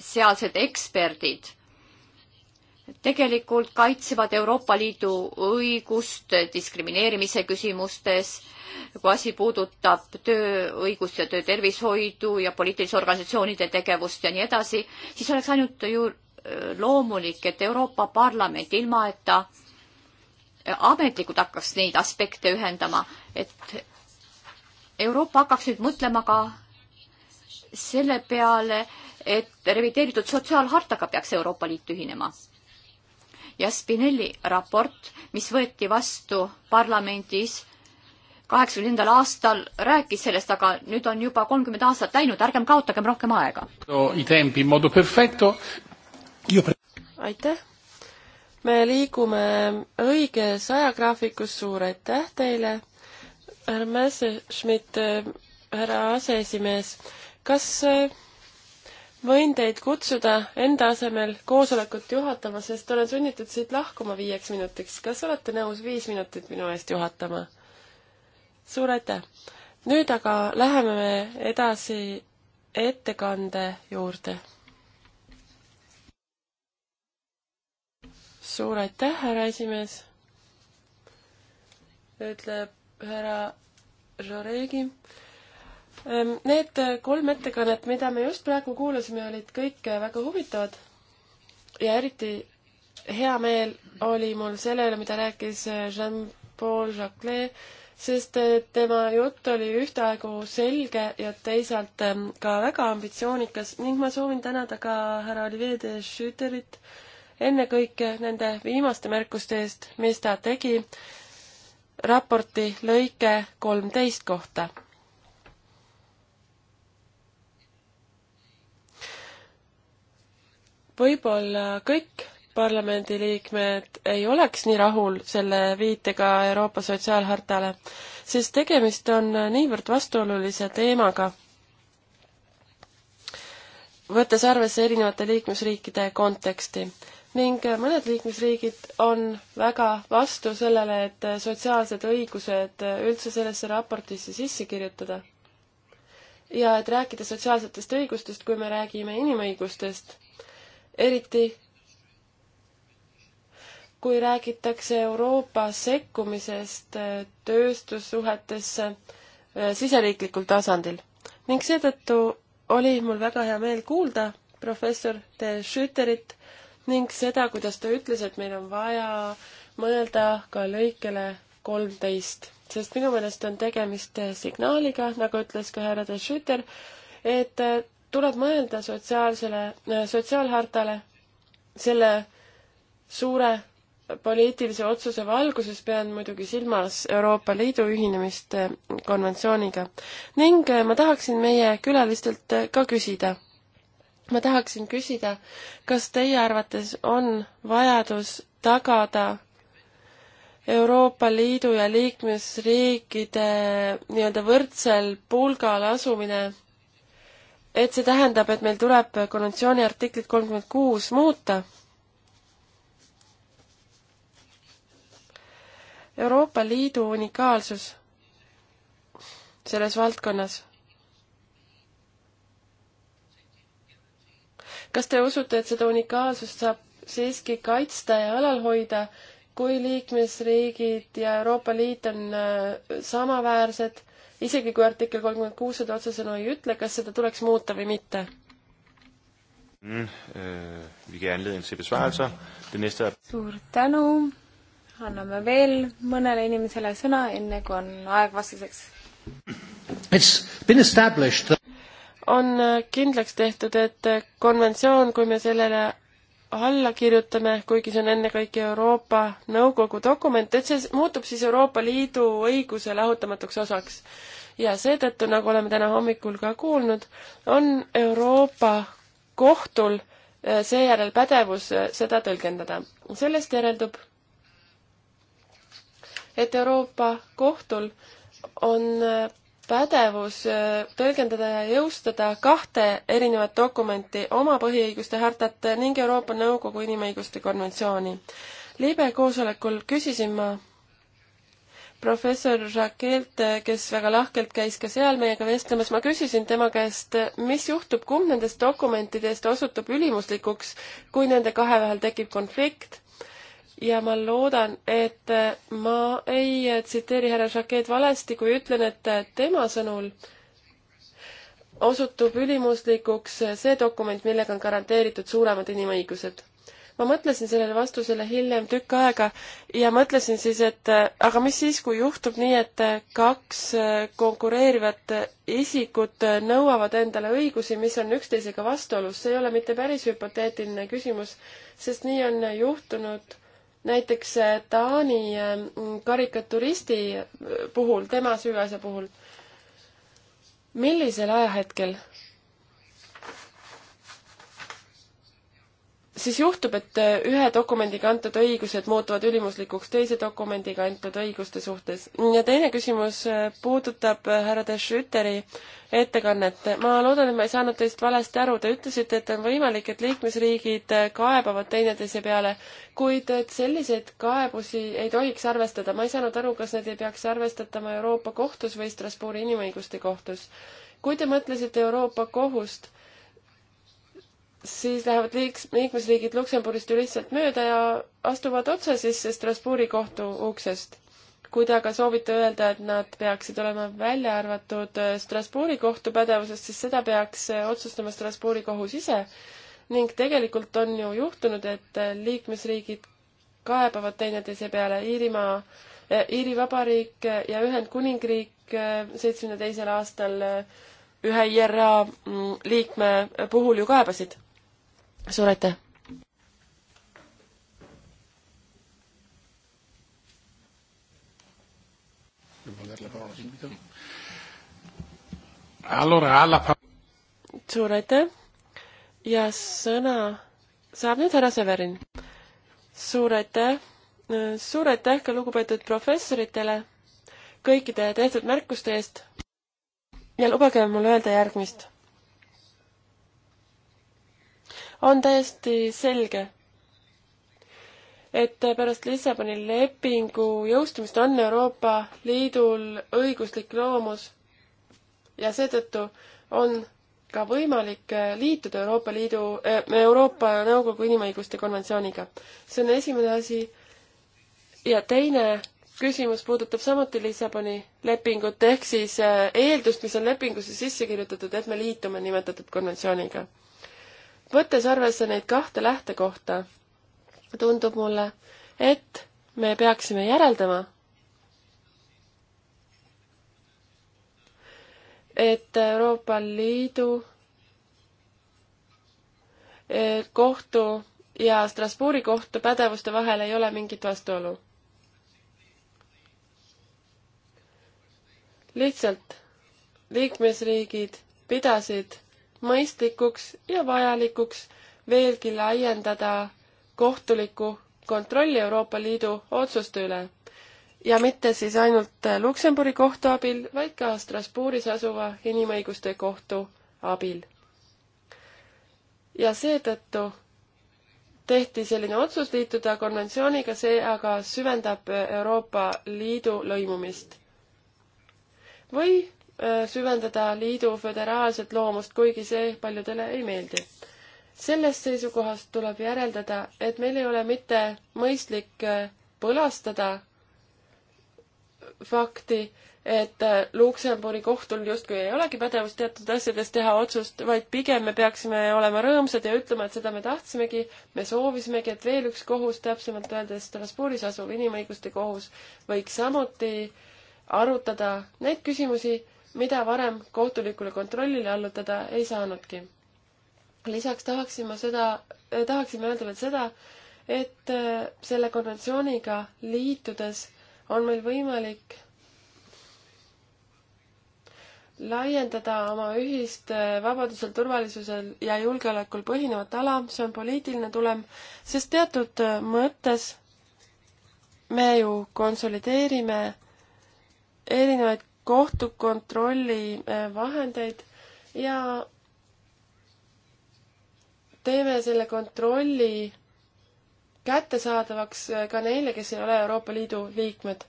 sealsed eksperdid tegelikult kaitsevad Euroopa Liidu õigust diskrimineerimise küsimustes, kui asi puudutab tööõigust ja töötervishoidu ja poliitilise organisatsioonide tegevust ja nii edasi, siis oleks ainult ju loomulik, et Euroopa Parlament, ilma et ta ametlikult hakkaks neid aspekte ühendama, et Euroopa hakkaks nüüd mõtlema ka selle peale, et revideeritud sotsiaalhartaga peaks Euroopa Liit ühinema. ja Spinelli raport, mis võeti vastu parlamendis kaheksakümnendal aastal, rääkis sellest, aga nüüd on juba kolmkümmend aastat läinud, ärgem kaotagem rohkem aega. aitäh me liigume õiges ajagraafikus, suur aitäh teile, härra Messerschmidt, äh, härra aseesimees, kas äh, võin teid kutsuda enda asemel koosolekut juhatama, sest olen sunnitud siit lahkuma viieks minutiks. kas olete nõus viis minutit minu eest juhatama? suur aitäh! nüüd aga läheme me edasi ettekande juurde. suur aitäh, härra esimees, ütleb härra Žoregi Ehm, need kolm ettekannet, mida me just praegu kuulasime, olid kõik väga huvitavad ja eriti hea meel oli mul selle üle, mida rääkis äh, Jean-Paul Jacquet, sest äh, tema jutt oli ühtaegu selge ja teisalt ähm, ka väga ambitsioonikas ning ma soovin tänada ka härra Olivier de Schütterit ennekõike nende viimaste märkuste eest, mis ta tegi raporti lõike kolmteist kohta võib-olla kõik parlamendiliikmed ei oleks nii rahul selle viitega Euroopa sotsiaalhartale, sest tegemist on niivõrd vastuolulise teemaga, võttes arvesse erinevate liikmesriikide konteksti ning mõned liikmesriigid on väga vastu sellele, et sotsiaalsed õigused üldse sellesse raportisse sisse kirjutada. ja et rääkida sotsiaalsetest õigustest, kui me räägime inimõigustest, eriti kui räägitakse Euroopa sekkumisest äh, tööstussuhetesse äh, siseriiklikul tasandil. ning seetõttu oli mul väga hea meel kuulda professor De Schütterit ning seda, kuidas ta ütles, et meil on vaja mõelda ka lõikele kolmteist, sest minu meelest on tegemist signaaliga, nagu ütles ka härra De Schütter, et äh, tuleb mõelda sotsiaalsele, äh, sotsiaalhartale, selle suure poliitilise otsuse valguses pean muidugi silmas Euroopa Liidu ühinemist äh, konventsiooniga. ning äh, ma tahaksin meie külalistelt ka küsida. ma tahaksin küsida, kas teie arvates on vajadus tagada Euroopa Liidu ja liikmesriikide nii-öelda võrdsel pulgal asumine et see tähendab, et meil tuleb konventsiooni artiklit kolmkümmend kuus muuta. Euroopa Liidu unikaalsus selles valdkonnas. kas te usute, et seda unikaalsust saab siiski kaitsta ja alal hoida, kui liikmesriigid ja Euroopa Liit on äh, samaväärsed isegi kui artikkel kolmkümmend kuus seda otsesõnu ei ütle, kas seda tuleks muuta või mitte? Mm, øh, er- suur tänu, anname veel mõnele inimesele sõna, enne kui on aeg vastuseks. It's been established that on kindlaks tehtud, et konventsioon, kui me sellele alla kirjutame, kuigi see on ennekõike Euroopa Nõukogu dokument, et see muutub siis Euroopa Liidu õiguse lahutamatuks osaks. ja seetõttu, nagu oleme täna hommikul ka kuulnud, on Euroopa Kohtul äh, seejärel pädevus äh, seda tõlgendada. sellest järeldub, et Euroopa Kohtul on äh, pädevus äh, tõlgendada ja jõustada kahte erinevat dokumenti, oma põhiõiguste hartat ning Euroopa Nõukogu inimõiguste konventsiooni. libe koosolekul küsisin ma professor Raquelt, kes väga lahkelt käis ka seal meiega vestlemas, ma küsisin tema käest, mis juhtub, kumb nendest dokumentidest osutub ülimuslikuks, kui nende kahe vahel tekib konflikt ja ma loodan, et äh, ma ei äh, tsiteeri härra Šakeed valesti, kui ütlen, et äh, tema sõnul osutub ülimuslikuks see dokument, millega on garanteeritud suuremad inimõigused. ma mõtlesin sellele vastusele hiljem tükk aega ja mõtlesin siis, et aga mis siis, kui juhtub nii, et kaks konkureerivat isikut nõuavad endale õigusi, mis on üksteisega vastuolus, see ei ole mitte päris hüpoteetiline küsimus, sest nii on juhtunud näiteks äh, Taani äh, karikaturisti äh, puhul, tema süüasja puhul. millisel ajahetkel siis juhtub, et äh, ühe dokumendiga antud õigused muutuvad ülimuslikuks teise dokumendiga antud õiguste suhtes. ja teine küsimus äh, puudutab äh, härra de Schütteri ettekannet. ma loodan, et ma ei saanud teist valesti aru. Te ütlesite, et on võimalik, et liikmesriigid kaebavad teineteise peale, kuid et selliseid kaebusi ei tohiks arvestada. ma ei saanud aru, kas need ei peaks arvestatama Euroopa Kohtus või Strasbourgi Inimõiguste Kohtus. kui te mõtlesite Euroopa Kohust, siis lähevad liiks, liikmesriigid Luksemburgist ju lihtsalt mööda ja astuvad otse sisse Strasbourgi kohtu uksest. kui te aga soovite öelda, et nad peaksid olema välja arvatud äh, Strasbourgi kohtu pädevusest, siis seda peaks äh, otsustama Strasbourgi kohus ise ning tegelikult on ju juhtunud, et äh, liikmesriigid kaebavad teineteise peale Iirimaa, Iiri Vabariik ja Ühendkuningriik seitsmekümne teisel aastal ühe IRA mm, liikme puhul ju kaebasid suur aitäh! suur aitäh ja sõna saab nüüd härra Severin. suur aitäh, suur aitäh ka lugupeetud professoritele kõikide tehtud märkuste eest ja lubage mul öelda järgmist on täiesti selge, et pärast Lissaboni lepingu jõustumist on Euroopa Liidul õiguslik loomus ja seetõttu on ka võimalik liituda Euroopa Liidu, eh, Euroopa Nõukogu inimõiguste konventsiooniga. see on esimene asi. ja teine küsimus puudutab samuti Lissaboni lepingut, ehk siis eh, eeldust, mis on lepingusse sisse kirjutatud, et me liitume nimetatud konventsiooniga võttes arvesse neid kahte lähtekohta, tundub mulle, et me peaksime järeldama, et Euroopa Liidu eh, kohtu ja Strasbourgi kohtu pädevuste vahel ei ole mingit vastuolu. lihtsalt liikmesriigid pidasid mõistlikuks ja vajalikuks veelgi laiendada kohtulikku kontrolli Euroopa Liidu otsuste üle ja mitte siis ainult Luksemburi kohtu abil, vaid ka Strasbourgis asuva inimõiguste kohtu abil. ja seetõttu tehti selline otsus liituda konventsiooniga, see aga süvendab Euroopa Liidu lõimumist. või Äh, süvendada liidu föderaalset loomust, kuigi see paljudele ei meeldi. sellest seisukohast tuleb järeldada, et meil ei ole mitte mõistlik äh, põlastada fakti, et äh, Luksemburgi kohtul justkui ei olegi pädevust teatud asjades teha otsust, vaid pigem me peaksime olema rõõmsad ja ütlema, et seda me tahtsimegi, me soovisimegi, et veel üks kohus, täpsemalt öeldes Strasbourgis asuv inimõiguste kohus, võiks samuti arutada neid küsimusi, mida varem kohtulikule kontrollile allutada ei saanudki. lisaks tahaksin ma seda, eh, tahaksime öelda veel seda, et eh, selle konventsiooniga liitudes on meil võimalik laiendada oma ühist eh, vabadusel, turvalisusel ja julgeolekul põhinevat ala, see on poliitiline tulem, sest teatud mõttes me ju konsolideerime erinevaid kohtukontrolli äh, vahendeid ja teeme selle kontrolli kättesaadavaks äh, ka neile, kes ei ole Euroopa Liidu liikmed.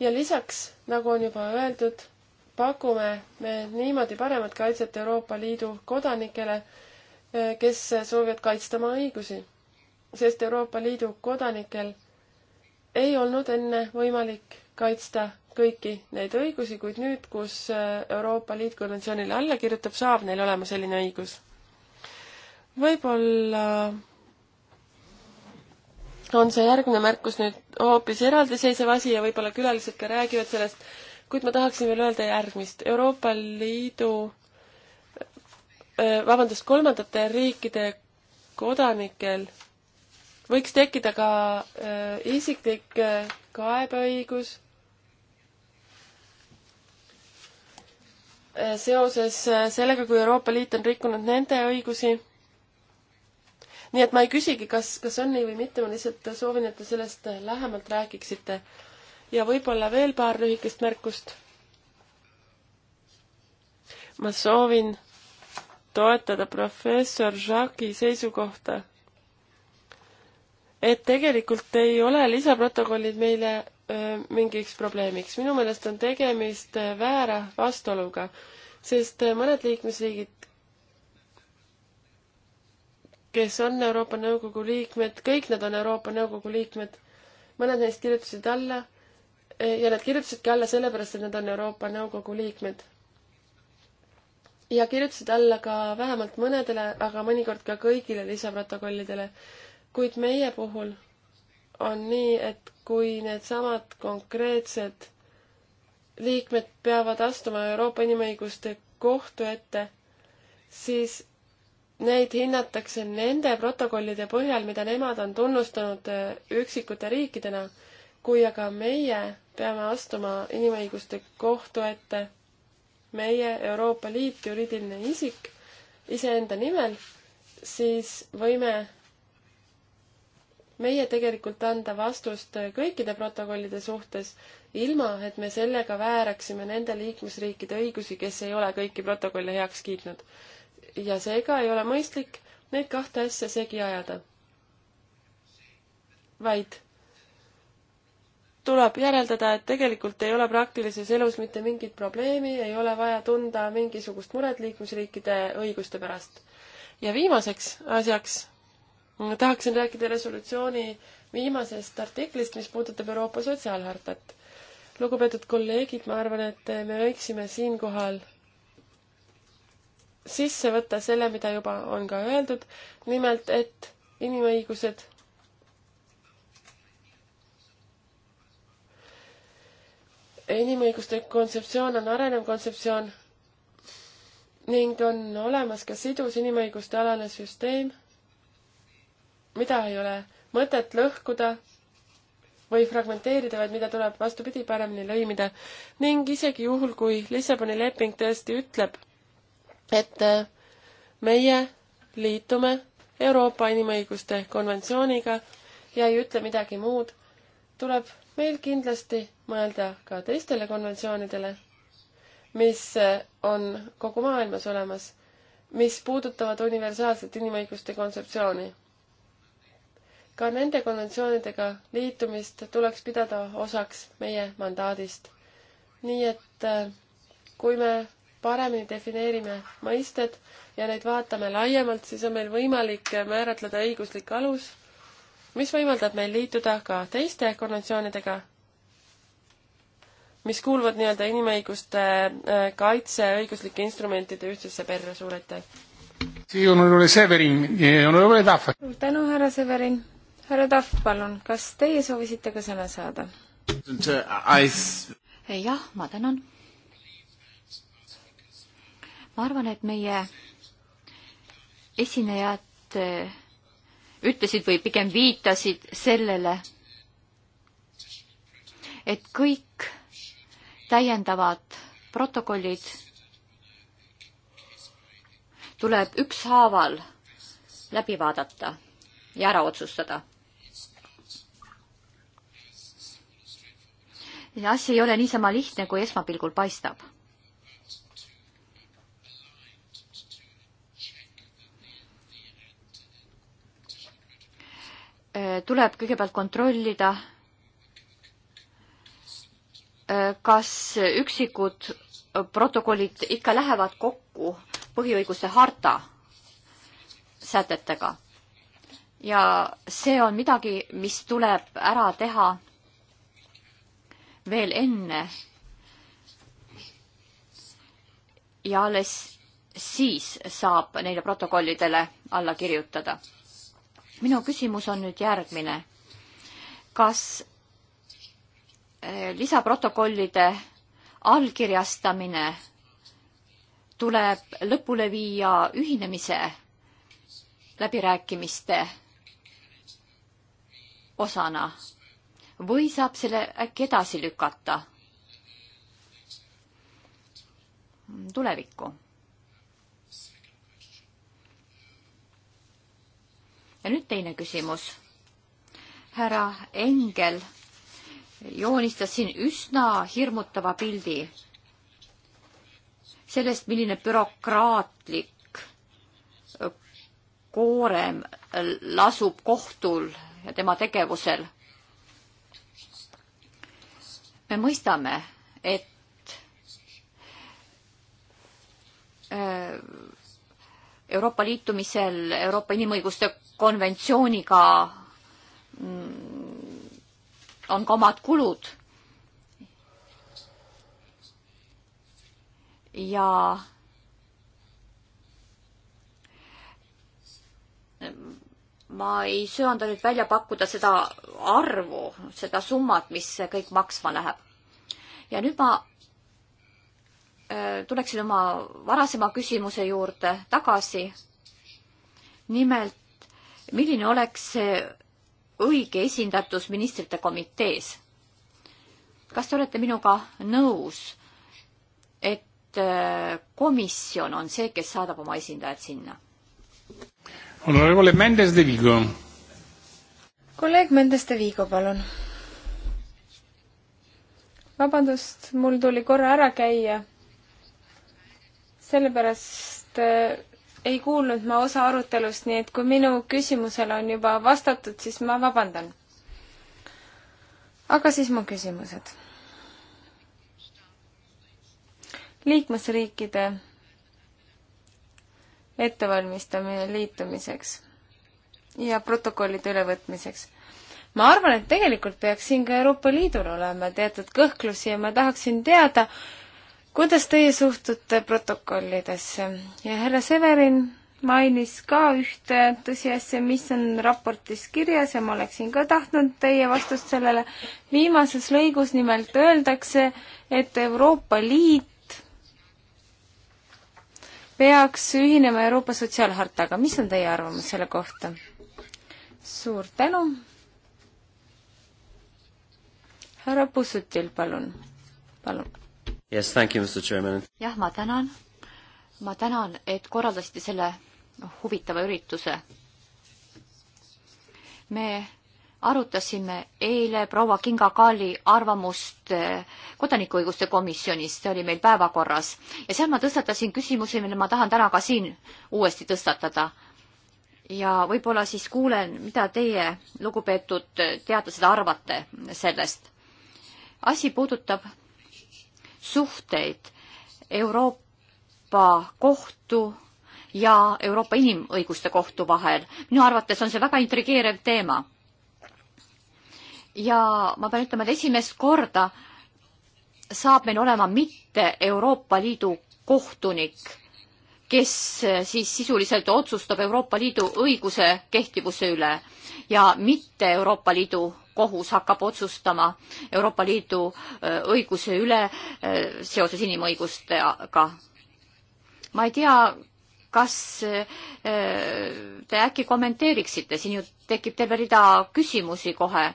ja lisaks, nagu on juba öeldud, pakume me niimoodi paremat kaitset Euroopa Liidu kodanikele, äh, kes soovivad kaitsta oma õigusi. sest Euroopa Liidu kodanikel ei olnud enne võimalik kaitsta kõiki neid õigusi, kuid nüüd, kus äh, Euroopa Liit konventsioonile alla kirjutab, saab neil olema selline õigus. võib-olla on see järgmine märkus nüüd hoopis eraldiseisev asi ja võib-olla külalised ka räägivad sellest, kuid ma tahaksin veel öelda järgmist. Euroopa Liidu, äh, vabandust, kolmandate riikide kodanikel võiks tekkida ka äh, isiklik kaebeõigus seoses äh, sellega, kui Euroopa Liit on rikkunud nende õigusi. nii et ma ei küsigi, kas, kas on nii või mitte, ma lihtsalt soovin, et te sellest lähemalt räägiksite. ja võib-olla veel paar lühikest märkust. ma soovin toetada professor Jacques'i seisukohta, et tegelikult ei ole lisaprotokollid meile Äh, mingiks probleemiks. minu meelest on tegemist äh, väära vastuoluga, sest äh, mõned liikmesriigid, kes on Euroopa Nõukogu liikmed, kõik nad on Euroopa Nõukogu liikmed, mõned neist kirjutasid alla ja nad kirjutasidki alla sellepärast, et nad on Euroopa Nõukogu liikmed. ja kirjutasid alla ka vähemalt mõnedele, aga mõnikord ka kõigile lisaprotokollidele. kuid meie puhul on nii, et kui needsamad konkreetsed liikmed peavad astuma Euroopa Inimõiguste Kohtu ette, siis neid hinnatakse nende protokollide põhjal, mida nemad on tunnustanud äh, üksikute riikidena. kui aga meie peame astuma Inimõiguste Kohtu ette, meie, Euroopa Liit, juriidiline isik, iseenda nimel, siis võime meie tegelikult anda vastust kõikide protokollide suhtes, ilma et me sellega vääraksime nende liikmesriikide õigusi, kes ei ole kõiki protokolle heaks kiitnud. ja seega ei ole mõistlik neid kahte asja segi ajada. vaid tuleb järeldada, et tegelikult ei ole praktilises elus mitte mingit probleemi, ei ole vaja tunda mingisugust muret liikmesriikide õiguste pärast. ja viimaseks asjaks tahaksin rääkida resolutsiooni viimasest artiklist, mis puudutab Euroopa sotsiaalhartat. lugupeetud kolleegid, ma arvan, et me võiksime siinkohal sisse võtta selle, mida juba on ka öeldud, nimelt, et inimõigused inimõiguste kontseptsioon on arenev kontseptsioon ning on olemas ka sidus inimõiguste alane süsteem mida ei ole mõtet lõhkuda või fragmenteerida, vaid mida tuleb vastupidi paremini lõimida. ning isegi juhul, kui Lissaboni leping tõesti ütleb, et äh, meie liitume Euroopa inimõiguste konventsiooniga ja ei ütle midagi muud, tuleb meil kindlasti mõelda ka teistele konventsioonidele, mis äh, on kogu maailmas olemas, mis puudutavad universaalset inimõiguste kontseptsiooni ka nende konventsioonidega liitumist tuleks pidada osaks meie mandaadist. nii et äh, kui me paremini defineerime mõisted ja neid vaatame laiemalt, siis on meil võimalik määratleda õiguslik alus, mis võimaldab meil liituda ka teiste konventsioonidega, mis kuuluvad nii-öelda inimõiguste äh, kaitse õiguslike instrumentide ühtsesse perre, suur aitäh! Eh, suur tänu, härra Severin! härra Tahv, palun, kas teie soovisite ka sõna saada? jah, ma tänan. ma arvan, et meie esinejad eh, ütlesid või pigem viitasid sellele, et kõik täiendavad protokollid tuleb ükshaaval läbi vaadata ja ära otsustada asi ei ole niisama lihtne, kui esmapilgul paistab. Äh, tuleb kõigepealt kontrollida, äh, kas üksikud protokollid ikka lähevad kokku põhiõiguste harta sätetega. ja see on midagi, mis tuleb ära teha veel enne ja alles siis saab neile protokollidele alla kirjutada. minu küsimus on nüüd järgmine. kas eh, lisaprotokollide allkirjastamine tuleb lõpule viia ühinemise läbirääkimiste osana või saab selle äkki edasi lükata tulevikku? ja nüüd teine küsimus. härra Engel joonistas siin üsna hirmutava pildi sellest, milline bürokraatlik koorem lasub kohtul ja tema tegevusel me mõistame, et äh, Euroopa liitumisel Euroopa Inimõiguste konventsiooniga mm, on ka omad kulud ja ma ei söanda nüüd välja pakkuda seda arvu, seda summat, mis see kõik maksma läheb. ja nüüd ma äh, tuleksin oma varasema küsimuse juurde tagasi. nimelt, milline oleks see õige esindatus ministrite komitees? kas te olete minuga nõus, et äh, komisjon on see, kes saadab oma esindajad sinna? Honorevole Mendes de Vigo. kolleeg Mendes de Vigo, palun. vabandust, mul tuli korra ära käia. sellepärast eh, ei kuulnud ma osa arutelust, nii et kui minu küsimusele on juba vastatud, siis ma vabandan. aga siis mu küsimused. liikmesriikide ettevalmistamine liitumiseks ja protokollide ülevõtmiseks. ma arvan, et tegelikult peaks siin ka Euroopa Liidul olema teatud kõhklusi ja ma tahaksin teada, kuidas teie suhtute protokollidesse ja härra Severin mainis ka ühte tõsiasja, mis on raportis kirjas ja ma oleksin ka tahtnud teie vastust sellele. viimases lõigus nimelt öeldakse, et Euroopa Liit peaks ühinema Euroopa Sotsiaalhartaga, mis on teie arvamus selle kohta? suur tänu. härra Pussutil, palun, palun. Yes, thank you, Mr Chairman. jah, ma tänan. ma tänan, et korraldasite selle huvitava ürituse. me arutasime eile proua Kinga Kaali arvamust eh, kodanikuõiguste komisjonist, see oli meil päevakorras ja seal ma tõstatasin küsimusi, mille ma tahan täna ka siin uuesti tõstatada. ja võib-olla siis kuulen, mida teie, lugupeetud teadlased, arvate sellest. asi puudutab suhteid Euroopa kohtu ja Euroopa Inimõiguste Kohtu vahel. minu arvates on see väga intrigeeriv teema ja ma pean ütlema, et esimest korda saab meil olema mitte Euroopa Liidu kohtunik, kes siis sisuliselt otsustab Euroopa Liidu õiguse kehtivuse üle ja mitte Euroopa Liidu kohus hakkab otsustama Euroopa Liidu äh, õiguse üle äh, seoses inimõigustega. ma ei tea, kas äh, te äkki kommenteeriksite, siin ju tekib terve rida küsimusi kohe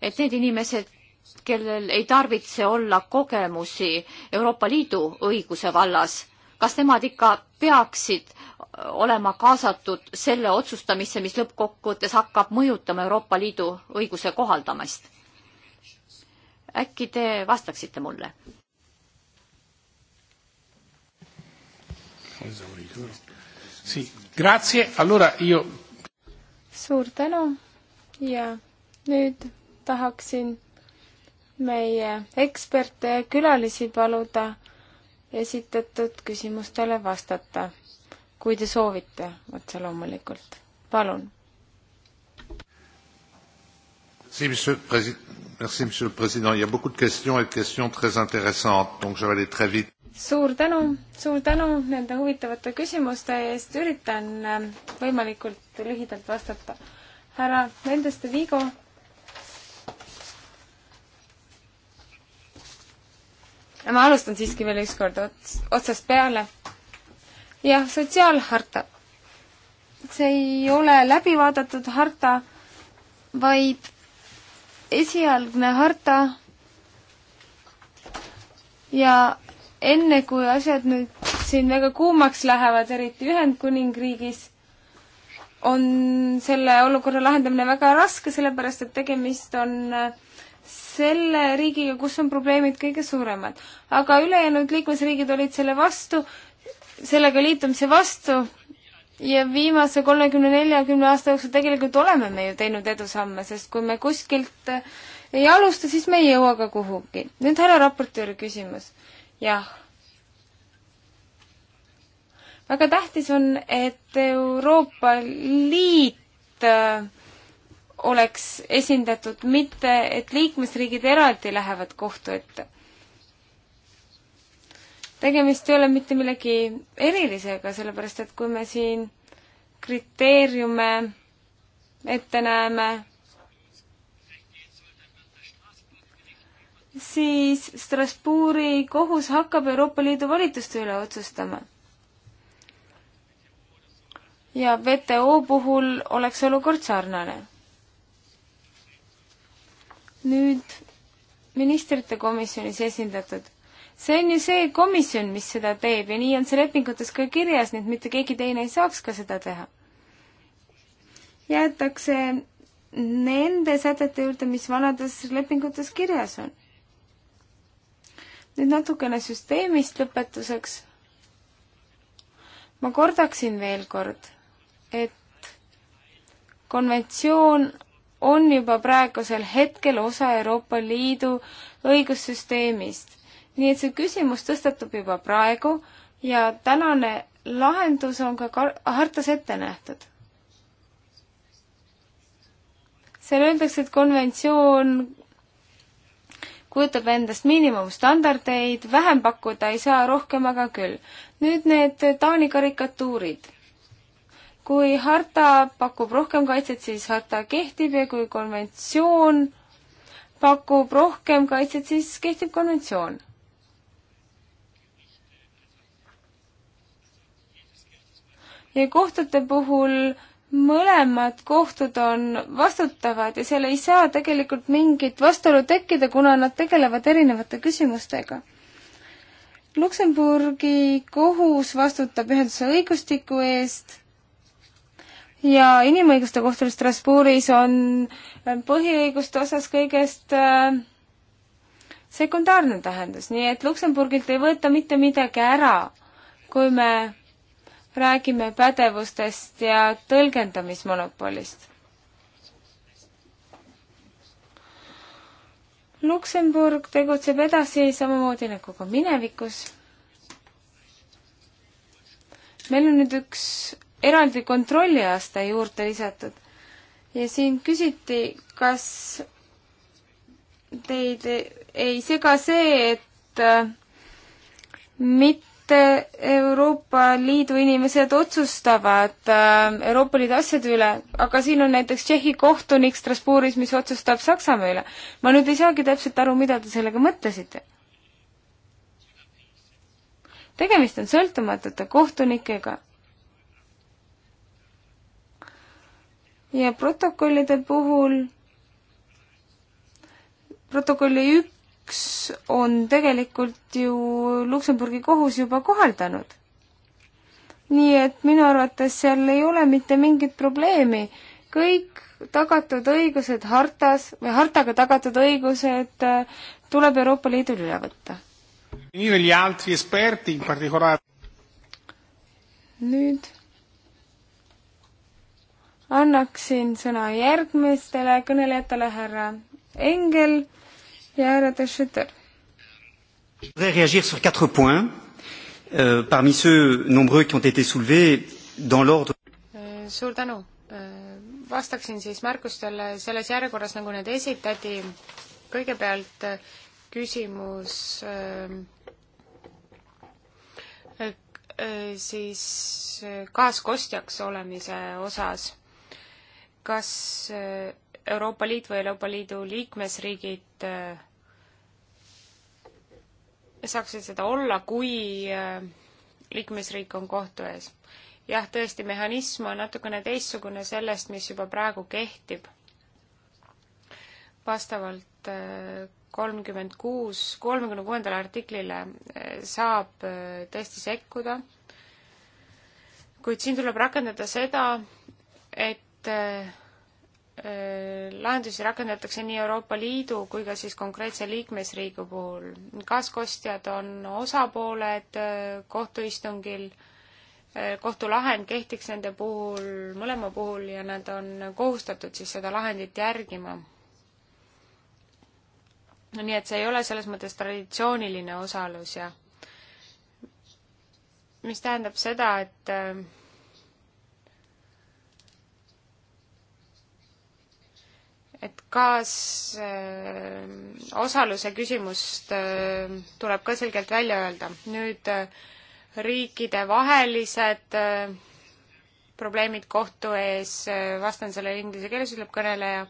et need inimesed, kellel ei tarvitse olla kogemusi Euroopa Liidu õiguse vallas, kas nemad ikka peaksid olema kaasatud selle otsustamisse, mis lõppkokkuvõttes hakkab mõjutama Euroopa Liidu õiguse kohaldamist? äkki te vastaksite mulle? suur tänu ja nüüd tahaksin meie eksperte ja külalisi paluda esitatud küsimustele vastata, kui te soovite, otse loomulikult. palun. suur tänu, suur tänu nende huvitavate küsimuste eest, üritan ähm, võimalikult lühidalt vastata. härra Mendes de Vigo ma alustan siiski veel ükskord ots, otsast peale. jah, sotsiaalharta. see ei ole läbi vaadatud harta, vaid esialgne harta ja enne, kui asjad nüüd siin väga kuumaks lähevad, eriti Ühendkuningriigis, on selle olukorra lahendamine väga raske, sellepärast et tegemist on äh, selle riigiga, kus on probleemid kõige suuremad. aga ülejäänud liikmesriigid olid selle vastu, sellega liitumise vastu ja viimase kolmekümne, neljakümne aasta jooksul tegelikult oleme me ju teinud edusamme, sest kui me kuskilt äh, ei alusta, siis me ei jõua ka kuhugi. nüüd härra raportööri küsimus. jah. väga tähtis on, et Euroopa Liit äh, oleks esindatud, mitte et liikmesriigid eraldi lähevad kohtu ette. tegemist ei ole mitte millegi erilisega, sellepärast et kui me siin kriteeriume ette näeme, siis Strasbourgi kohus hakkab Euroopa Liidu volituste üle otsustama ja WTO puhul oleks olukord sarnane nüüd ministrite komisjonis esindatud. see on ju see komisjon, mis seda teeb ja nii on see lepingutes ka kirjas, nii et mitte keegi teine ei saaks ka seda teha. jäetakse nende sätete juurde, mis vanades lepingutes kirjas on. nüüd natukene süsteemist lõpetuseks. ma kordaksin veel kord, et konventsioon on juba praegusel hetkel osa Euroopa Liidu õigussüsteemist. nii et see küsimus tõstatub juba praegu ja tänane lahendus on ka hartas ette nähtud. seal öeldakse, et konventsioon kujutab endast miinimumstandardeid, vähem pakkuda ei saa, rohkem aga küll. nüüd need Taani karikatuurid kui harta pakub rohkem kaitset, siis harta kehtib ja kui konventsioon pakub rohkem kaitset, siis kehtib konventsioon. ja kohtute puhul mõlemad kohtud on vastutavad ja seal ei saa tegelikult mingit vastuolu tekkida, kuna nad tegelevad erinevate küsimustega. Luksemburgi kohus vastutab ühenduse õigustiku eest ja inimõiguste kohtul Strasbourgis on äh, põhiõiguste osas kõigest äh, sekundaarne tähendus, nii et Luksemburgilt ei võeta mitte midagi ära, kui me räägime pädevustest ja tõlgendamismonopolist. Luksemburg tegutseb edasi samamoodi nagu ka minevikus. meil on nüüd üks eraldi kontrolliaste juurde lisatud. ja siin küsiti, kas teid ei sega see, et äh, mitte Euroopa Liidu inimesed otsustavad äh, Euroopa Liidu asjade üle, aga siin on näiteks Tšehhi kohtunik Strasbourgis, mis otsustab Saksamaa üle. ma nüüd ei saagi täpselt aru, mida te sellega mõtlesite tegemist on sõltumatute kohtunikega ja protokollide puhul protokolli üks on tegelikult ju Luksemburgi kohus juba kohaldanud. nii et minu arvates seal ei ole mitte mingit probleemi, kõik tagatud õigused hartas või hartaga tagatud õigused äh, tuleb Euroopa Liidul üle võtta. nüüd annaksin sõna järgmistele kõnelejatele, härra Engel ja härra Tešeter. Réagir sur quatre points euh, parmi ceux nombreux qui ont été soulevés dans l'ordre. Euh, suur tänu. Euh, vastaksin siis märkustele selles järjekorras, nagu need esitati. kõigepealt äh, küsimus äh, äh, siis kaaskostjaks äh, olemise osas kas äh, Euroopa Liit või Euroopa Liidu liikmesriigid äh, saaksid seda olla, kui äh, liikmesriik on kohtu ees. jah, tõesti, mehhanism on natukene teistsugune sellest, mis juba praegu kehtib. vastavalt kolmkümmend kuus, kolmekümne kuuendale artiklile saab tõesti sekkuda, kuid siin tuleb rakendada seda, et et äh, lahendusi rakendatakse nii Euroopa Liidu kui ka siis konkreetse liikmesriigi puhul. kaaskostjad on osapooled äh, kohtuistungil, äh, kohtulahend kehtiks nende puhul, mõlema puhul ja nad on kohustatud siis seda lahendit järgima. nii et see ei ole selles mõttes traditsiooniline osalus ja mis tähendab seda, et et kaasosaluse äh, küsimust äh, tuleb ka selgelt välja öelda. nüüd äh, riikidevahelised probleemid kohtu ees, vastan sellele inglise keeles, ütleb kõneleja.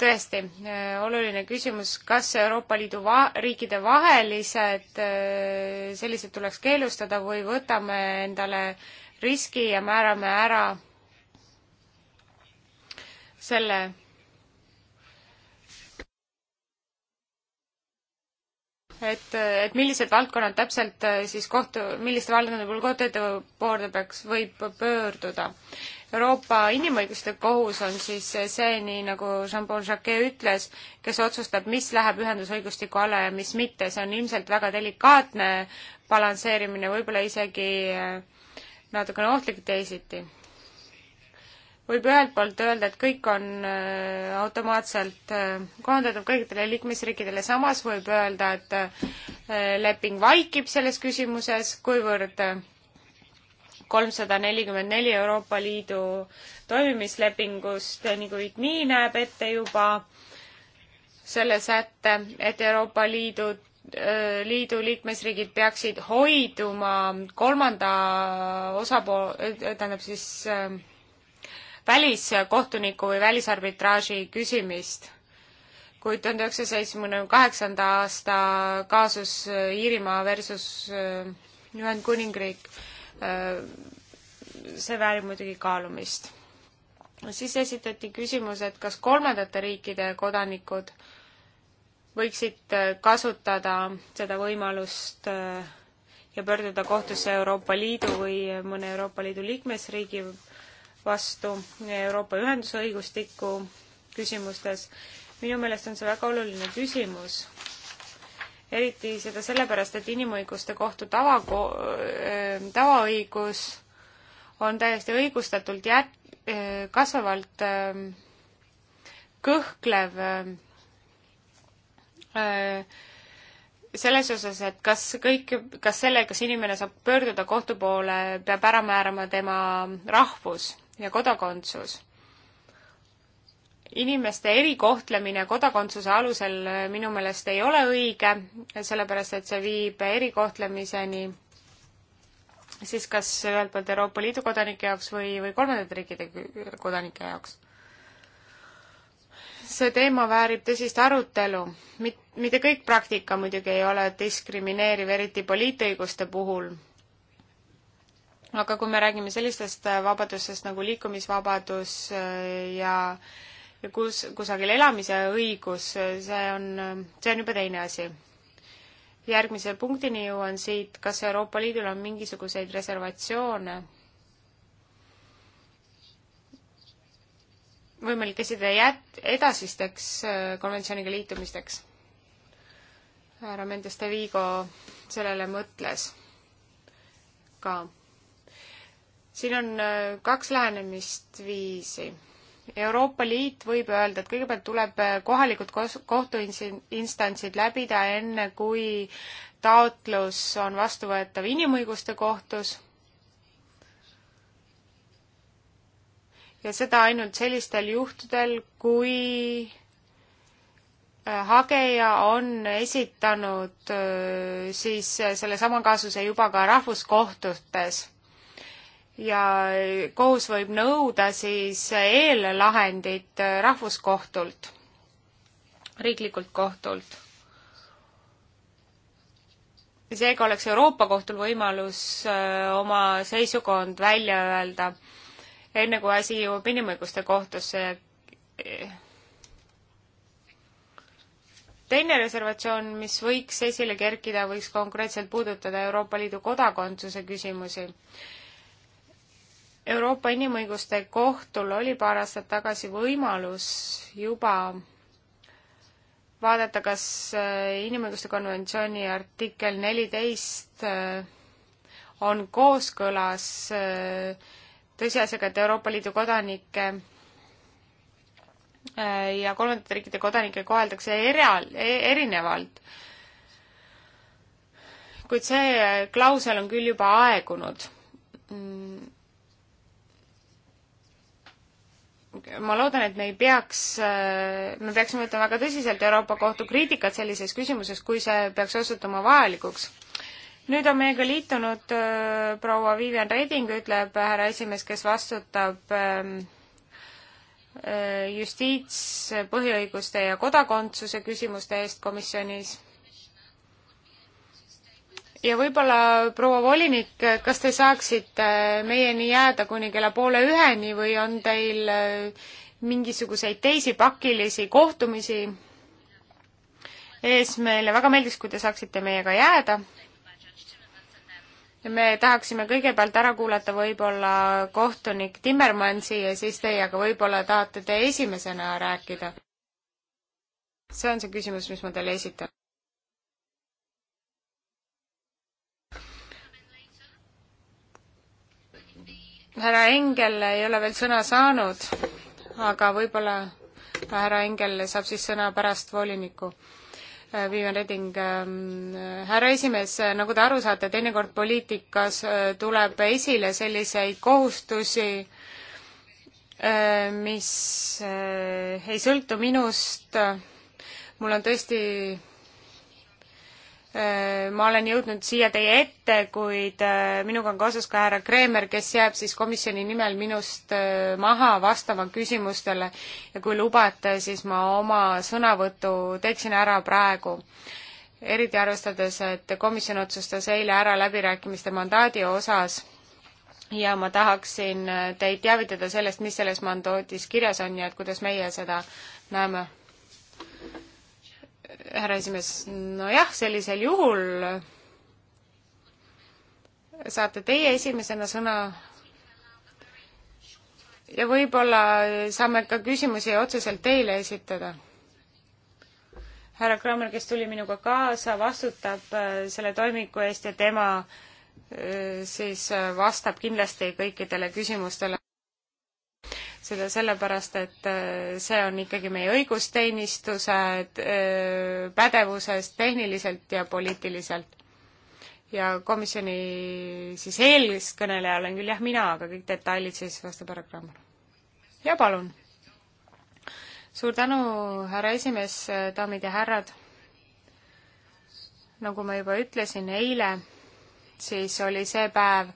tõesti, oluline küsimus, kas Euroopa Liidu va-, riikide vahelised sellised tuleks keelustada või võtame endale riski ja määrame ära selle et, et millised valdkonnad täpselt äh, siis kohtu, milliste valdkondade puhul kohtuettevõ poole peaks, võib pöörduda. Euroopa Inimõiguste Kohus on siis see, nii nagu Jean-Paul Jacquet ütles, kes otsustab, mis läheb ühendusõigustiku alla ja mis mitte, see on ilmselt väga delikaatne balansseerimine, võib-olla isegi äh, natukene ohtlik teisiti võib ühelt poolt öelda, et kõik on äh, automaatselt äh, kohandatav kõikidele liikmesriikidele, samas võib öelda, et äh, leping vaikib selles küsimuses, kuivõrd kolmsada nelikümmend neli Euroopa Liidu toimimislepingust niikuinii nagu näeb ette juba selle sätte, et Euroopa Liidu, Liidu liikmesriigid peaksid hoiduma kolmanda osapool, tähendab siis äh, väliskohtuniku või välisarbitraaži küsimist. kui tuhande üheksasaja seitsmekümne kaheksanda aasta kaasus Iirimaa versus äh, Ühendkuningriik, äh, see väärib muidugi kaalumist. siis esitati küsimus, et kas kolmandate riikide kodanikud võiksid äh, kasutada seda võimalust ja pöörduda kohtusse Euroopa Liidu või mõne Euroopa Liidu liikmesriigi vastu Euroopa ühendusõigustiku küsimustes. minu meelest on see väga oluline küsimus, eriti seda sellepärast, et inimõiguste kohtu tava, äh, tavaõigus on täiesti õigustatult jät-, äh, kasvavalt äh, kõhklev selles osas, et kas kõik, kas selle, kas inimene saab pöörduda kohtu poole, peab ära määrama tema rahvus ja kodakondsus. inimeste erikohtlemine kodakondsuse alusel minu meelest ei ole õige, sellepärast et see viib erikohtlemiseni siis kas ühelt poolt Euroopa Liidu kodanike jaoks või, või kolmandate riikide kodanike jaoks see teema väärib tõsist arutelu. mit-, mitte kõik praktika muidugi ei ole diskrimineeriv, eriti poliitõiguste puhul aga kui me räägime sellistest äh, vabadustest nagu liikumisvabadus äh, ja ja kus, kusagil elamise õigus, äh, see on, see on juba teine asi. järgmise punktini jõuan siit, kas Euroopa Liidul on mingisuguseid reservatsioone võimalik esitada jät-, edasisteks konventsiooniga liitumisteks? härra Mendes de Vigo sellele mõtles ka siin on äh, kaks lähenemisviisi. Euroopa Liit võib öelda, et kõigepealt tuleb äh, kohalikud kohtuinstantsid läbida, enne kui taotlus on vastuvõetav inimõiguste kohtus ja seda ainult sellistel juhtudel, kui äh, hageja on esitanud siis sellesama kaasuse juba ka rahvuskohtutes ja kohus võib nõuda siis eellahendit rahvuskohtult, riiklikult kohtult. seega oleks Euroopa Kohtul võimalus äh, oma seisukond välja öelda, enne kui asi jõuab inimõiguste kohtusse. Äh. teine reservatsioon, mis võiks esile kerkida, võiks konkreetselt puudutada Euroopa Liidu kodakondsuse küsimusi Euroopa Inimõiguste Kohtul oli paar aastat tagasi võimalus juba vaadata, kas äh, inimõiguste konventsiooni artikkel neliteist äh, on kooskõlas äh, tõsiasjaga, et Euroopa Liidu kodanike ja kolmandate riikide kodanikke koheldakse era-, e-, erinevalt. kuid see klausel on küll juba aegunud. Mm, ma loodan, et me ei peaks, äh, me peaksime võtma väga tõsiselt Euroopa Kohtu kriitikat sellises küsimuses, kui see peaks osutuma vajalikuks. nüüd on meiega liitunud äh, proua Vivian Reding, ütleb härra esimees, kes vastutab ähm, äh, justiits, põhiõiguste ja kodakondsuse küsimuste eest komisjonis ja võib-olla proua volinik, kas te saaksite meieni jääda kuni kella poole üheni või on teil äh, mingisuguseid teisi pakilisi kohtumisi ees meile, väga meeldiks, kui te saaksite meiega jääda. me tahaksime kõigepealt ära kuulata võib-olla kohtunik Timmermansi ja siis teiega võib-olla tahate te esimesena rääkida. see on see küsimus, mis ma teile esitan. härra Engel ei ole veel sõna saanud, aga võib-olla härra Engel saab siis sõna pärast volinikku. Äh, Vivian Reding, ähm, härra esimees, äh, nagu te aru saate, teinekord poliitikas äh, tuleb esile selliseid kohustusi, mis ei sõltu minust. mul on tõesti Äh, ma olen jõudnud siia teie ette, kuid äh, minuga on kaasas ka härra Kreemer, kes jääb siis komisjoni nimel minust äh, maha vastama küsimustele ja kui lubate, siis ma oma sõnavõtu teeksin ära praegu. eriti arvestades, et komisjon otsustas eile ära läbirääkimiste mandaadi osas ja ma tahaksin teid teavitada sellest, mis selles mandaadis kirjas on ja et kuidas meie seda näeme härra esimees, nojah, sellisel juhul saate teie esimesena sõna ja võib-olla saame ka küsimusi otseselt teile esitada. härra Kramer, kes tuli minuga kaasa, vastutab äh, selle toimiku eest ja tema äh, siis äh, vastab kindlasti kõikidele küsimustele seda sellepärast, et äh, see on ikkagi meie õigusteenistuse äh, pädevuses tehniliselt ja poliitiliselt. ja komisjoni siis eelkõneleja olen küll jah mina, aga kõik detailid siis vastab härra Krammar. ja palun! suur tänu, härra esimees, daamid ja härrad! nagu ma juba ütlesin eile, siis oli see päev,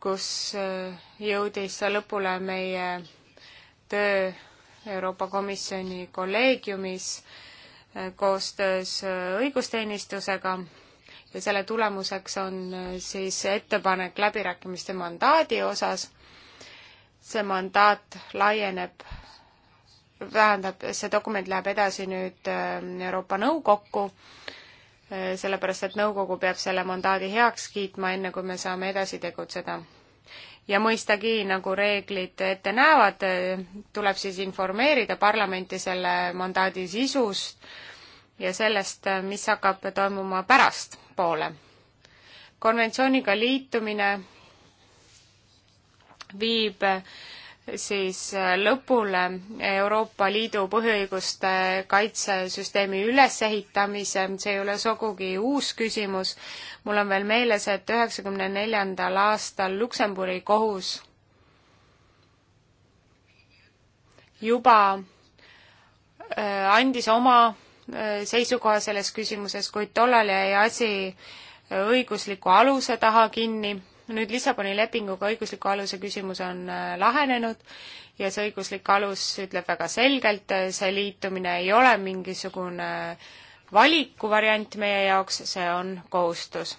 kus äh, jõudis lõpule meie töö Euroopa Komisjoni kolleegiumis äh, koostöös äh, õigusteenistusega ja selle tulemuseks on äh, siis ettepanek läbirääkimiste mandaadi osas. see mandaat laieneb, tähendab, see dokument läheb edasi nüüd Euroopa Nõukokku, sellepärast et nõukogu peab selle mandaadi heaks kiitma, enne kui me saame edasi tegutseda ja mõistagi, nagu reeglid ette näevad, tuleb siis informeerida parlamenti selle mandaadi sisust ja sellest, mis hakkab toimuma pärastpoole. konventsiooniga liitumine viib siis äh, lõpule Euroopa Liidu põhiõiguste kaitsesüsteemi ülesehitamise, see ei ole sugugi uus küsimus. mul on veel meeles, et üheksakümne neljandal aastal Luksemburi kohus juba äh, andis oma äh, seisukoha selles küsimuses, kuid tollal jäi asi õigusliku aluse taha kinni nüüd Lissaboni lepinguga õigusliku aluse küsimus on äh, lahenenud ja see õiguslik alus ütleb väga selgelt, äh, see liitumine ei ole mingisugune äh, valikuvariant meie jaoks, see on kohustus.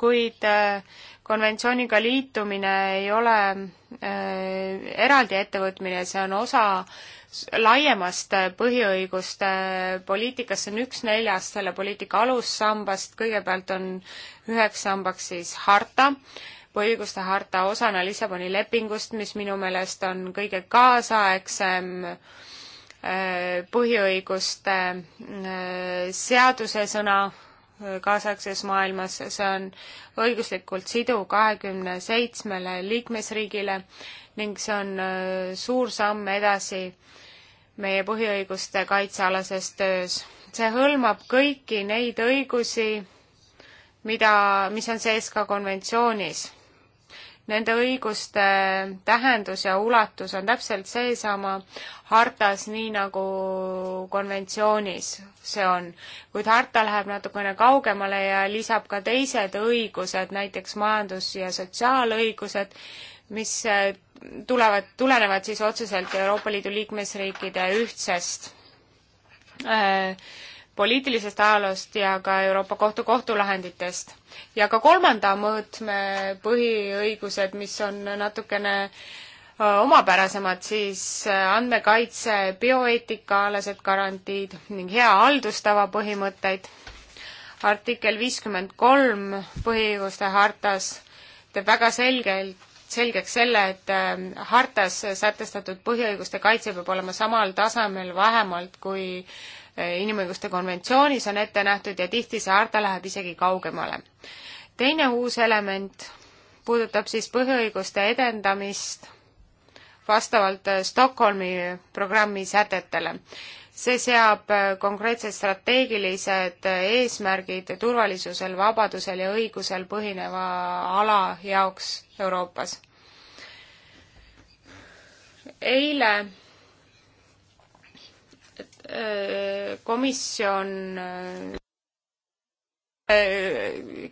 kuid konventsiooniga liitumine ei ole äh, eraldi ettevõtmine, see on osa äh, laiemast põhiõiguste poliitikast, see on üks neljast selle poliitika alussambast, kõigepealt on üheks sambaks siis harta, põhiõiguste harta osana Lissaboni lepingust, mis minu meelest on kõige kaasaegsem äh, põhiõiguste äh, seadusesõna kaasaegses maailmas, see on õiguslikult siduv kahekümne seitsmele liikmesriigile ning see on äh, suur samm edasi meie põhiõiguste kaitsealases töös. see hõlmab kõiki neid õigusi, mida, mis on sees ka konventsioonis Nende õiguste tähendus ja ulatus on täpselt seesama hartas, nii nagu konventsioonis see on. kuid harta läheb natukene kaugemale ja lisab ka teised õigused, näiteks majandus- ja sotsiaalõigused, mis eh, tulevad, tulenevad siis otseselt Euroopa Liidu liikmesriikide ühtsest äh, poliitilisest ajaloost ja ka Euroopa Kohtu kohtulahenditest. ja ka kolmanda mõõtme põhiõigused, mis on natukene omapärasemad, siis andmekaitse, bioeetikaalased garantiid ning hea haldustava põhimõtteid. artikkel viiskümmend kolm põhiõiguste hartas teeb väga selgelt selgeks selle, et hartas sätestatud põhiõiguste kaitse peab olema samal tasemel vähemalt kui inimõiguste konventsioonis on ette nähtud ja tihti see harta läheb isegi kaugemale. teine uus element puudutab siis põhiõiguste edendamist vastavalt äh, Stockholmi programmi sätetele. see seab äh, konkreetsed strateegilised äh, eesmärgid turvalisusel, vabadusel ja õigusel põhineva ala jaoks Euroopas. eile Äh, komisjon äh,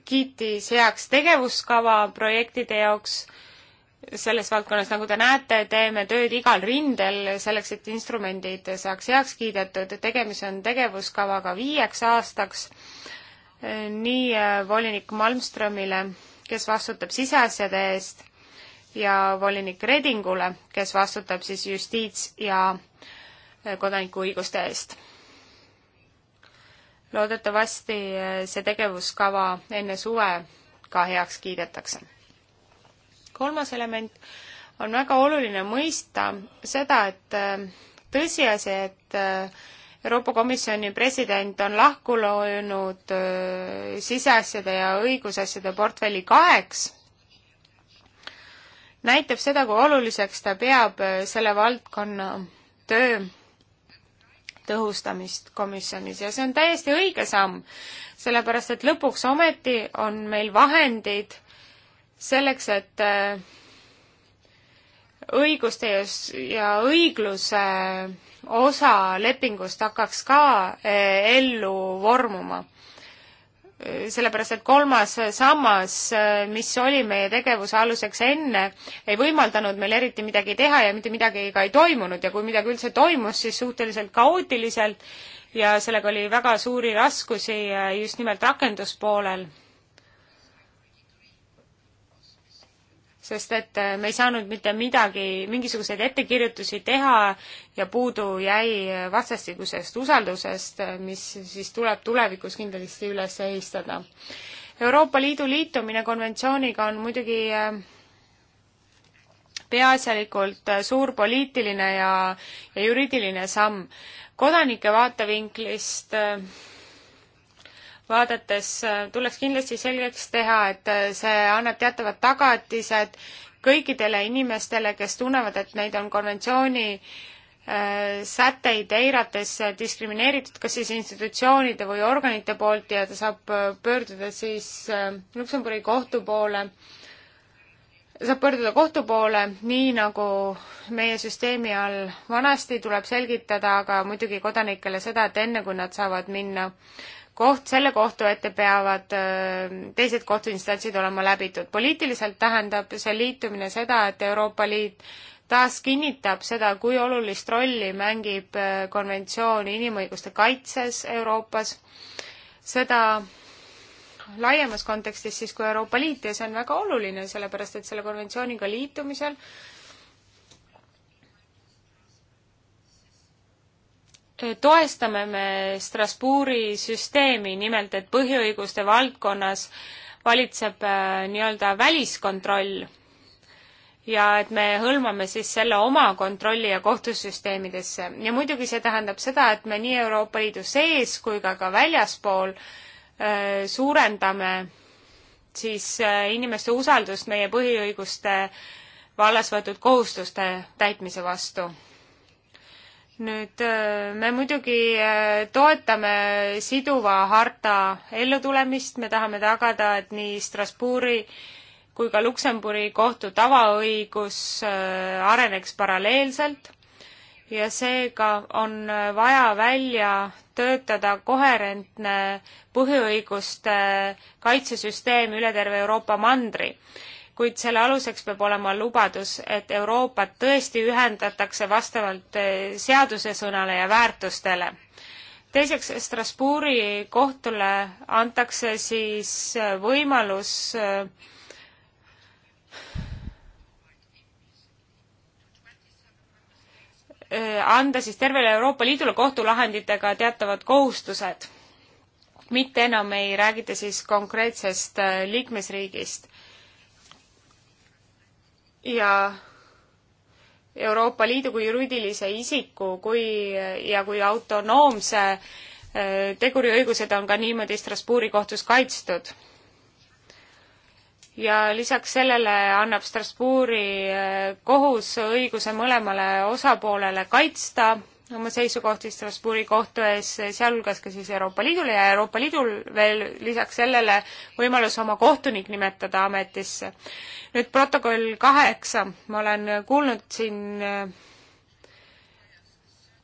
kiitis heaks tegevuskava projektide jaoks selles valdkonnas, nagu te näete, teeme tööd igal rindel selleks, et instrumendid saaks heaks kiidetud, tegemist on tegevuskavaga viieks aastaks, äh, nii volinik Malmströmile, kes vastutab siseasjade eest, ja volinik Redingule, kes vastutab siis justiits- ja äh, kodanikuõiguste eest. loodetavasti see tegevuskava enne suve ka heaks kiidetakse. kolmas element on väga oluline mõista seda, et äh, tõsiasi, et äh, Euroopa Komisjoni president on lahku löönud äh, siseasjade ja õigusasjade portfelli kaheks, näitab seda, kui oluliseks ta peab selle valdkonna töö tõhustamist komisjonis ja see on täiesti õige samm, sellepärast et lõpuks ometi on meil vahendid selleks, et äh, õiguste ja õigluse äh, osa lepingust hakkaks ka äh, ellu vormuma sellepärast, et kolmas sammas, mis oli meie tegevuse aluseks enne, ei võimaldanud meil eriti midagi teha ja mitte midagi ka ei toimunud ja kui midagi üldse toimus, siis suhteliselt kaootiliselt ja sellega oli väga suuri raskusi eh, just nimelt rakenduspoolel sest et äh, me ei saanud mitte midagi, mingisuguseid ettekirjutusi teha ja puudu jäi äh, vastastikusest usaldusest, äh, mis siis tuleb tulevikus kindlasti üles ehistada. Euroopa Liidu liitumine konventsiooniga on muidugi peaasjalikult suur poliitiline ja, ja juriidiline samm. kodanike vaatevinklist äh, vaadates äh, tuleks kindlasti selgeks teha, et äh, see annab teatavad tagatised kõikidele inimestele, kes tunnevad, et neid on konventsiooni äh, sätteid eirates diskrimineeritud kas siis institutsioonide või organite poolt ja ta saab pöörduda siis Luksemburgi kohtu poole, saab pöörduda kohtu poole, nii nagu meie süsteemi all vanasti, tuleb selgitada aga muidugi kodanikele seda, et enne kui nad saavad minna koht, selle kohtuette peavad teised kohtuinstantsid olema läbitud. poliitiliselt tähendab see liitumine seda, et Euroopa Liit taas kinnitab seda, kui olulist rolli mängib konventsioon inimõiguste kaitses Euroopas, seda laiemas kontekstis siis kui Euroopa Liit ja see on väga oluline, sellepärast et selle konventsiooniga liitumisel toestame me Strasbourgi süsteemi, nimelt et põhiõiguste valdkonnas valitseb äh, nii-öelda väliskontroll ja et me hõlmame siis selle oma kontrolli- ja kohtusüsteemidesse. ja muidugi see tähendab seda, et me nii Euroopa Liidu sees kui ka ka väljaspool äh, suurendame siis äh, inimeste usaldust meie põhiõiguste vallas võetud kohustuste täitmise vastu nüüd äh, me muidugi äh, toetame siduva harta ellutulemist, me tahame tagada, et nii Strasbourgi kui ka Luksemburi kohtu tavaõigus äh, areneks paralleelselt ja seega on vaja välja töötada koherentne põhiõiguste kaitsesüsteem üle terve Euroopa mandri kuid selle aluseks peab olema lubadus, et Euroopat tõesti ühendatakse vastavalt eh, seaduse sõnale ja väärtustele. teiseks, Strasbourgi kohtule antakse siis eh, võimalus eh, anda siis tervele Euroopa Liidule kohtulahenditega teatavad kohustused. mitte enam ei räägita siis konkreetsest liikmesriigist ja Euroopa Liidu kui juriidilise isiku kui ja kui autonoomse äh, teguri õigused on ka niimoodi Strasbourgi kohtus kaitstud. ja lisaks sellele annab Strasbourgi äh, kohus õiguse mõlemale osapoolele kaitsta oma seisukohti Strasbourgi kohtu ees, sealhulgas ka siis Euroopa Liidule ja Euroopa Liidul veel lisaks sellele võimalus oma kohtunik nimetada ametisse. nüüd protokoll kaheksa, ma olen kuulnud siin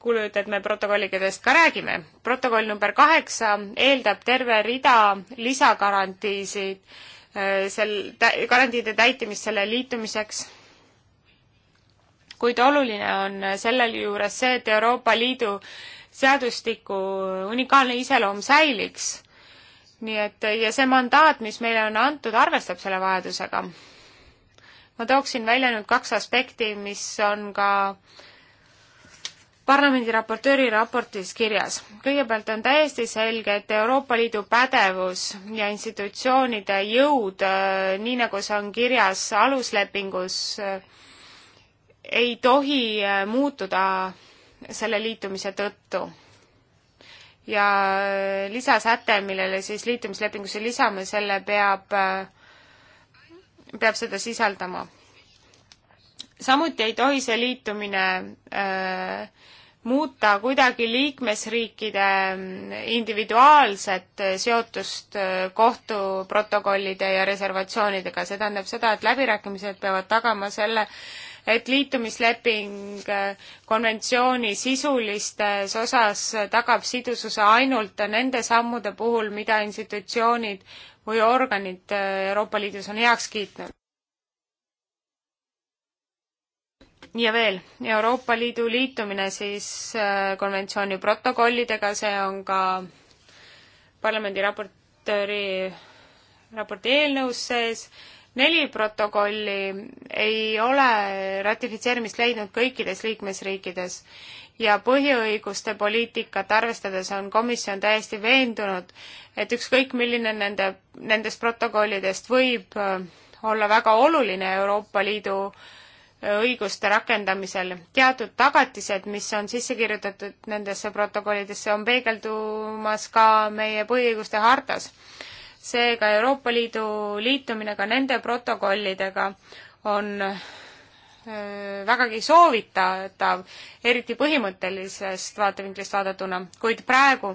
kuulujuttu, et me protokollidest ka räägime. protokoll number kaheksa eeldab terve rida lisagarantiisid, äh, sel, garantiide täitimist selle liitumiseks kuid oluline on sellel juures see, et Euroopa Liidu seadustiku unikaalne iseloom säiliks. nii et ja see mandaat, mis meile on antud, arvestab selle vajadusega. ma tooksin välja nüüd kaks aspekti, mis on ka parlamendi raportööri raportis kirjas. kõigepealt on täiesti selge, et Euroopa Liidu pädevus ja institutsioonide jõud, äh, nii nagu see on kirjas aluslepingus, äh, ei tohi äh, muutuda selle liitumise tõttu. ja äh, lisasäte, millele siis liitumislepingusse lisame, selle peab, äh, peab seda sisaldama. samuti ei tohi see liitumine öö, muuta kuidagi liikmesriikide mm, individuaalset seotust kohtuprotokollide ja reservatsioonidega, see tähendab seda, et läbirääkimised peavad tagama selle, et liitumisleping äh, konventsiooni sisulistes osas tagab sidususe ainult nende sammude puhul, mida institutsioonid või organid äh, Euroopa Liidus on heaks kiitnud. ja veel, Euroopa Liidu liitumine siis äh, konventsiooni protokollidega, see on ka parlamendi raportööri raporti eelnõus sees neli protokolli ei ole ratifitseerimist leidnud kõikides liikmesriikides ja põhiõiguste poliitikat arvestades on komisjon täiesti veendunud, et ükskõik milline nende, nendest protokollidest võib äh, olla väga oluline Euroopa Liidu äh, õiguste rakendamisel. teatud tagatised, mis on sisse kirjutatud nendesse protokollidesse, on peegeldumas ka meie põhiõiguste hartas seega Euroopa Liidu liitumine ka nende protokollidega on vägagi soovitatav, eriti põhimõttelisest vaatevinklist vaadatuna, kuid praegu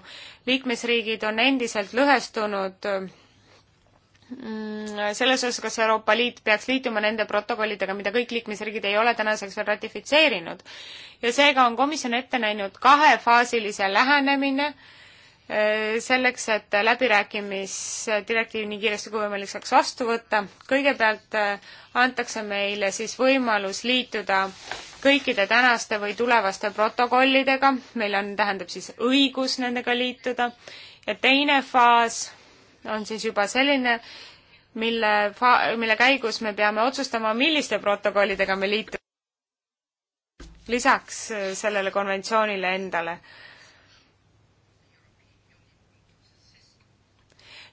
liikmesriigid on endiselt lõhestunud mm, selles osas, kas Euroopa Liit peaks liituma nende protokollidega, mida kõik liikmesriigid ei ole tänaseks veel ratifitseerinud. ja seega on komisjon ette näinud kahefaasilise lähenemine äh, Äh, selleks, et läbirääkimisdirektiiv nii kiiresti kui võimalik saaks vastu võtta. kõigepealt äh, antakse meile siis võimalus liituda kõikide tänaste või tulevaste protokollidega, meil on, tähendab siis õigus nendega liituda ja teine faas on siis juba selline, mille fa-, mille käigus me peame otsustama, milliste protokollidega me liitume lisaks äh, sellele konventsioonile endale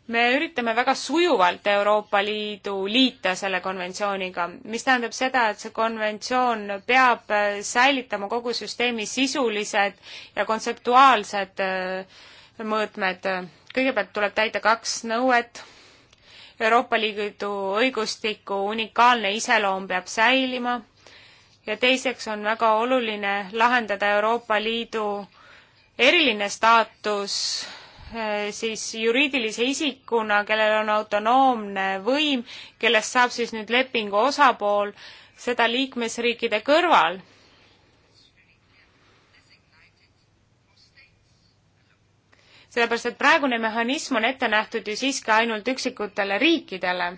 me üritame väga sujuvalt Euroopa Liidu liita selle konventsiooniga, mis tähendab seda, et see konventsioon peab äh, säilitama kogu süsteemi sisulised ja kontseptuaalsed äh, mõõtmed. kõigepealt tuleb täita kaks nõuet. Euroopa Liidu õigustiku unikaalne iseloom peab säilima ja teiseks on väga oluline lahendada Euroopa Liidu eriline staatus Eh, siis juriidilise isikuna, kellel on autonoomne võim, kellest saab siis nüüd lepingu osapool, seda liikmesriikide kõrval. sellepärast, et praegune mehhanism on ette nähtud ju siiski ainult üksikutele riikidele.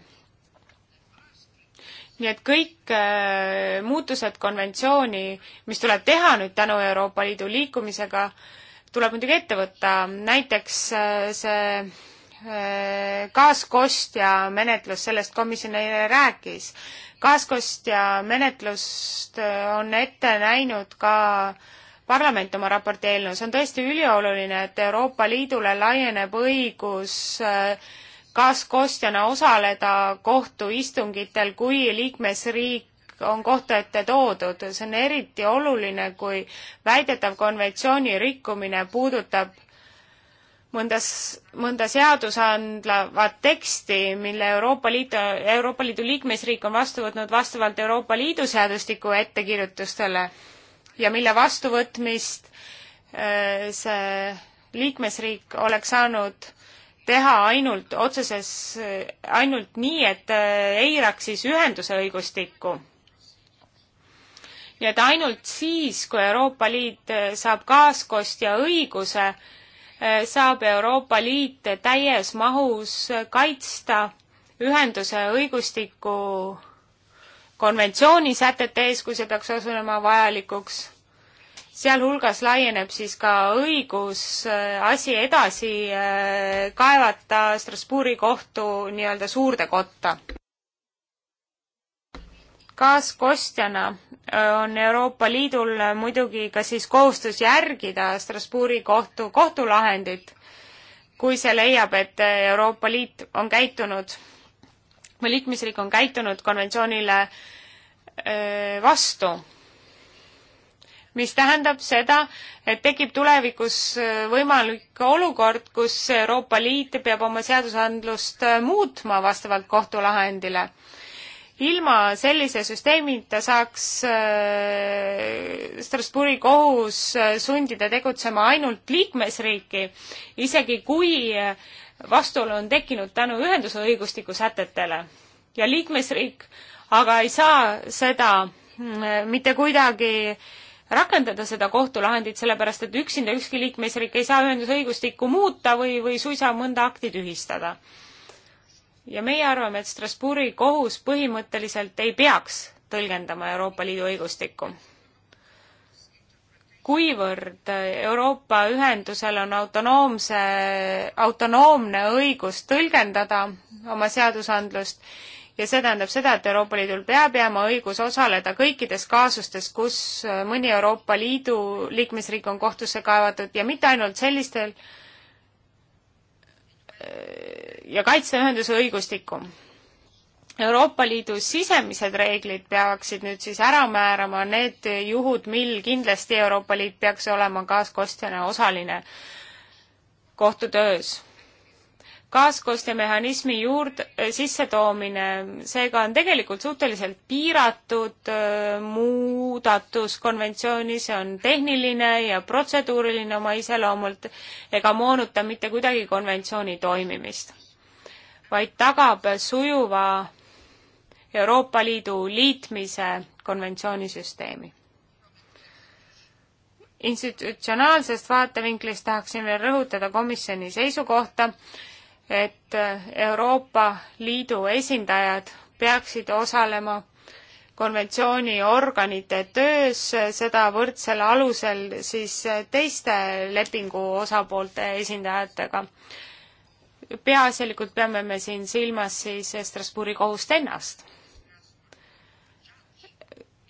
nii et kõik eh, muutused konventsiooni, mis tuleb teha nüüd tänu Euroopa Liidu liikumisega äh,, tuleb muidugi ette võtta, näiteks äh, see äh, kaaskostja menetlus, sellest komisjon eile rääkis. kaaskostja menetlust äh, on ette näinud ka parlament oma raporti eelnõu, see on tõesti ülioluline, et Euroopa Liidule laieneb õigus kaaskostjana osaleda kohtuistungitel, kui liikmesriik on kohtu ette toodud. see on eriti oluline, kui väidetav konventsiooni rikkumine puudutab mõndas, mõnda seadusandlavat teksti, mille Euroopa Liidu, Euroopa Liidu liikmesriik on vastu võtnud vastavalt Euroopa Liidu seadustiku ettekirjutustele ja mille vastuvõtmist äh, see liikmesriik oleks saanud teha ainult otseses, ainult nii, et äh, eiraks siis ühenduse õigustikku ja et ainult siis, kui Euroopa Liit äh, saab kaaskostja õiguse, äh, saab Euroopa Liit täies mahus äh, kaitsta ühenduse õigustiku konventsiooni sätete ees, kui see peaks osunema vajalikuks. sealhulgas laieneb siis ka õigus asi edasi kaevata Strasbourgi kohtu nii-öelda suurde kotta kaaskostjana äh, on Euroopa Liidul muidugi ka siis kohustus järgida Strasbourgi kohtu kohtulahendit, kui see leiab, et Euroopa Liit on käitunud või liikmesriik on käitunud konventsioonile äh, vastu. mis tähendab seda, et tekib tulevikus äh, võimalik olukord, kus Euroopa Liit peab oma seadusandlust muutma vastavalt kohtulahendile ilma sellise süsteemita saaks äh, Strasbourgi kohus äh, sundida tegutsema ainult liikmesriiki, isegi kui äh, vastuolu on tekkinud tänu ühenduse õigustiku sätetele. ja liikmesriik aga ei saa seda mm, mitte kuidagi rakendada seda kohtulahendit, sellepärast et üksinda ükski liikmesriik ei saa ühenduse õigustikku muuta või, või suisa mõnda akti tühistada ja meie arvame, et Strasbourgi kohus põhimõtteliselt ei peaks tõlgendama Euroopa Liidu õigustikku. kuivõrd Euroopa Ühendusel on autonoomse, autonoomne õigus tõlgendada oma seadusandlust ja see tähendab seda, et Euroopa Liidul peab jääma õigus osaleda kõikides kaasustes, kus mõni Euroopa Liidu liikmesriik on kohtusse kaevatud ja mitte ainult sellistel, ja kaitseühenduse õigustikku. Euroopa Liidu sisemised reeglid peaksid nüüd siis ära määrama need juhud, mil kindlasti Euroopa Liit peaks olema kaaskostjana osaline kohtutöös kaaskoostöömehhanismi juurde, äh, sissetoomine, seega on tegelikult suhteliselt piiratud äh, muudatus konventsioonis, see on tehniline ja protseduuriline oma iseloomult ega moonuta mitte kuidagi konventsiooni toimimist, vaid tagab sujuva Euroopa Liidu liitmise konventsioonisüsteemi institutsionaalsest vaatevinklist tahaksin veel rõhutada komisjoni seisukohta, et Euroopa Liidu esindajad peaksid osalema konventsiooni organite töös, seda võrdsel alusel siis teiste lepingu osapoolte esindajatega. peaasjalikult peame me siin silmas siis Strasbourgi kohust ennast.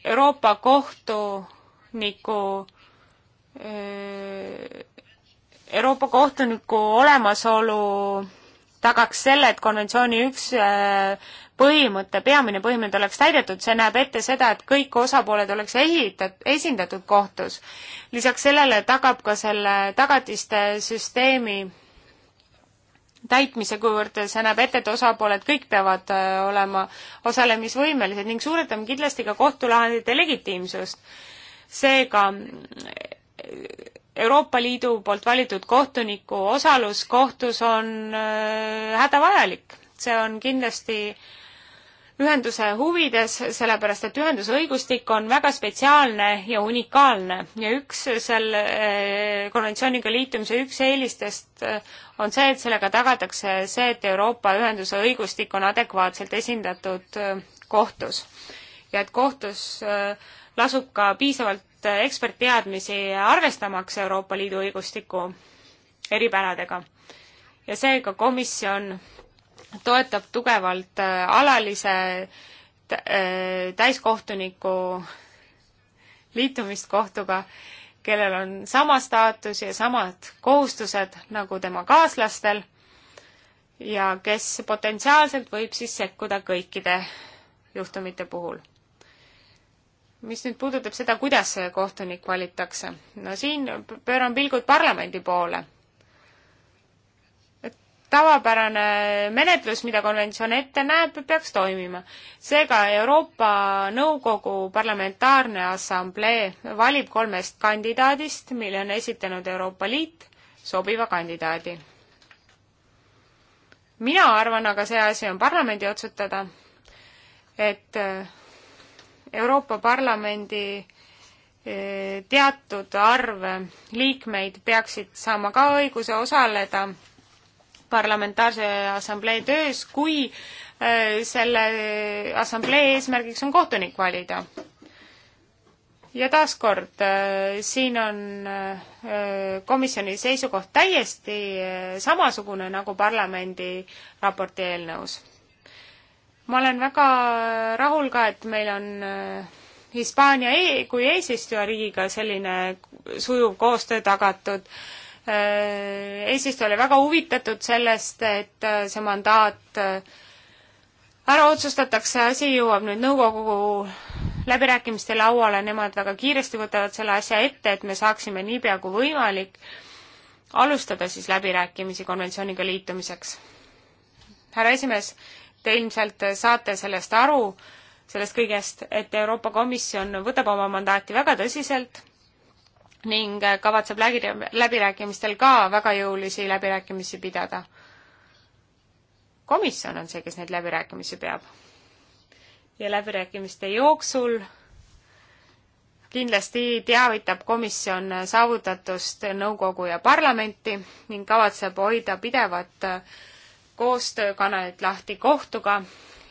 Euroopa kohtuniku Euroopa kohtuniku olemasolu tagaks selle, et konventsiooni üks äh, põhimõte, peamine põhimõte oleks täidetud, see näeb ette seda, et kõik osapooled oleks esitat-, esindatud kohtus. lisaks sellele tagab ka selle tagatiste süsteemi täitmise, kuivõrd see näeb ette, et osapooled kõik peavad äh, olema osalemisvõimelised ning suurendab kindlasti ka kohtulahendite legitiimsust. seega Euroopa Liidu poolt valitud kohtuniku osalus kohtus on äh, hädavajalik. see on kindlasti ühenduse huvides, sellepärast et ühenduse õigustik on väga spetsiaalne ja unikaalne ja üks selle äh, konventsiooniga liitumise üks eelistest äh, on see, et sellega tagatakse see, et Euroopa ühenduse õigustik on adekvaatselt esindatud kohtus ja et kohtus lasub ka piisavalt ekspertteadmisi arvestamaks Euroopa Liidu õigustiku eripäradega. ja seega komisjon toetab tugevalt äh, alalise äh, täiskohtuniku liitumist kohtuga, kellel on sama staatus ja samad kohustused nagu tema kaaslastel ja kes potentsiaalselt võib siis sekkuda kõikide juhtumite puhul mis nüüd puudutab seda, kuidas kohtunik valitakse, no siin pööran pilgud parlamendi poole. tavapärane menetlus, mida konventsioon ette näeb, peaks toimima. seega Euroopa Nõukogu Parlamentaarne Assamblee valib kolmest kandidaadist, mille on esitanud Euroopa Liit, sobiva kandidaadi. mina arvan, aga see asi on parlamendi otsustada, et Euroopa Parlamendi eh, teatud arv liikmeid peaksid saama ka õiguse osaleda parlamentaarse assamblee töös, kui eh, selle assamblee eesmärgiks on kohtunik valida. ja taaskord, eh, siin on komisjoni seisukoht täiesti samasugune nagu parlamendi raporti eelnõus ma olen väga äh, rahul ka, et meil on äh, Hispaania e kui eesistujariigiga selline sujuv koostöö tagatud. Äh, eesistuja oli väga huvitatud sellest, et see mandaat ära otsustatakse, asi jõuab nüüd nõukogu läbirääkimiste lauale, nemad väga kiiresti võtavad selle asja ette, et me saaksime niipea kui võimalik alustada siis läbirääkimisi konventsiooniga liitumiseks. härra esimees, Te ilmselt saate sellest aru, sellest kõigest, et Euroopa Komisjon võtab oma mandaati väga tõsiselt ning kavatseb läbi, läbirääkimistel ka väga jõulisi läbirääkimisi pidada. komisjon on see, kes neid läbirääkimisi peab. ja läbirääkimiste jooksul kindlasti teavitab komisjon saavutatust nõukogu ja parlamenti ning kavatseb hoida pidevat äh, koostöökanalid lahti kohtuga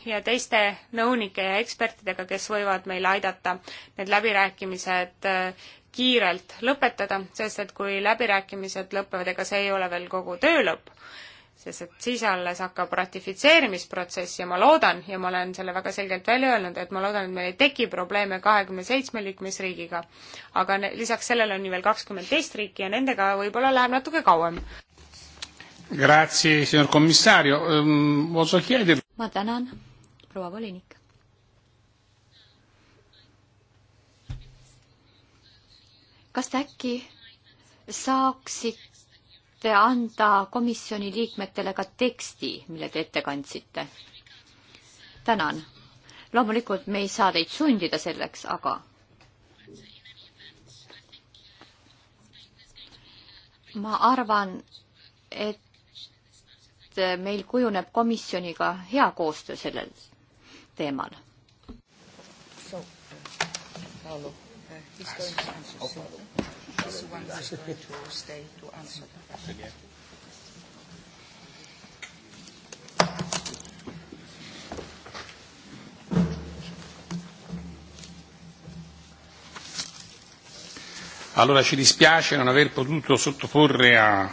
ja teiste nõunike ja ekspertidega, kes võivad meil aidata need läbirääkimised äh, kiirelt lõpetada, sest et kui läbirääkimised lõpevad, ega see ei ole veel kogu töö lõpp, sest et siis alles hakkab ratifitseerimisprotsess ja ma loodan ja ma olen selle väga selgelt välja öelnud, et ma loodan, et meil ei teki probleeme kahekümne seitsme liikmesriigiga. aga ne, lisaks sellele on ju veel kakskümmend teist riiki ja nendega võib-olla läheb natuke kauem. Grazie, signor commissario. Ehm, posso chiedere... ma tänan, proua volinik. kas te äkki saaksite anda komisjoni liikmetele ka teksti, mille te ette kandsite? tänan. loomulikult me ei saa teid sundida selleks, aga ma arvan, et et eh, meil kujuneb komisjoniga hea koostöö sellel teemal. Eh, allora ci dispiace non aver potuto sottoporre a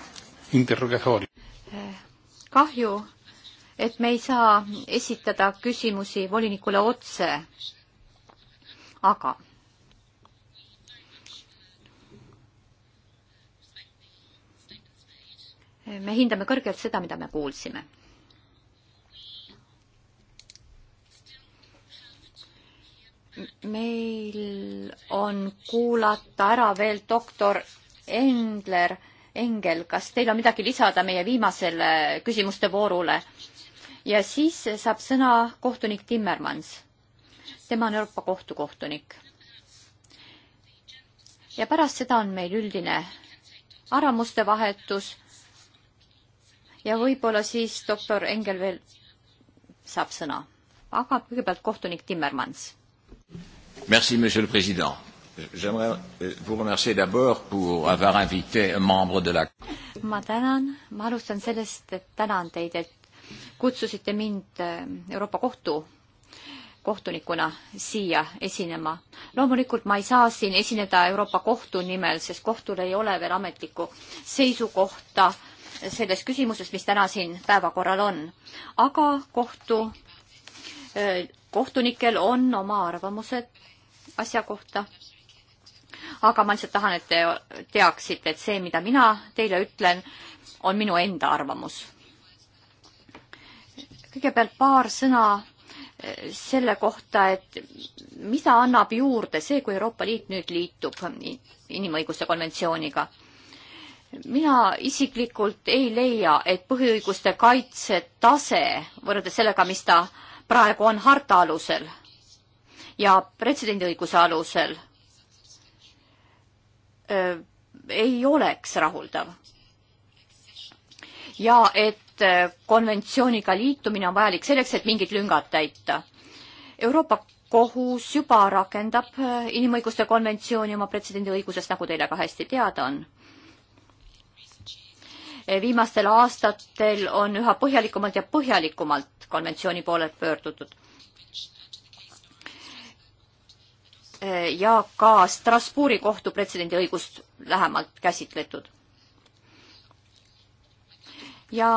interrogatorio kahju, et me ei saa esitada küsimusi volinikule otse. aga me hindame kõrgelt seda, mida me kuulsime. meil on kuulata ära veel doktor Endler Engel, kas teil on midagi lisada meie viimasele küsimuste voorule? ja siis saab sõna kohtunik Timmermans. tema on Euroopa Kohtu kohtunik. ja pärast seda on meil üldine arvamuste vahetus ja võib-olla siis doktor Engel veel saab sõna. aga kõigepealt kohtunik Timmermans. Merci, monsieur le president J'aimerais euh, vous remercier d'abord pour avoir invité un membre de la... ma tänan, ma alustan sellest, et tänan teid, et kutsusite mind äh, Euroopa Kohtu kohtunikuna siia esinema. loomulikult ma ei saa siin esineda Euroopa Kohtu nimel, sest kohtul ei ole veel ametlikku seisukohta selles küsimuses, mis täna siin päevakorral on. aga kohtu, äh, kohtunikel on oma arvamused asja kohta aga ma lihtsalt tahan, et te teaksite, et see, mida mina teile ütlen, on minu enda arvamus. kõigepealt paar sõna eh, selle kohta, et mida annab juurde see, kui Euroopa Liit nüüd liitub inimõiguste konventsiooniga. mina isiklikult ei leia, et põhiõiguste kaitse tase võrreldes sellega, mis ta praegu on harta alusel ja pretsedendiõiguse alusel ei oleks rahuldav. ja et konventsiooniga liitumine on vajalik selleks, et mingid lüngad täita. Euroopa kohus juba rakendab inimõiguste konventsiooni oma pretsedendiõiguses, nagu teile ka hästi teada on. viimastel aastatel on üha põhjalikumalt ja põhjalikumalt konventsiooni poole pöördutud Eh, ja ka Strasbourgi kohtu pretsedendi õigust lähemalt käsitletud. ja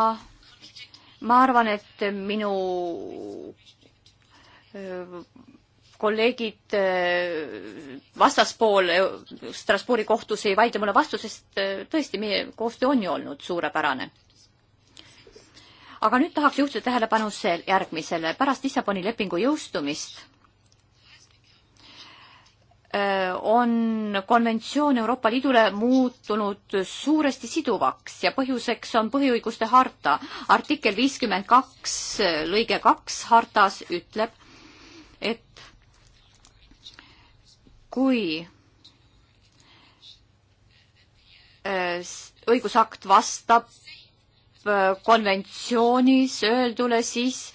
ma arvan, et minu eh, kolleegid eh, vastaspool Strasbourgi kohtus ei vaidle mulle vastu, sest tõesti, meie koostöö on ju olnud suurepärane. aga nüüd tahaks juhtida tähelepanu järgmisele. pärast Lissaboni lepingu jõustumist Äh, on konventsioon Euroopa Liidule muutunud suuresti siduvaks ja põhjuseks on põhiõiguste harta. artikkel viiskümmend kaks lõige kaks hartas ütleb, et kui äh, õigusakt vastab äh, konventsioonis öeldule, siis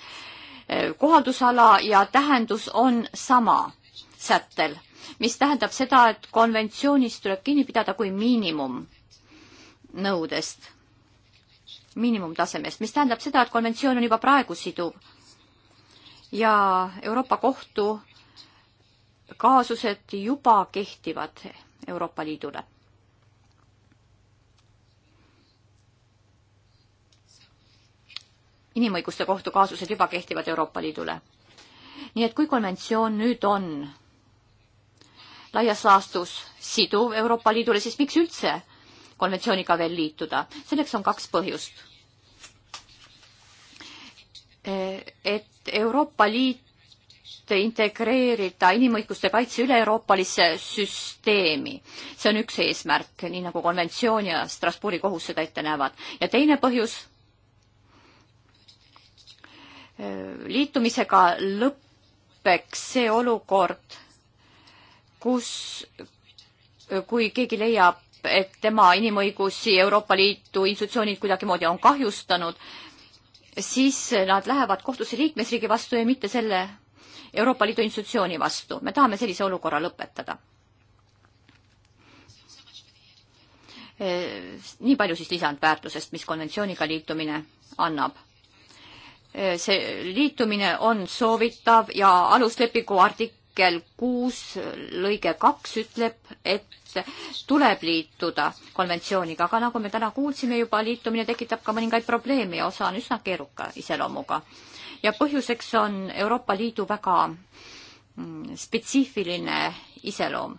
kohaldusala ja tähendus on sama sättel mis tähendab seda, et konventsioonist tuleb kinni pidada kui miinimumnõudest, miinimumtasemest, mis tähendab seda, et konventsioon on juba praegu siduv. ja Euroopa Kohtu kaasused juba kehtivad Euroopa Liidule inimõiguste kohtu kaasused juba kehtivad Euroopa Liidule. nii et kui konventsioon nüüd on laias laastus siduv Euroopa Liidule, siis miks üldse konventsiooniga veel liituda? selleks on kaks põhjust. et Euroopa Liit integreerida inimõiguste kaitse üle-euroopalisse süsteemi. see on üks eesmärk, nii nagu konventsioon ja Strasbourgi kohus seda ette näevad. ja teine põhjus, liitumisega lõpeks see olukord, kus, kui keegi leiab, et tema inimõigusi Euroopa Liidu institutsioonid kuidagimoodi on kahjustanud, siis nad lähevad kohtusse liikmesriigi vastu ja mitte selle Euroopa Liidu institutsiooni vastu. me tahame sellise olukorra lõpetada. nii palju siis lisandväärtusest, mis konventsiooniga liitumine annab see liitumine on soovitav ja aluslepingu artik-, artikkel kuus lõige kaks ütleb, et tuleb liituda konventsiooniga, aga nagu me täna kuulsime juba, liitumine tekitab ka mõningaid probleeme ja osa on üsna keeruka iseloomuga. ja põhjuseks on Euroopa Liidu väga mm, spetsiifiline iseloom.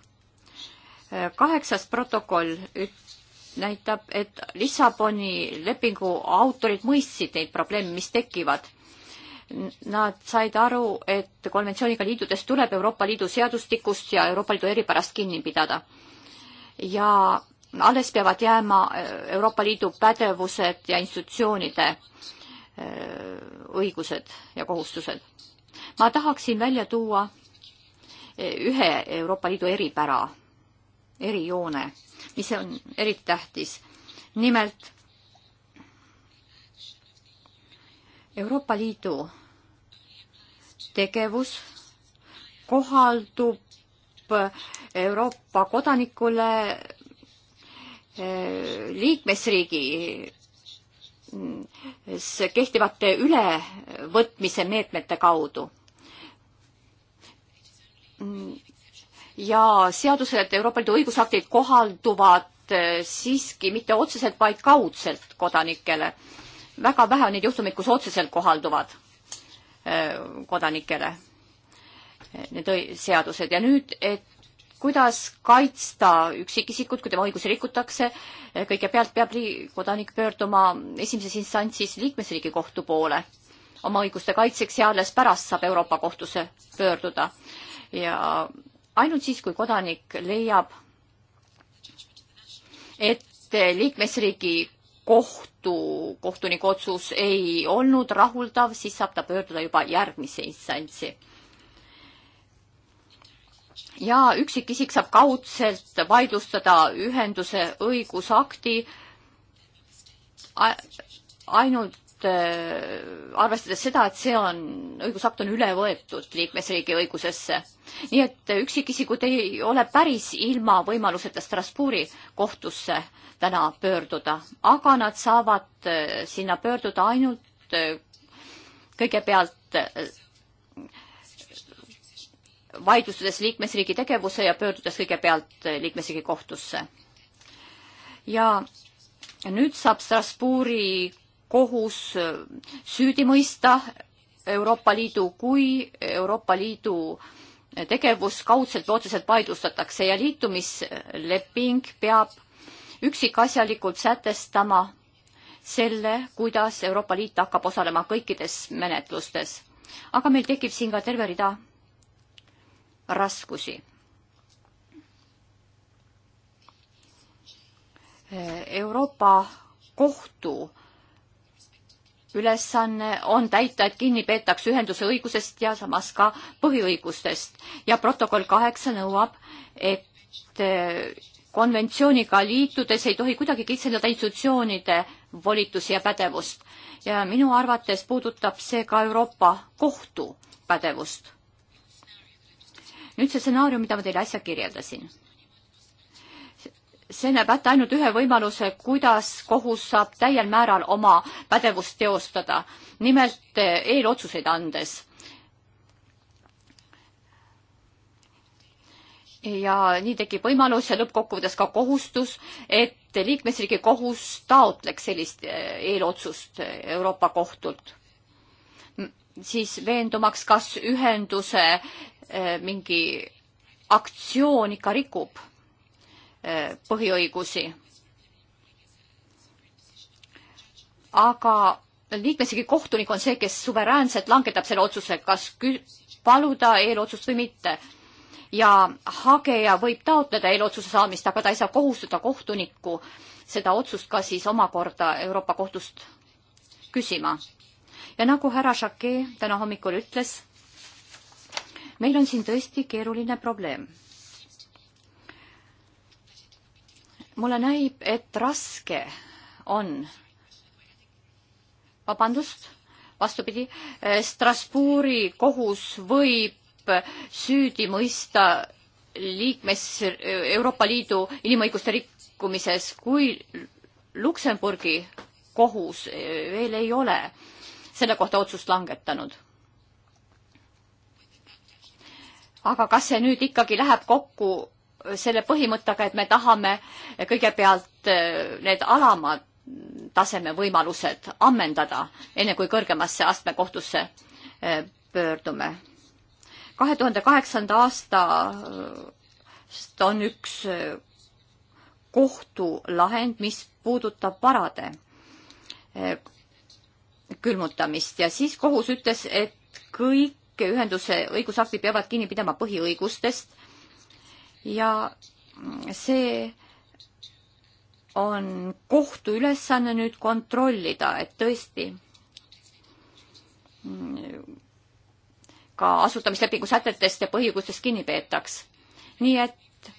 kaheksas protokoll üt-, näitab, et Lissaboni lepingu autorid mõistsid neid probleeme, mis tekivad Nad said aru, et konventsiooniga liitudes tuleb Euroopa Liidu seadustikust ja Euroopa Liidu eripärast kinni pidada. ja alles peavad jääma äh, Euroopa Liidu pädevused ja institutsioonide äh, õigused ja kohustused. ma tahaksin välja tuua äh, ühe Euroopa Liidu eripära, erijoone, mis on eriti tähtis. nimelt Euroopa Liidu tegevus kohaldub Euroopa kodanikule eh, liikmesriigi mm, kehtivate ülevõtmise meetmete kaudu. Mm, ja seadused, Euroopa Liidu õigusaktid kohalduvad eh, siiski mitte otseselt, vaid kaudselt kodanikele väga vähe on neid juhtumeid, kus otseselt kohalduvad äh, kodanikele äh, need seadused ja nüüd, et kuidas kaitsta üksikisikut, kui tema õigusi rikutakse, äh, kõigepealt peab kodanik pöörduma esimeses instantsis liikmesriigi kohtu poole oma õiguste kaitseks ja alles pärast saab Euroopa kohtusse pöörduda. ja ainult siis, kui kodanik leiab, et liikmesriigi kohtu, kohtuniku otsus ei olnud rahuldav, siis saab ta pöörduda juba järgmisse instantsi. ja üksikisik saab kaudselt vaidlustada ühenduse õigusakti ainult Äh, arvestades seda, et see on, õigusakt on üle võetud liikmesriigi õigusesse. nii et äh, üksikisikud ei ole päris ilma võimaluseta Strasbourgi kohtusse täna pöörduda, aga nad saavad äh, sinna pöörduda ainult kõigepealt vaidlustades liikmesriigi tegevuse ja pöördudes kõigepealt liikmesriigi kohtusse. ja nüüd saab Strasbourgi kohus äh, süüdi mõista Euroopa Liidu, kui Euroopa Liidu tegevus kaudselt või otseselt vaidlustatakse ja liitumisleping peab üksikasjalikult sätestama selle, kuidas Euroopa Liit hakkab osalema kõikides menetlustes. aga meil tekib siin ka terve rida raskusi. Euroopa kohtu ülesanne on täita, et kinni peetakse ühenduse õigusest ja samas ka põhiõigustest ja protokoll kaheksa nõuab, et äh, konventsiooniga liitudes ei tohi kuidagi kitsendada institutsioonide volitusi ja pädevust. ja minu arvates puudutab see ka Euroopa Kohtu pädevust. nüüd see stsenaarium, mida ma teile äsja kirjeldasin see näeb ette ainult ühe võimaluse, kuidas kohus saab täiel määral oma pädevust teostada, nimelt eh, eelotsuseid andes. ja nii tekib võimalus ja lõppkokkuvõttes ka kohustus, et liikmesriigi kohus taotleks sellist eh, eelotsust eh, Euroopa kohtult. siis veendumaks, kas ühenduse mingi aktsioon ikka rikub põhiõigusi. aga liikmesriigi kohtunik on see, kes suveräänselt langetab selle otsuse, kas paluda eelotsust või mitte. ja hageja võib taotleda eelotsuse saamist, aga ta ei saa kohustada kohtunikku seda otsust ka siis omakorda Euroopa Kohtust küsima. ja nagu härra Jacquet täna hommikul ütles, meil on siin tõesti keeruline probleem mulle näib, et raske on, vabandust, vastupidi, eh, Strasbourgi kohus võib süüdi mõista liikmes eh, Euroopa Liidu inimõiguste rikkumises, kui Luksemburgi kohus eh, veel ei ole selle kohta otsust langetanud. aga kas see nüüd ikkagi läheb kokku selle põhimõttega, et me tahame kõigepealt äh, need alama taseme võimalused ammendada, enne kui kõrgemasse astmekohtusse äh, pöördume. kahe tuhande kaheksanda aastast on üks äh, kohtulahend, mis puudutab varade külmutamist ja siis kohus ütles, et kõik ühenduse õigusaktid peavad kinni pidama põhiõigustest ja see on kohtu ülesanne nüüd kontrollida, et tõesti ka asutamislepingu sätetest ja põhiõigustest kinni peetaks. nii et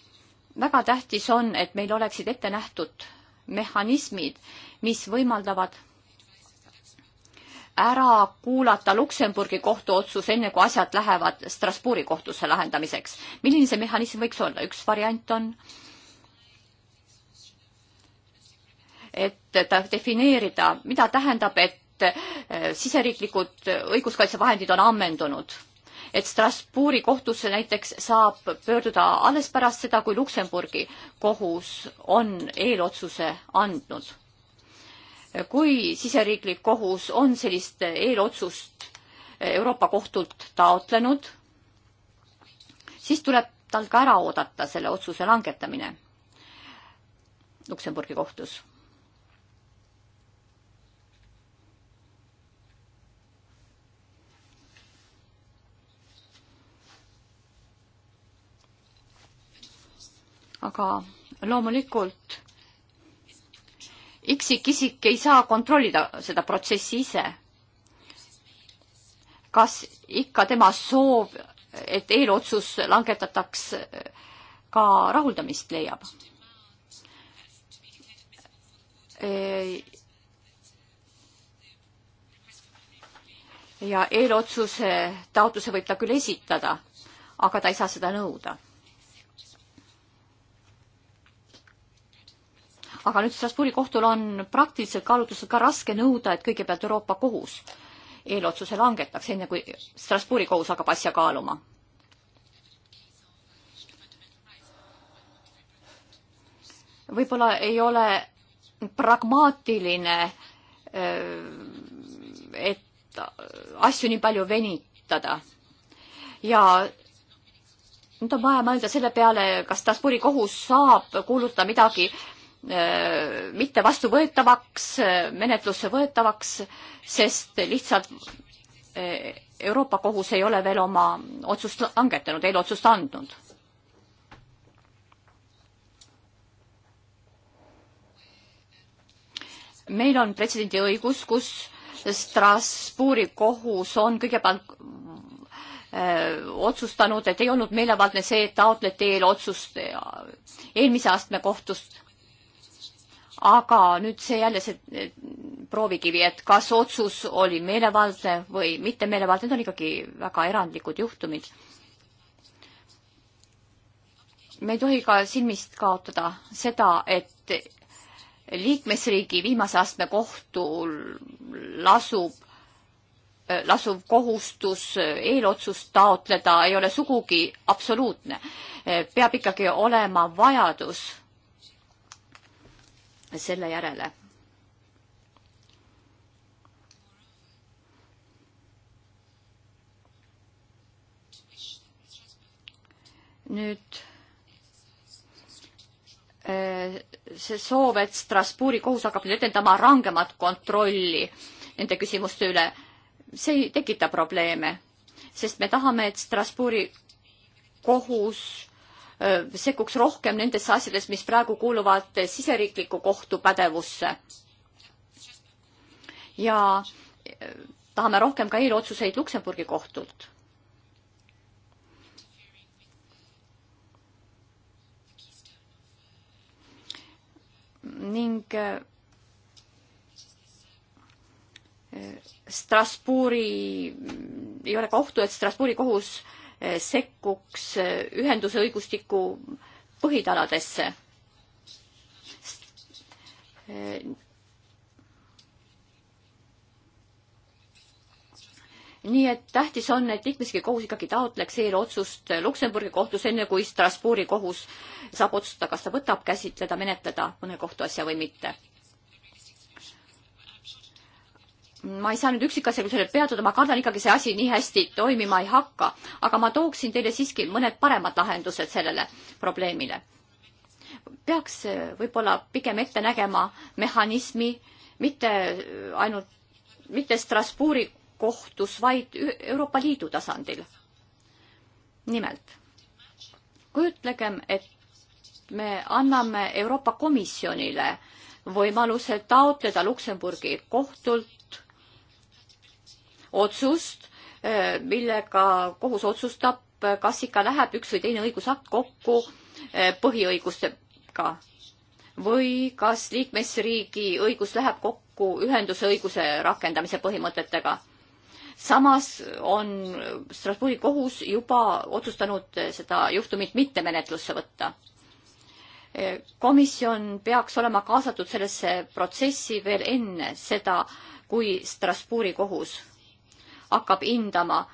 väga tähtis on, et meil oleksid ette nähtud mehhanismid, mis võimaldavad ära kuulata Luksemburgi kohtuotsus, enne kui asjad lähevad Strasbourgi kohtusse lahendamiseks. milline see mehhanism võiks olla? üks variant on, et defineerida, mida tähendab, et äh, siseriiklikud õiguskaitsevahendid on ammendunud et Strasbourgi kohtusse näiteks saab pöörduda alles pärast seda, kui Luksemburgi kohus on eelotsuse andnud kui siseriiklik kohus on sellist eelotsust Euroopa kohtult taotlenud, siis tuleb tal ka ära oodata selle otsuse langetamine Luksemburgi kohtus. aga loomulikult üksikisik ei saa kontrollida seda protsessi ise. kas ikka tema soov, et eelotsus langetataks, ka rahuldamist leiab? ja eelotsuse taotluse võib ta küll esitada, aga ta ei saa seda nõuda aga nüüd Strasbourgi kohtul on praktilised kaalutlused ka raske nõuda, et kõigepealt Euroopa Kohus eelotsuse langetaks, enne kui Strasbourgi kohus hakkab asja kaaluma. võib-olla ei ole pragmaatiline, et asju nii palju venitada ja nüüd on vaja mõelda selle peale, kas Strasbourgi kohus saab kuulutada midagi mitte vastuvõetavaks, menetlusse võetavaks, sest lihtsalt eh, Euroopa Kohus ei ole veel oma otsust langetanud, eelotsust andnud. meil on pretsedendi õigus, kus Strasbourgi kohus on kõigepealt eh, otsustanud, et ei olnud meelevaldne see, et taotleti eelotsust eh, eelmise astme kohtust aga nüüd see jälle see eh, proovikivi, et kas otsus oli meelevaldne või mitte meelevaldne, need on ikkagi väga erandlikud juhtumid. me ei tohi ka silmist kaotada seda, et liikmesriigi viimase astme kohtul lasub, eh, lasuv kohustus eelotsust taotleda ei ole sugugi absoluutne. Eh, peab ikkagi olema vajadus selle järele. nüüd äh, see soov, et Strasbourgi kohus hakkab nüüd etendama rangemat kontrolli nende küsimuste üle, see ei tekita probleeme, sest me tahame, et Strasbourgi kohus Äh, sekkuks rohkem nendesse asjadesse, mis praegu kuuluvad siseriikliku kohtu pädevusse. ja äh, tahame rohkem ka eelotsuseid Luksemburgi kohtult. ning äh, Strasbourgi, ei ole ka ohtu, et Strasbourgi kohus äh, Eh, sekkuks eh, ühenduse õigustiku põhitaladesse. Eh, nii et tähtis on, et liikmesriigi kohus ikkagi taotleks eelotsust Luksemburgi kohtus, enne kui Strasbourgi kohus saab otsustada, kas ta võtab käsitleda, menetleda mõne kohtuasja või mitte ma ei saa nüüd üksikasjalikusele peatuda, ma kardan ikkagi, see asi nii hästi toimima ei hakka, aga ma tooksin teile siiski mõned paremad lahendused sellele probleemile. peaks äh, võib-olla pigem ette nägema mehhanismi mitte äh, ainult, mitte Strasbourgi kohtus, vaid Euroopa Liidu tasandil. nimelt, kujutlegem, et me anname Euroopa Komisjonile võimaluse taotleda Luksemburgi kohtult otsust, eh, millega kohus otsustab, eh, kas ikka läheb üks või teine õigusakt kokku eh, põhiõigustega või kas liikmesriigi õigus läheb kokku ühenduse õiguse rakendamise põhimõtetega. samas on Strasbourgi kohus juba otsustanud seda juhtumit mitte menetlusse võtta. komisjon peaks olema kaasatud sellesse protsessi veel enne seda, kui Strasbourgi kohus hakkab hindama.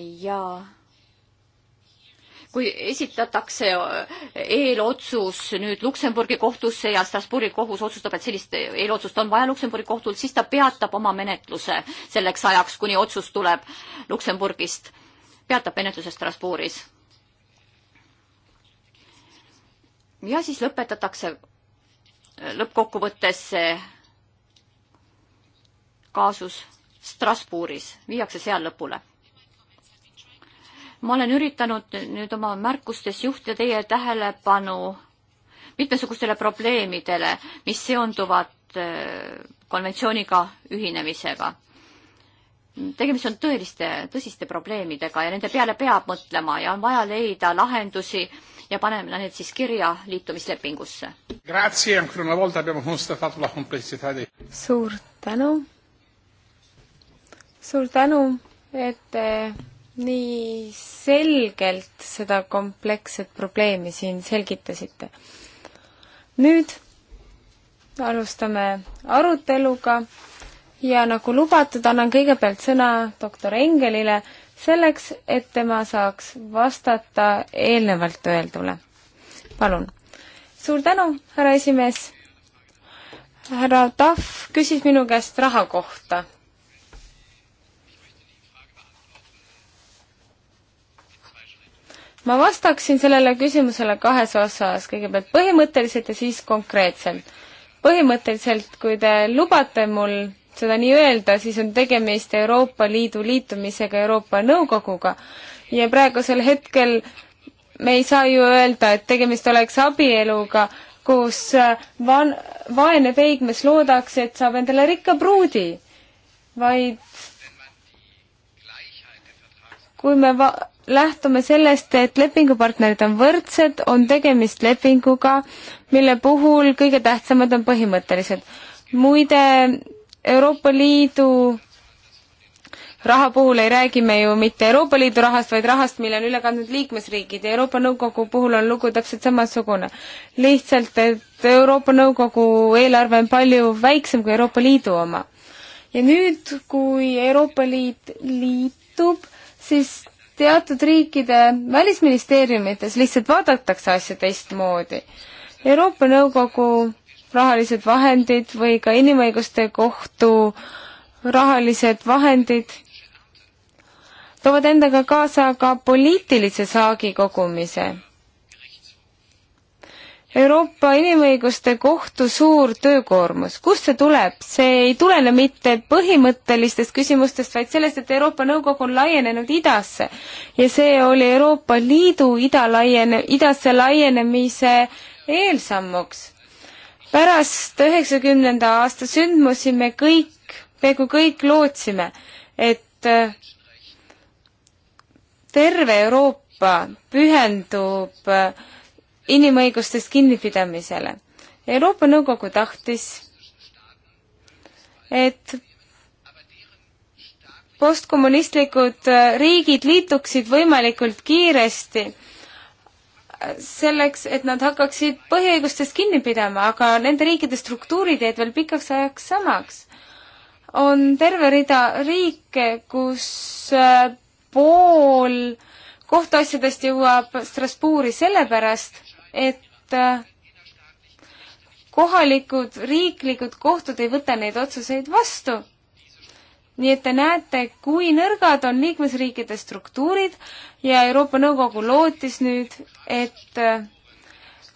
ja kui esitatakse eelotsus nüüd Luksemburgi kohtusse ja Strasbourgi kohus otsustab, et sellist eelotsust on vaja Luksemburgi kohtul, siis ta peatab oma menetluse selleks ajaks, kuni otsus tuleb Luksemburgist, peatab menetluse Strasbourgis. ja siis lõpetatakse lõppkokkuvõttes see kaasus Strasbourgis viiakse seal lõpule. ma olen üritanud nüüd oma märkustes juhtida teie tähelepanu mitmesugustele probleemidele, mis seonduvad äh, konventsiooniga ühinemisega tegemist on tõeliste, tõsiste probleemidega ja nende peale peab mõtlema ja on vaja leida lahendusi ja paneme need siis kirja liitumislepingusse. suur tänu. suur tänu, et te nii selgelt seda kompleksset probleemi siin selgitasite. nüüd alustame aruteluga ja nagu lubatud, annan kõigepealt sõna doktor Engelile selleks, et tema saaks vastata eelnevalt öeldule. palun. suur tänu, härra esimees. härra Tahv küsis minu käest raha kohta ma vastaksin sellele küsimusele kahes osas, kõigepealt põhimõtteliselt ja siis konkreetselt. põhimõtteliselt, kui te lubate mul seda nii öelda, siis on tegemist Euroopa Liidu liitumisega Euroopa Nõukoguga ja praegusel hetkel me ei saa ju öelda, et tegemist oleks abieluga, kus äh, van-, vaene peigmees loodaks, et saab endale rikka pruudi, vaid kui me va-, lähtume sellest, et lepingupartnerid on võrdsed, on tegemist lepinguga, mille puhul kõige tähtsamad on põhimõttelised. muide, Euroopa Liidu raha puhul ei räägi me ju mitte Euroopa Liidu rahast, vaid rahast, mille on üle kandnud liikmesriigid ja Euroopa Nõukogu puhul on lugu täpselt samasugune. lihtsalt, et Euroopa Nõukogu eelarve on palju väiksem kui Euroopa Liidu oma. ja nüüd, kui Euroopa Liit liitub, siis teatud riikide välisministeeriumites lihtsalt vaadatakse asja teistmoodi. Euroopa Nõukogu rahalised vahendid või ka Inimõiguste Kohtu rahalised vahendid toovad endaga kaasa ka poliitilise saagi kogumise. Euroopa Inimõiguste Kohtu suur töökoormus, kust see tuleb? see ei tulene mitte põhimõttelistest küsimustest, vaid sellest, et Euroopa Nõukogu on laienenud idasse ja see oli Euroopa Liidu ida laiene, idasse laienemise eelsammuks pärast üheksakümnenda aasta sündmusi me kõik, peaaegu kõik lootsime, et äh, terve Euroopa pühendub äh, inimõigustest kinnipidamisele. Euroopa Nõukogu tahtis, et postkommunistlikud äh, riigid liituksid võimalikult kiiresti selleks, et nad hakkaksid põhiõigustest kinni pidama, aga nende riikide struktuurid jäid veel pikaks ajaks samaks. on terve rida riike, kus äh, pool kohtuasjadest jõuab Strasbourgi sellepärast, et äh, kohalikud riiklikud kohtud ei võta neid otsuseid vastu. nii et te näete, kui nõrgad on liikmesriikide struktuurid ja Euroopa Nõukogu lootis nüüd, et äh,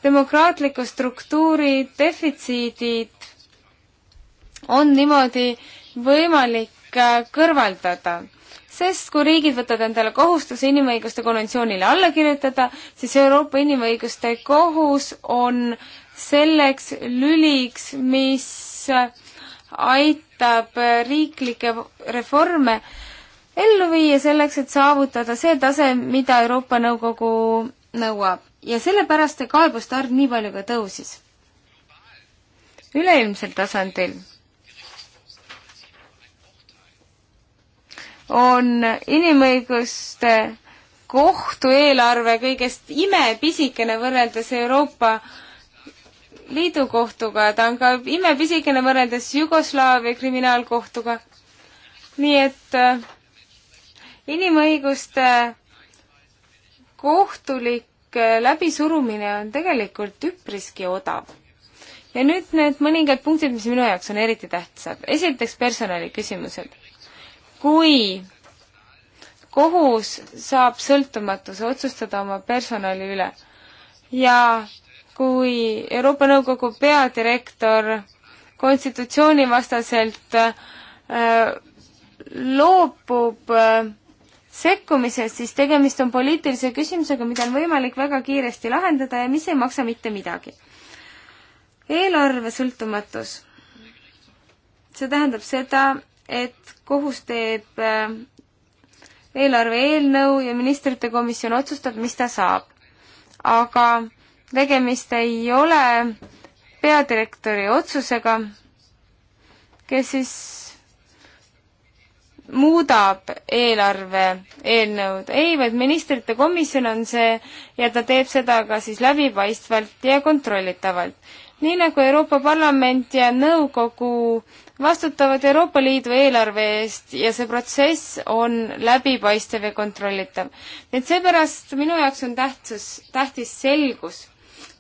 demokraatliku struktuuri defitsiidid on niimoodi võimalik äh, kõrvaldada sest kui riigid võtavad endale kohustuse inimõiguste konventsioonile alla kirjutada, siis Euroopa Inimõiguste Kohus on selleks lüliks, mis aitab riiklikke reforme ellu viia selleks, et saavutada see tase, mida Euroopa Nõukogu nõuab ja sellepärast see kaebuste arv nii palju ka tõusis. üleilmsel tasandil on inimõiguste kohtu eelarve kõigest imepisikene võrreldes Euroopa Liidu kohtuga, ta on ka imepisikene võrreldes Jugoslaavia kriminaalkohtuga. nii et äh, inimõiguste kohtulik äh, läbisurumine on tegelikult üpriski odav. ja nüüd need mõningad punktid, mis minu jaoks on eriti tähtsad. esiteks personaliküsimused. kui kohus saab sõltumatus otsustada oma personali üle ja kui Euroopa Nõukogu peadirektor konstitutsioonivastaselt äh, loobub äh, sekkumisest, siis tegemist on poliitilise küsimusega, mida on võimalik väga kiiresti lahendada ja mis ei maksa mitte midagi. eelarve sõltumatus. see tähendab seda, et kohus teeb äh, eelarve eelnõu ja ministrite komisjon otsustab, mis ta saab. aga tegemist ei ole peadirektori otsusega, kes siis muudab eelarve eelnõud. ei, vaid ministrite komisjon on see ja ta teeb seda ka siis läbipaistvalt ja kontrollitavalt. nii nagu Euroopa Parlament ja Nõukogu vastutavad Euroopa Liidu eelarve eest ja see protsess on läbipaistev ja kontrollitav. nii et seepärast minu jaoks on tähtsus, tähtis selgus.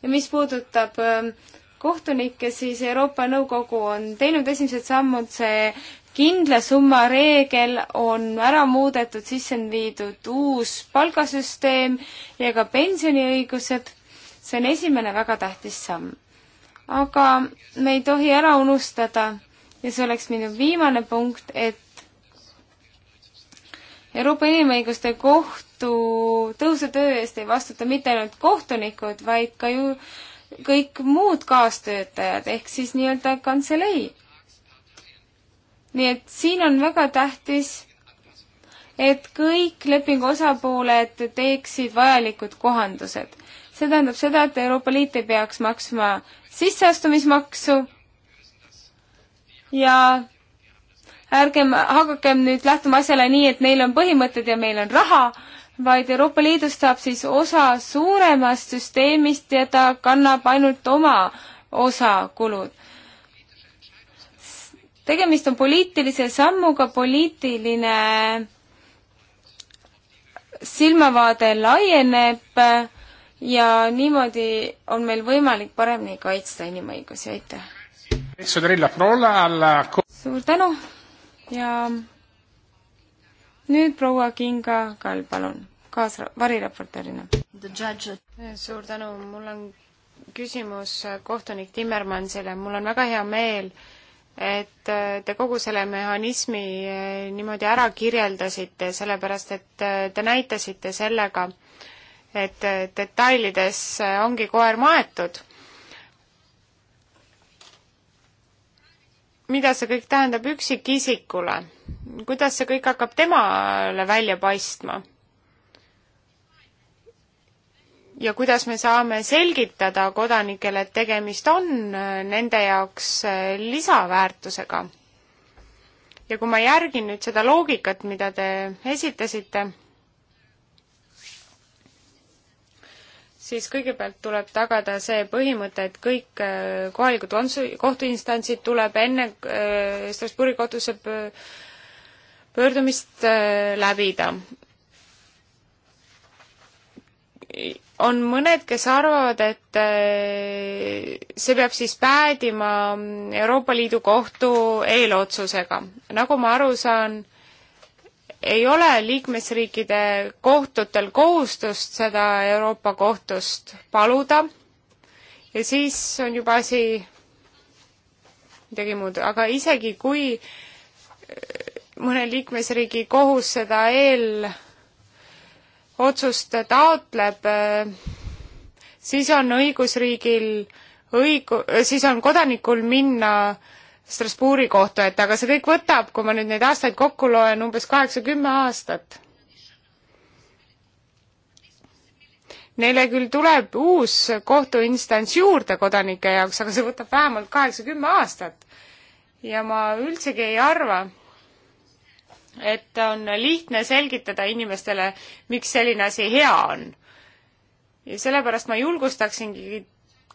ja mis puudutab ähm, kohtunikke, siis Euroopa Nõukogu on teinud esimesed sammud, see kindla summa reegel on ära muudetud, sisse on viidud uus palgasüsteem ja ka pensioniõigused. see on esimene väga tähtis samm. aga me ei tohi ära unustada ja see oleks minu viimane punkt, et Euroopa Inimõiguste Kohtu tõhusa töö eest ei vastuta mitte ainult kohtunikud, vaid ka ju kõik muud kaastöötajad ehk siis nii-öelda kantselei nii et siin on väga tähtis, et kõik lepingu osapooled teeksid vajalikud kohandused. see tähendab seda, et Euroopa Liit ei peaks maksma sisseastumismaksu ja ärgem hakakem nüüd lähtuma asjale nii, et neil on põhimõtted ja meil on raha, vaid Euroopa Liidust saab siis osa suuremast süsteemist ja ta kannab ainult oma osa kulud tegemist on poliitilise sammuga, poliitiline silmavaade laieneb ja niimoodi on meil võimalik paremini kaitsta inimõigusi, aitäh! suur tänu ja nüüd proua Kinga Kall, palun, kaas-, variraportöörina. suur tänu, mul on küsimus kohtunik Timmermansile, mul on väga hea meel, et äh, te kogu selle mehhanismi äh, niimoodi ära kirjeldasite, sellepärast et äh, te näitasite sellega, et detailides ongi koer maetud. mida see kõik tähendab üksikisikule? kuidas see kõik hakkab temale välja paistma? ja kuidas me saame selgitada kodanikele, et tegemist on äh, nende jaoks äh, lisaväärtusega. ja kui ma järgin nüüd seda loogikat, mida te esitasite, siis kõigepealt tuleb tagada see põhimõte, et kõik äh, kohalikud kohtuinstantsid tuleb enne Strasbourgi kohtusse pöördumist läbida on mõned, kes arvavad, et äh, see peab siis päädima Euroopa Liidu kohtu eelotsusega. nagu ma aru saan, ei ole liikmesriikide kohtutel kohustust seda Euroopa kohtust paluda ja siis on juba asi midagi muud, aga isegi kui äh, mõne liikmesriigi kohus seda eel otsust taotleb, siis on õigusriigil õigu-, siis on kodanikul minna Strasbourgi kohtu ette, aga see kõik võtab, kui ma nüüd neid aastaid kokku loen, umbes kaheksa-kümme aastat. Neile küll tuleb uus kohtuinstants juurde kodanike jaoks, aga see võtab vähemalt kaheksa-kümme aastat. ja ma üldsegi ei arva, et on lihtne selgitada inimestele, miks selline asi hea on. ja sellepärast ma julgustaksingi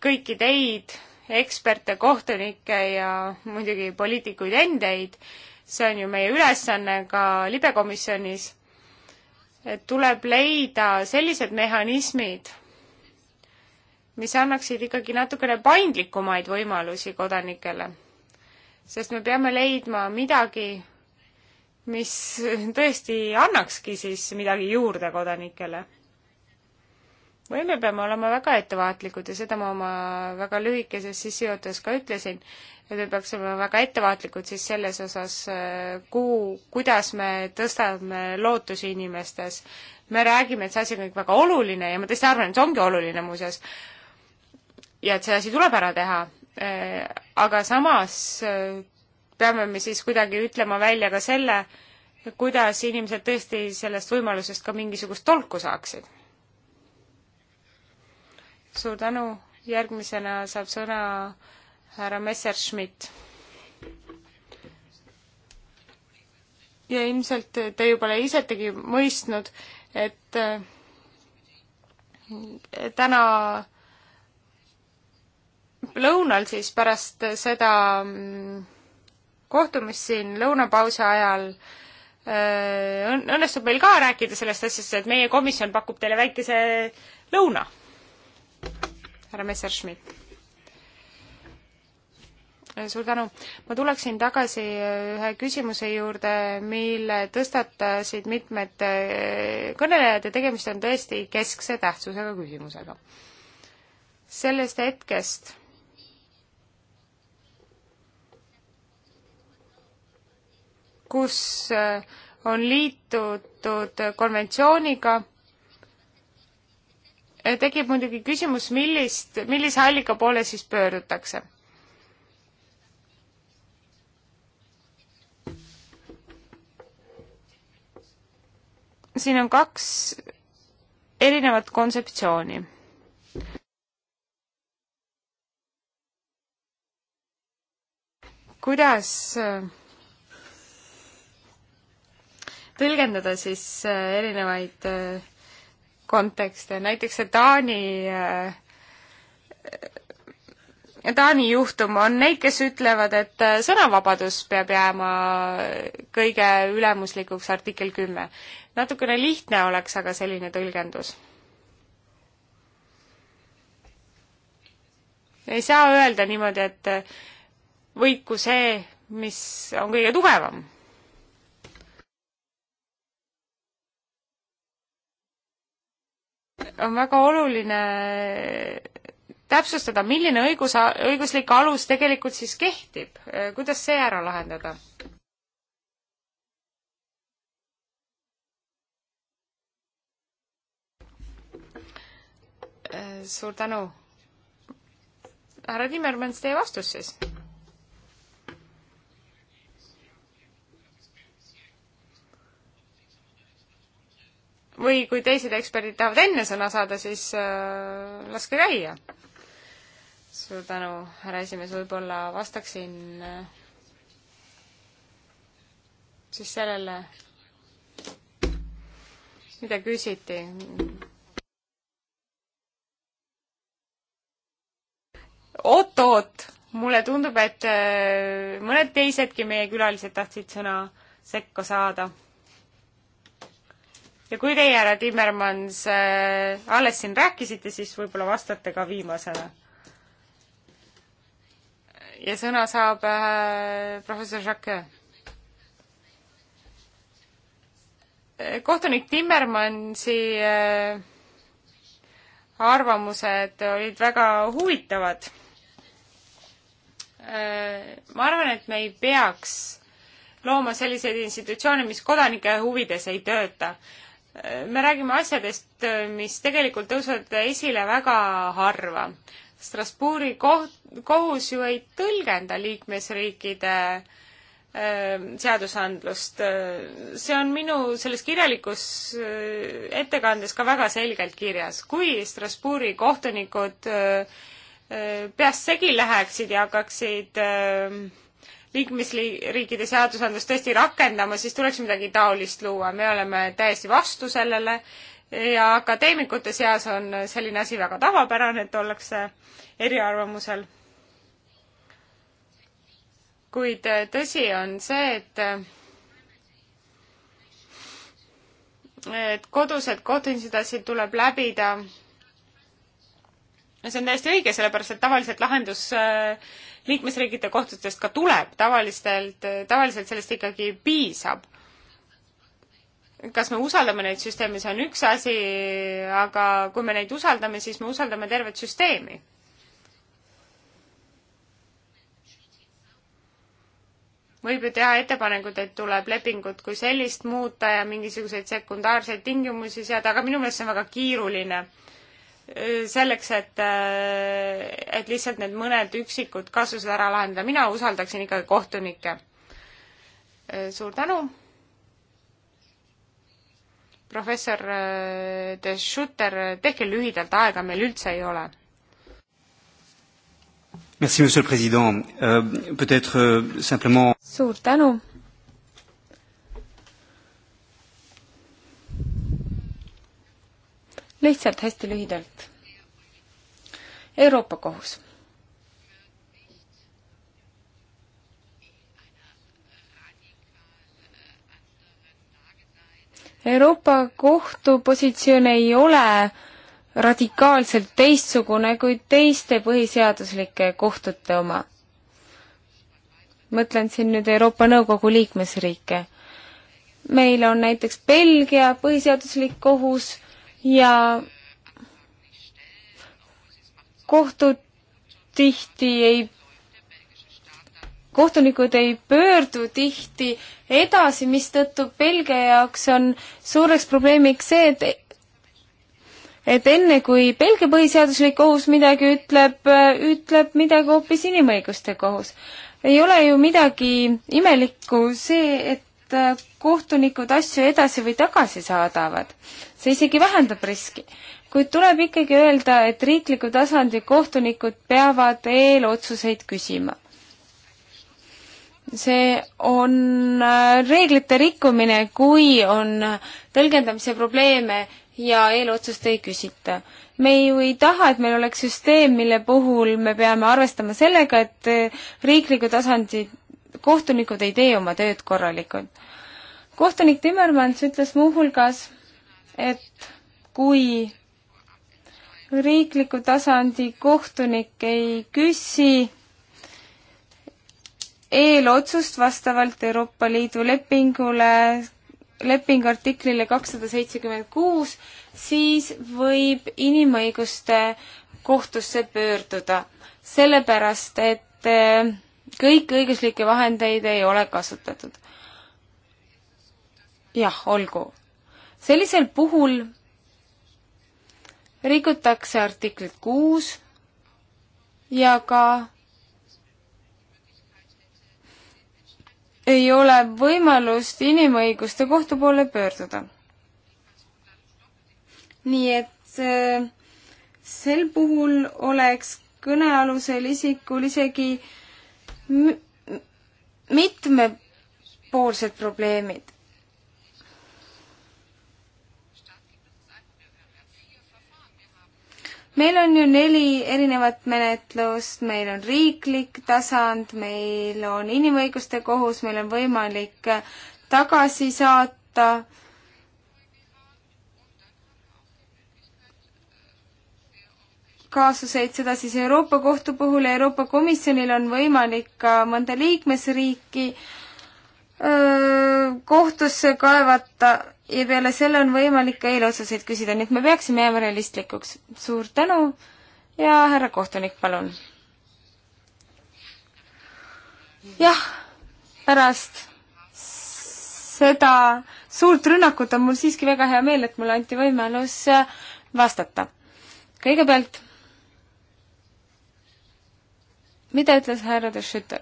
kõiki teid, eksperte, kohtunikke ja muidugi poliitikuid endeid, see on ju meie ülesanne ka libekomisjonis, et tuleb leida sellised mehhanismid, mis annaksid ikkagi natukene paindlikumaid võimalusi kodanikele. sest me peame leidma midagi, mis tõesti annakski siis midagi juurde kodanikele. või me peame olema väga ettevaatlikud ja seda ma oma väga lühikeses sissejuhatuses ka ütlesin, et me peaksime väga ettevaatlikud siis selles osas, kuhu, kuidas me tõstame lootusi inimestes. me räägime, et see asi on kõik väga oluline ja ma tõesti arvan, et see ongi oluline muuseas. ja et see asi tuleb ära teha, äh, aga samas äh, peame me siis kuidagi ütlema välja ka selle, kuidas inimesed tõesti sellest võimalusest ka mingisugust tolku saaksid. suur tänu, järgmisena saab sõna härra Messerschmidt. ja ilmselt te juba isetegi mõistnud, et täna lõunal siis pärast seda mm, kohtumist siin lõunapausi ajal äh, õnnestub meil ka rääkida sellest asjast, et meie komisjon pakub teile väikese lõuna, härra Messerschmidt. suur tänu. ma tuleksin tagasi äh, ühe küsimuse juurde, mille tõstatasid mitmed äh, kõnelejad ja tegemist on tõesti keskse tähtsusega küsimusega. sellest hetkest kus äh, on liitutud konventsiooniga. tekib muidugi küsimus, millist, millise allika poole siis pöördutakse. siin on kaks erinevat kontseptsiooni kuidas äh, tõlgendada siis äh, erinevaid äh, kontekste, näiteks see Taani äh, Taani juhtum, on neid, kes ütlevad, et sõnavabadus peab jääma kõige ülemuslikuks artikkel kümme. natukene lihtne oleks aga selline tõlgendus. ei saa öelda niimoodi, et võitku see, mis on kõige tugevam on väga oluline täpsustada, milline õigus, õiguslik alus tegelikult siis kehtib, kuidas see ära lahendada? suur tänu. härra Timmermans, teie vastus siis? või kui teised eksperdid tahavad enne sõna saada, siis äh, laske käia. suur tänu, härra esimees, võib-olla vastaksin äh, siis sellele, mida küsiti. oot-oot, mulle tundub, et äh, mõned teisedki meie külalised tahtsid sõna sekka saada ja kui teie, härra Timmermans, äh, alles siin rääkisite, siis võib-olla vastate ka viimasena. ja sõna saab äh, professor Jacques. Äh, kohtunik Timmermansi äh, arvamused olid väga huvitavad äh,. ma arvan, et me ei peaks looma selliseid institutsioone, mis kodanike huvides ei tööta me räägime asjadest, mis tegelikult tõusevad esile väga harva. Strasbourgi koht, kohus ju ei tõlgenda liikmesriikide ähm, seadusandlust. see on minu selles kirjalikus äh, ettekandes ka väga selgelt kirjas. kui Strasbourgi kohtunikud äh, äh, peast segi läheksid ja hakkaksid ähm, liikmesriikide seadusandlust tõesti rakendama, siis tuleks midagi taolist luua, me oleme täiesti vastu sellele ja akadeemikute seas on selline asi väga tavapärane, et ollakse eriarvamusel. kuid tõsi on see, et et kodused kohtuinstantsid tuleb läbida. see on täiesti õige, sellepärast et tavaliselt lahendus äh, liikmesriikide kohtutest ka tuleb, tavalistelt, tavaliselt sellest ikkagi piisab. kas me usaldame neid süsteeme, see on üks asi, aga kui me neid usaldame, siis me usaldame tervet süsteemi võib ju teha ettepanekud, et tuleb lepingut kui sellist muuta ja mingisuguseid sekundaarseid tingimusi seada, aga minu meelest see on väga kiiruline selleks, et, äh, et lihtsalt need mõned üksikud kasused ära lahendada. mina usaldaksin ikkagi kohtunikke. Äh, suur tänu. professor äh, De Schutter, tehke lühidalt, aega meil üldse ei ole. Merci, monsieur le président euh,. Peut-être euh, simplement. suur tänu lihtsalt hästi lühidalt. Euroopa Kohus. Euroopa Kohtu positsioon ei ole radikaalselt teistsugune kui teiste põhiseaduslike kohtute oma. mõtlen siin nüüd Euroopa Nõukogu liikmesriike. meil on näiteks Belgia põhiseaduslik kohus ja kohtud tihti ei, kohtunikud ei pöördu tihti edasi, mistõttu Belgia jaoks on suureks probleemiks see, et et enne, kui Belgia põhiseaduslik kohus midagi ütleb, ütleb midagi hoopis inimõiguste kohus. ei ole ju midagi imelikku see, et Äh, kohtunikud asju edasi või tagasi saadavad. see isegi vähendab riski. kuid tuleb ikkagi öelda, et riikliku tasandi kohtunikud peavad eelotsuseid küsima. see on äh, reeglite rikkumine, kui on tõlgendamise probleeme ja eelotsust ei küsita. me ju ei taha, et meil oleks süsteem, mille puhul me peame arvestama sellega, et äh, riikliku tasandi kohtunikud ei tee oma tööd korralikult. kohtunik Timmermans ütles muuhulgas, et kui riikliku tasandi kohtunik ei küsi eelotsust vastavalt Euroopa Liidu lepingule, lepingu artiklile kakssada seitsekümmend kuus, siis võib inimõiguste kohtusse pöörduda, sellepärast et eh, kõik õiguslikke vahendeid ei ole kasutatud. jah, olgu. sellisel puhul rikutakse artiklit kuus ja ka ei ole võimalust inimõiguste kohtu poole pöörduda. nii et äh, sel puhul oleks kõnealusel isikul isegi mitmepoolsed probleemid meil on ju neli erinevat menetlust, meil on riiklik tasand, meil on inimõiguste kohus, meil on võimalik tagasi saata kaasuseid, seda siis Euroopa Kohtu puhul ja Euroopa Komisjonil on võimalik ka mõnda liikmesriiki öö, kohtusse kaevata ja peale selle on võimalik ka eelotsuseid küsida, nii et me peaksime jääma realistlikuks. suur tänu ja härra kohtunik, palun. jah, pärast seda suurt rünnakut on mul siiski väga hea meel, et mulle anti võimalus vastata. kõigepealt mida ütles härra de Schütter?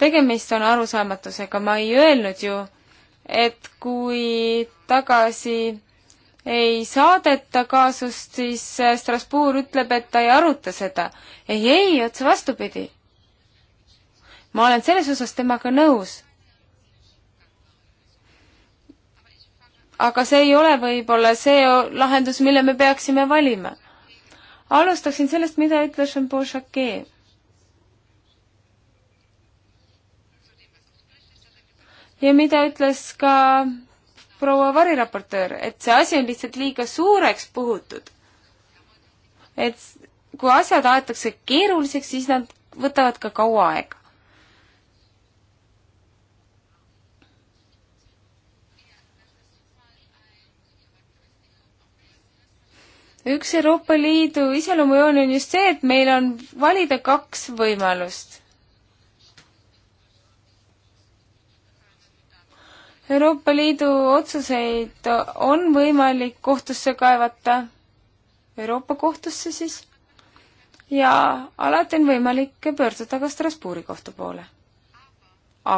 tegemist on arusaamatusega, ma ei öelnud ju, et kui tagasi ei saadeta kaasust, siis äh, Strasbourg ütleb, et ta ei aruta seda. ei, ei, otse vastupidi. ma olen selles osas temaga nõus. aga see ei ole võib-olla see lahendus, mille me peaksime valima. alustaksin sellest, mida ütles Jean-Paul Jacquet ja mida ütles ka proua variraportöör, et see asi on lihtsalt liiga suureks puhutud. et kui asjad aetakse keeruliseks, siis nad võtavad ka kaua aega. üks Euroopa Liidu iseloomujoon on just see, et meil on valida kaks võimalust Euroopa Liidu otsuseid on võimalik kohtusse kaevata, Euroopa kohtusse siis, ja alati on võimalik pöörduda ka Strasbourgi kohtu poole.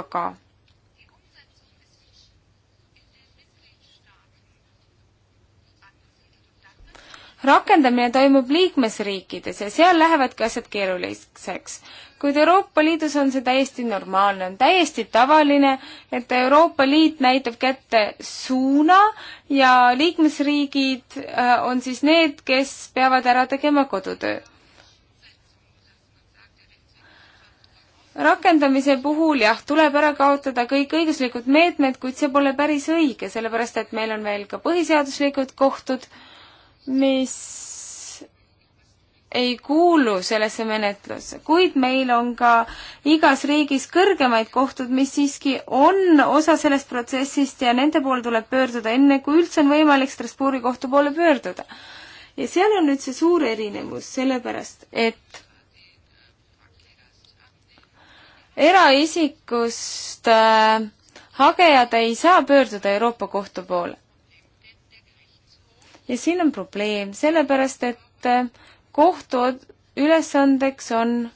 aga rakendamine toimub liikmesriikides ja seal lähevadki asjad keeruliseks. kuid Euroopa Liidus on see täiesti normaalne, on täiesti tavaline, et Euroopa Liit näitab kätte suuna ja liikmesriigid äh, on siis need, kes peavad ära tegema kodutöö. rakendamise puhul jah, tuleb ära kaotada kõik õiguslikud meetmed, kuid see pole päris õige, sellepärast et meil on veel ka põhiseaduslikud kohtud äh, mis ei kuulu sellesse menetlusse, kuid meil on ka igas riigis kõrgemaid kohtud, mis siiski on osa sellest protsessist ja nende poole tuleb pöörduda enne, kui üldse on võimalik Strasbourgi kohtu poole pöörduda. ja seal on nüüd see suur erinevus, sellepärast et eraisikust äh, hagejad ei saa pöörduda Euroopa Kohtu poole ja siin on probleem, sellepärast et äh, kohtu ülesandeks on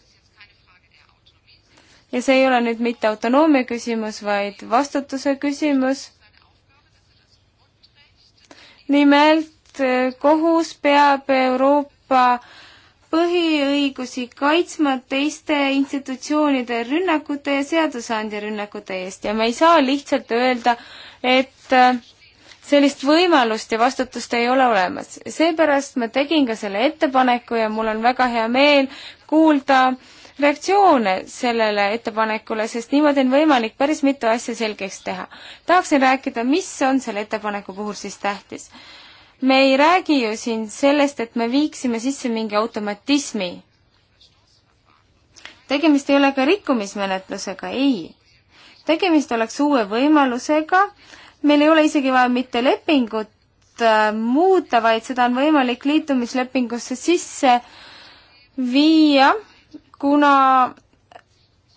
ja see ei ole nüüd mitte autonoomia küsimus, vaid vastutuse küsimus. nimelt äh, kohus peab Euroopa põhiõigusi kaitsma teiste institutsioonide rünnakute ja seadusandja rünnakute eest ja me ei saa lihtsalt öelda, et äh, sellist võimalust ja vastutust ei ole olemas. seepärast ma tegin ka selle ettepaneku ja mul on väga hea meel kuulda reaktsioone sellele ettepanekule, sest niimoodi on võimalik päris mitu asja selgeks teha. tahaksin rääkida, mis on selle ettepaneku puhul siis tähtis. me ei räägi ju siin sellest, et me viiksime sisse mingi automatismi. tegemist ei ole ka rikkumismenetlusega, ei. tegemist oleks uue võimalusega, meil ei ole isegi vaja mitte lepingut äh, muuta, vaid seda on võimalik liitumislepingusse sisse viia, kuna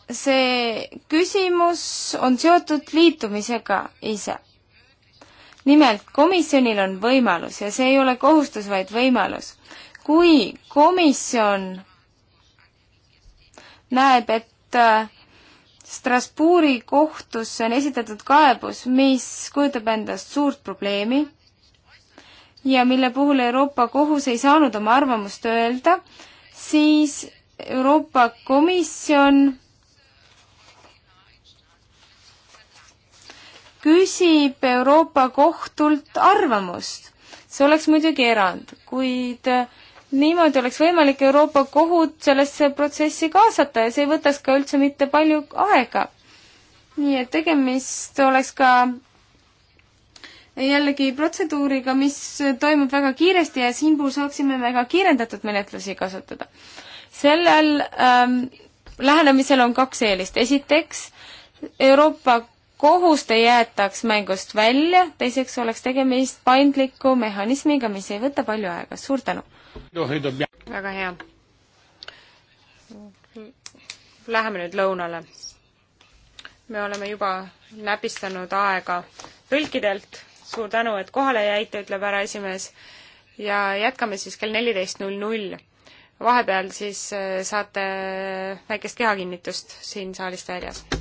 see küsimus on seotud liitumisega ise. nimelt, komisjonil on võimalus ja see ei ole kohustus, vaid võimalus. kui komisjon näeb, et äh, Strasbourgi kohtusse on esitatud kaebus, mis kujutab endast suurt probleemi ja mille puhul Euroopa Kohus ei saanud oma arvamust öelda, siis Euroopa Komisjon küsib Euroopa Kohtult arvamust. see oleks muidugi erand, kuid äh, niimoodi oleks võimalik Euroopa kohut sellesse protsessi kaasata ja see ei võtaks ka üldse mitte palju aega. nii et tegemist oleks ka jällegi protseduuriga, mis toimub väga kiiresti ja siin puhul saaksime väga kiirendatud menetlusi kasutada. sellel ähm, lähenemisel on kaks eelist, esiteks Euroopa kohust ei jäetaks mängust välja, teiseks oleks tegemist paindliku mehhanismiga, mis ei võta palju aega, suur tänu! väga hea. Läheme nüüd lõunale. me oleme juba näpistanud aega tõlkidelt. suur tänu, et kohale jäite, ütleb härra esimees. ja jätkame siis kell neliteist null null. vahepeal siis äh, saate väikest kehakinnitust siin saalist väljas